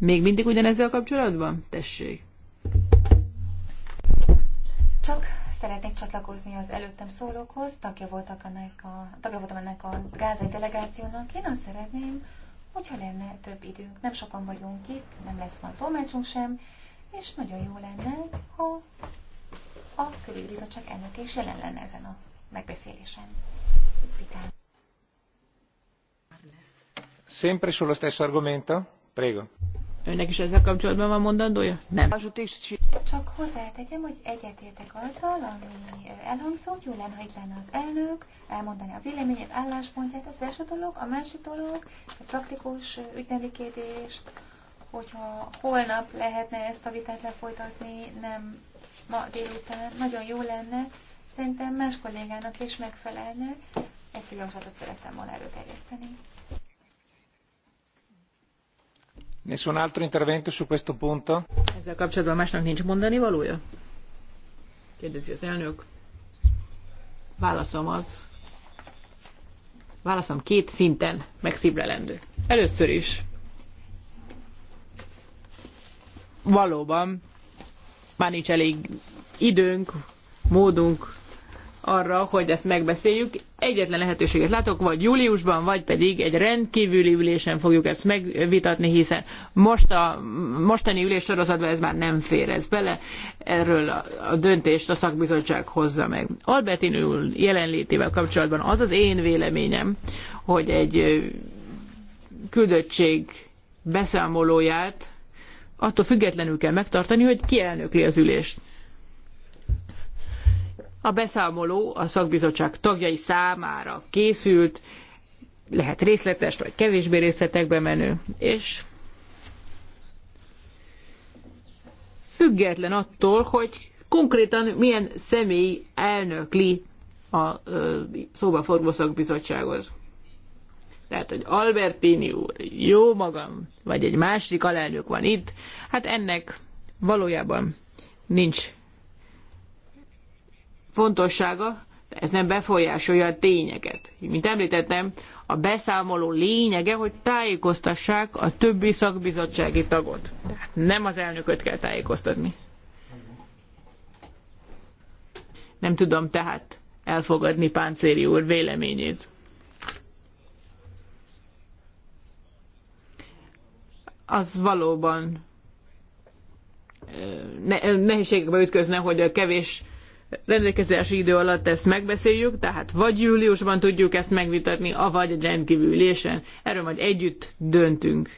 Még mindig ugyanezzel kapcsolatban? Tessék. Csak szeretnék csatlakozni az előttem szólókhoz. Tagja, voltak ennek a, tagja voltam ennek a gázai delegációnak. Én azt szeretném, hogyha lenne több időnk. Nem sokan vagyunk itt, nem lesz ma tolmácsunk sem, és nagyon jó lenne, ha a külügybizottság ennek is jelen lenne ezen a megbeszélésen. Vitán. Sempre sullo stesso argomento? Prego. Önnek is ezzel kapcsolatban van mondandója? Nem. Csak hozzátegyem, hogy egyetértek azzal, ami elhangzott, jó lenne, ha itt lenne az elnök, elmondani a véleményét, álláspontját, ez az első dolog. A másik dolog, a praktikus ügyrendi kérdés, hogyha holnap lehetne ezt a vitát lefolytatni, nem ma délután, nagyon jó lenne, szerintem más kollégának is megfelelne. Ezt a javaslatot szerettem volna előterjeszteni. Ezzel kapcsolatban másnak nincs mondani Kérdezi az elnök. Válaszom az. Válaszom két szinten megszívlelendő. Először is. Valóban már nincs elég időnk, módunk arra, hogy ezt megbeszéljük. Egyetlen lehetőséget látok, vagy júliusban, vagy pedig egy rendkívüli ülésen fogjuk ezt megvitatni, hiszen most a mostani ülés sorozatban ez már nem fér ez bele. Erről a döntést a szakbizottság hozza meg. Albertin úr jelenlétével kapcsolatban az az én véleményem, hogy egy küldöttség beszámolóját attól függetlenül kell megtartani, hogy ki elnökli az ülést a beszámoló a szakbizottság tagjai számára készült, lehet részletes, vagy kevésbé részletekbe menő, és független attól, hogy konkrétan milyen személy elnökli a szóba forgó szakbizottságot. Tehát, hogy Albertini úr, jó magam, vagy egy másik alelnök van itt, hát ennek valójában nincs fontossága, de ez nem befolyásolja a tényeket. Mint említettem, a beszámoló lényege, hogy tájékoztassák a többi szakbizottsági tagot. Tehát nem az elnököt kell tájékoztatni. Nem tudom tehát elfogadni Páncéli úr véleményét. Az valóban nehézségekbe ütközne, hogy a kevés rendelkezési idő alatt ezt megbeszéljük, tehát vagy júliusban tudjuk ezt megvitatni, avagy egy rendkívül ülésen. Erről majd együtt döntünk.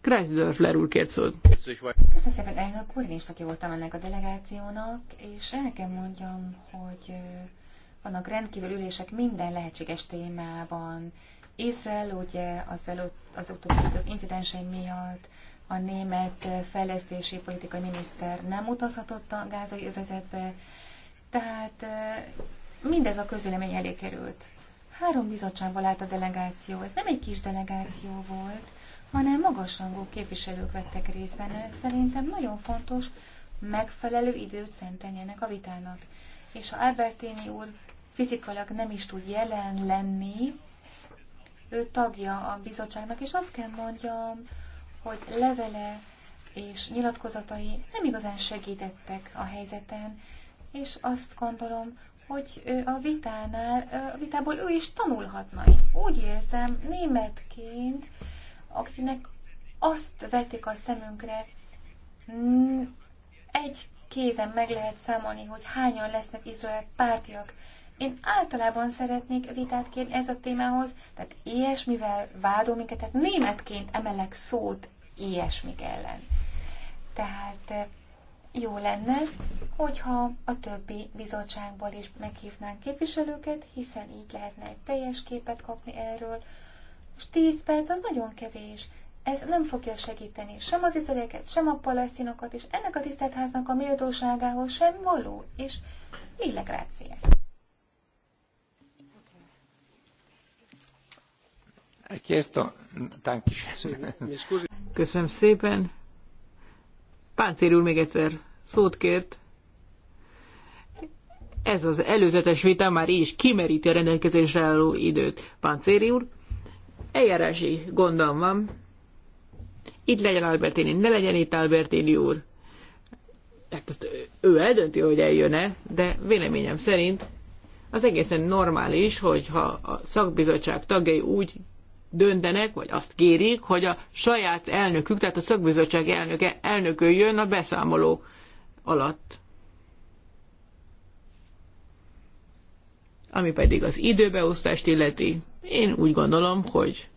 Kreisdörfler úr kért szót. Köszönöm szépen, elnök úr, én is aki voltam ennek a delegációnak, és el kell mondjam, hogy vannak rendkívül ülések minden lehetséges témában. Észrel ugye az, előtt, az utóbbi incidensei miatt, a német fejlesztési politikai miniszter nem utazhatott a gázai övezetbe, tehát mindez a közülemény elé került. Három bizottságból állt a delegáció. Ez nem egy kis delegáció volt, hanem magasrangú képviselők vettek részt benne. Szerintem nagyon fontos megfelelő időt szentelni ennek a vitának. És ha Albertini úr fizikailag nem is tud jelen lenni, ő tagja a bizottságnak, és azt kell mondjam, hogy levele és nyilatkozatai nem igazán segítettek a helyzeten, és azt gondolom, hogy a vitánál, a vitából ő is tanulhatna. Én úgy érzem, németként, akiknek azt vetik a szemünkre, egy kézen meg lehet számolni, hogy hányan lesznek Izrael pártiak. Én általában szeretnék vitát kérni ez a témához, tehát ilyesmivel vádol minket, tehát németként emelek szót ilyesmik ellen. Tehát eh, jó lenne, hogyha a többi bizottságból is meghívnánk képviselőket, hiszen így lehetne egy teljes képet kapni erről. Most 10 perc az nagyon kevés. Ez nem fogja segíteni sem az izraeleket, sem a palesztinokat, és ennek a tiszteltháznak a méltóságához sem való, és millegráciát. Köszönöm szépen. Páncél úr még egyszer szót kért. Ez az előzetes vita már így is kimeríti a rendelkezésre álló időt. Páncéri úr, eljárási gondom van. Itt legyen Albertini, ne legyen itt Albertini úr. Hát ezt ő eldönti, hogy eljön-e, de véleményem szerint az egészen normális, hogyha a szakbizottság tagjai úgy döntenek, vagy azt kérik, hogy a saját elnökük, tehát a szakbizottság elnöke, elnököljön a beszámoló alatt. Ami pedig az időbeosztást illeti, én úgy gondolom, hogy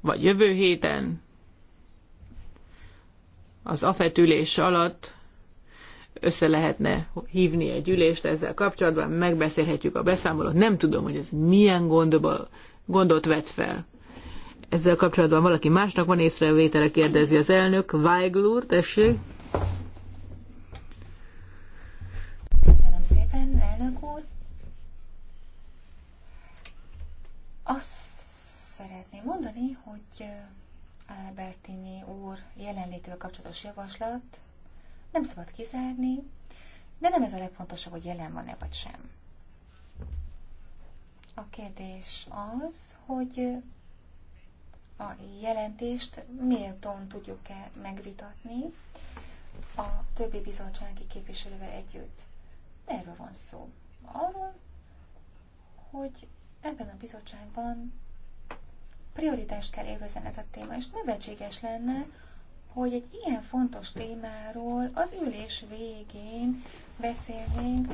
vagy jövő héten az afetülés alatt össze lehetne hívni egy ülést ezzel kapcsolatban, megbeszélhetjük a beszámolót. Nem tudom, hogy ez milyen gondba, gondot vet fel ezzel kapcsolatban valaki másnak van észrevétele, kérdezi az elnök. Weigl úr, tessék. Köszönöm szépen, elnök úr. Azt szeretném mondani, hogy Albertini úr jelenlétével kapcsolatos javaslat nem szabad kizárni, de nem ez a legfontosabb, hogy jelen van-e vagy sem. A kérdés az, hogy a jelentést méltón tudjuk-e megvitatni a többi bizottsági képviselővel együtt. Erről van szó. Arról, hogy ebben a bizottságban prioritást kell élvezen ez a téma, és nevetséges lenne, hogy egy ilyen fontos témáról az ülés végén beszélnénk,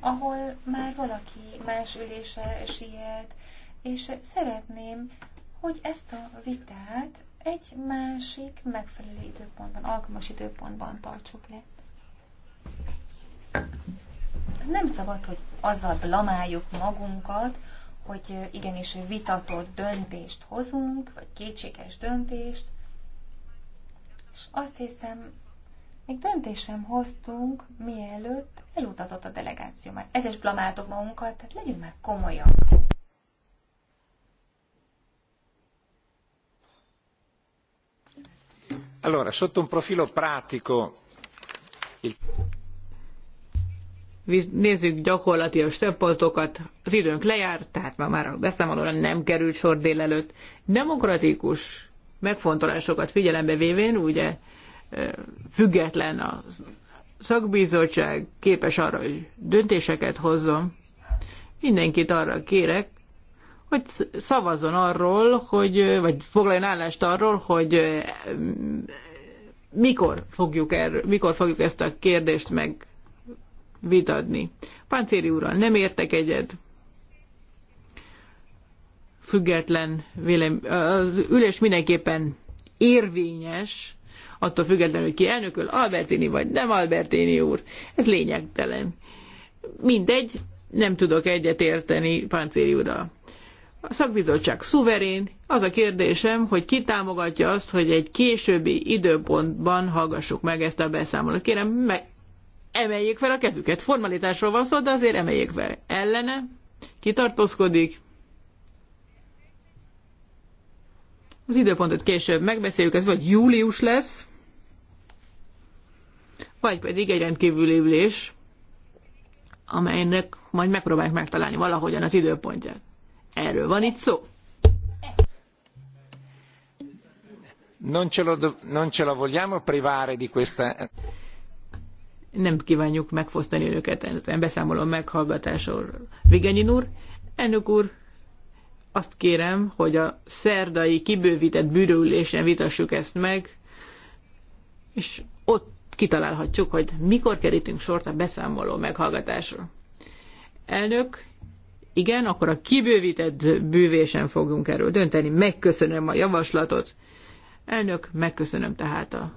ahol már valaki más ülése siet, és szeretném hogy ezt a vitát egy másik megfelelő időpontban, alkalmas időpontban tartsuk le. Nem szabad, hogy azzal blamáljuk magunkat, hogy igenis vitatott döntést hozunk, vagy kétséges döntést, és azt hiszem, még döntés sem hoztunk, mielőtt elutazott a delegáció. Már ez is blamáltuk magunkat, tehát legyünk már komolyak. Allora, sotto un profilo pratico... Il... Nézzük gyakorlatilag szempontokat. Az időnk lejárt, tehát ma már a beszámolóra nem került sor délelőtt. Demokratikus megfontolásokat figyelembe vévén, ugye független a szakbizottság, képes arra, hogy döntéseket hozzon. Mindenkit arra kérek, hogy szavazzon arról, hogy, vagy foglaljon állást arról, hogy mikor fogjuk, er, mikor fogjuk ezt a kérdést megvitatni. Páncéri úrral nem értek egyet, független vélem, az ülés mindenképpen érvényes, attól függetlenül, hogy ki elnököl, Albertini vagy nem Albertini úr. Ez lényegtelen. Mindegy, nem tudok egyet érteni Páncéri úrral. A szakbizottság szuverén. Az a kérdésem, hogy ki támogatja azt, hogy egy későbbi időpontban hallgassuk meg ezt a beszámolót. Kérem, meg emeljék fel a kezüket. Formalitásról van szó, de azért emeljék fel. Ellene kitartózkodik. Az időpontot később megbeszéljük, ez vagy július lesz, vagy pedig egy rendkívüli ülés, amelynek majd megpróbáljuk megtalálni valahogyan az időpontját. Erről van itt szó. Non ce, lo, non ce la vogliamo privare di questa... Nem kívánjuk megfosztani önöket, én beszámolom meghallgatásról. Vigenyin úr, elnök úr, azt kérem, hogy a szerdai kibővített bűrőülésen vitassuk ezt meg, és ott kitalálhatjuk, hogy mikor kerítünk sort a beszámoló meghallgatásra. Elnök, igen, akkor a kibővített bűvésen fogunk erről dönteni. Megköszönöm a javaslatot. Elnök, megköszönöm tehát a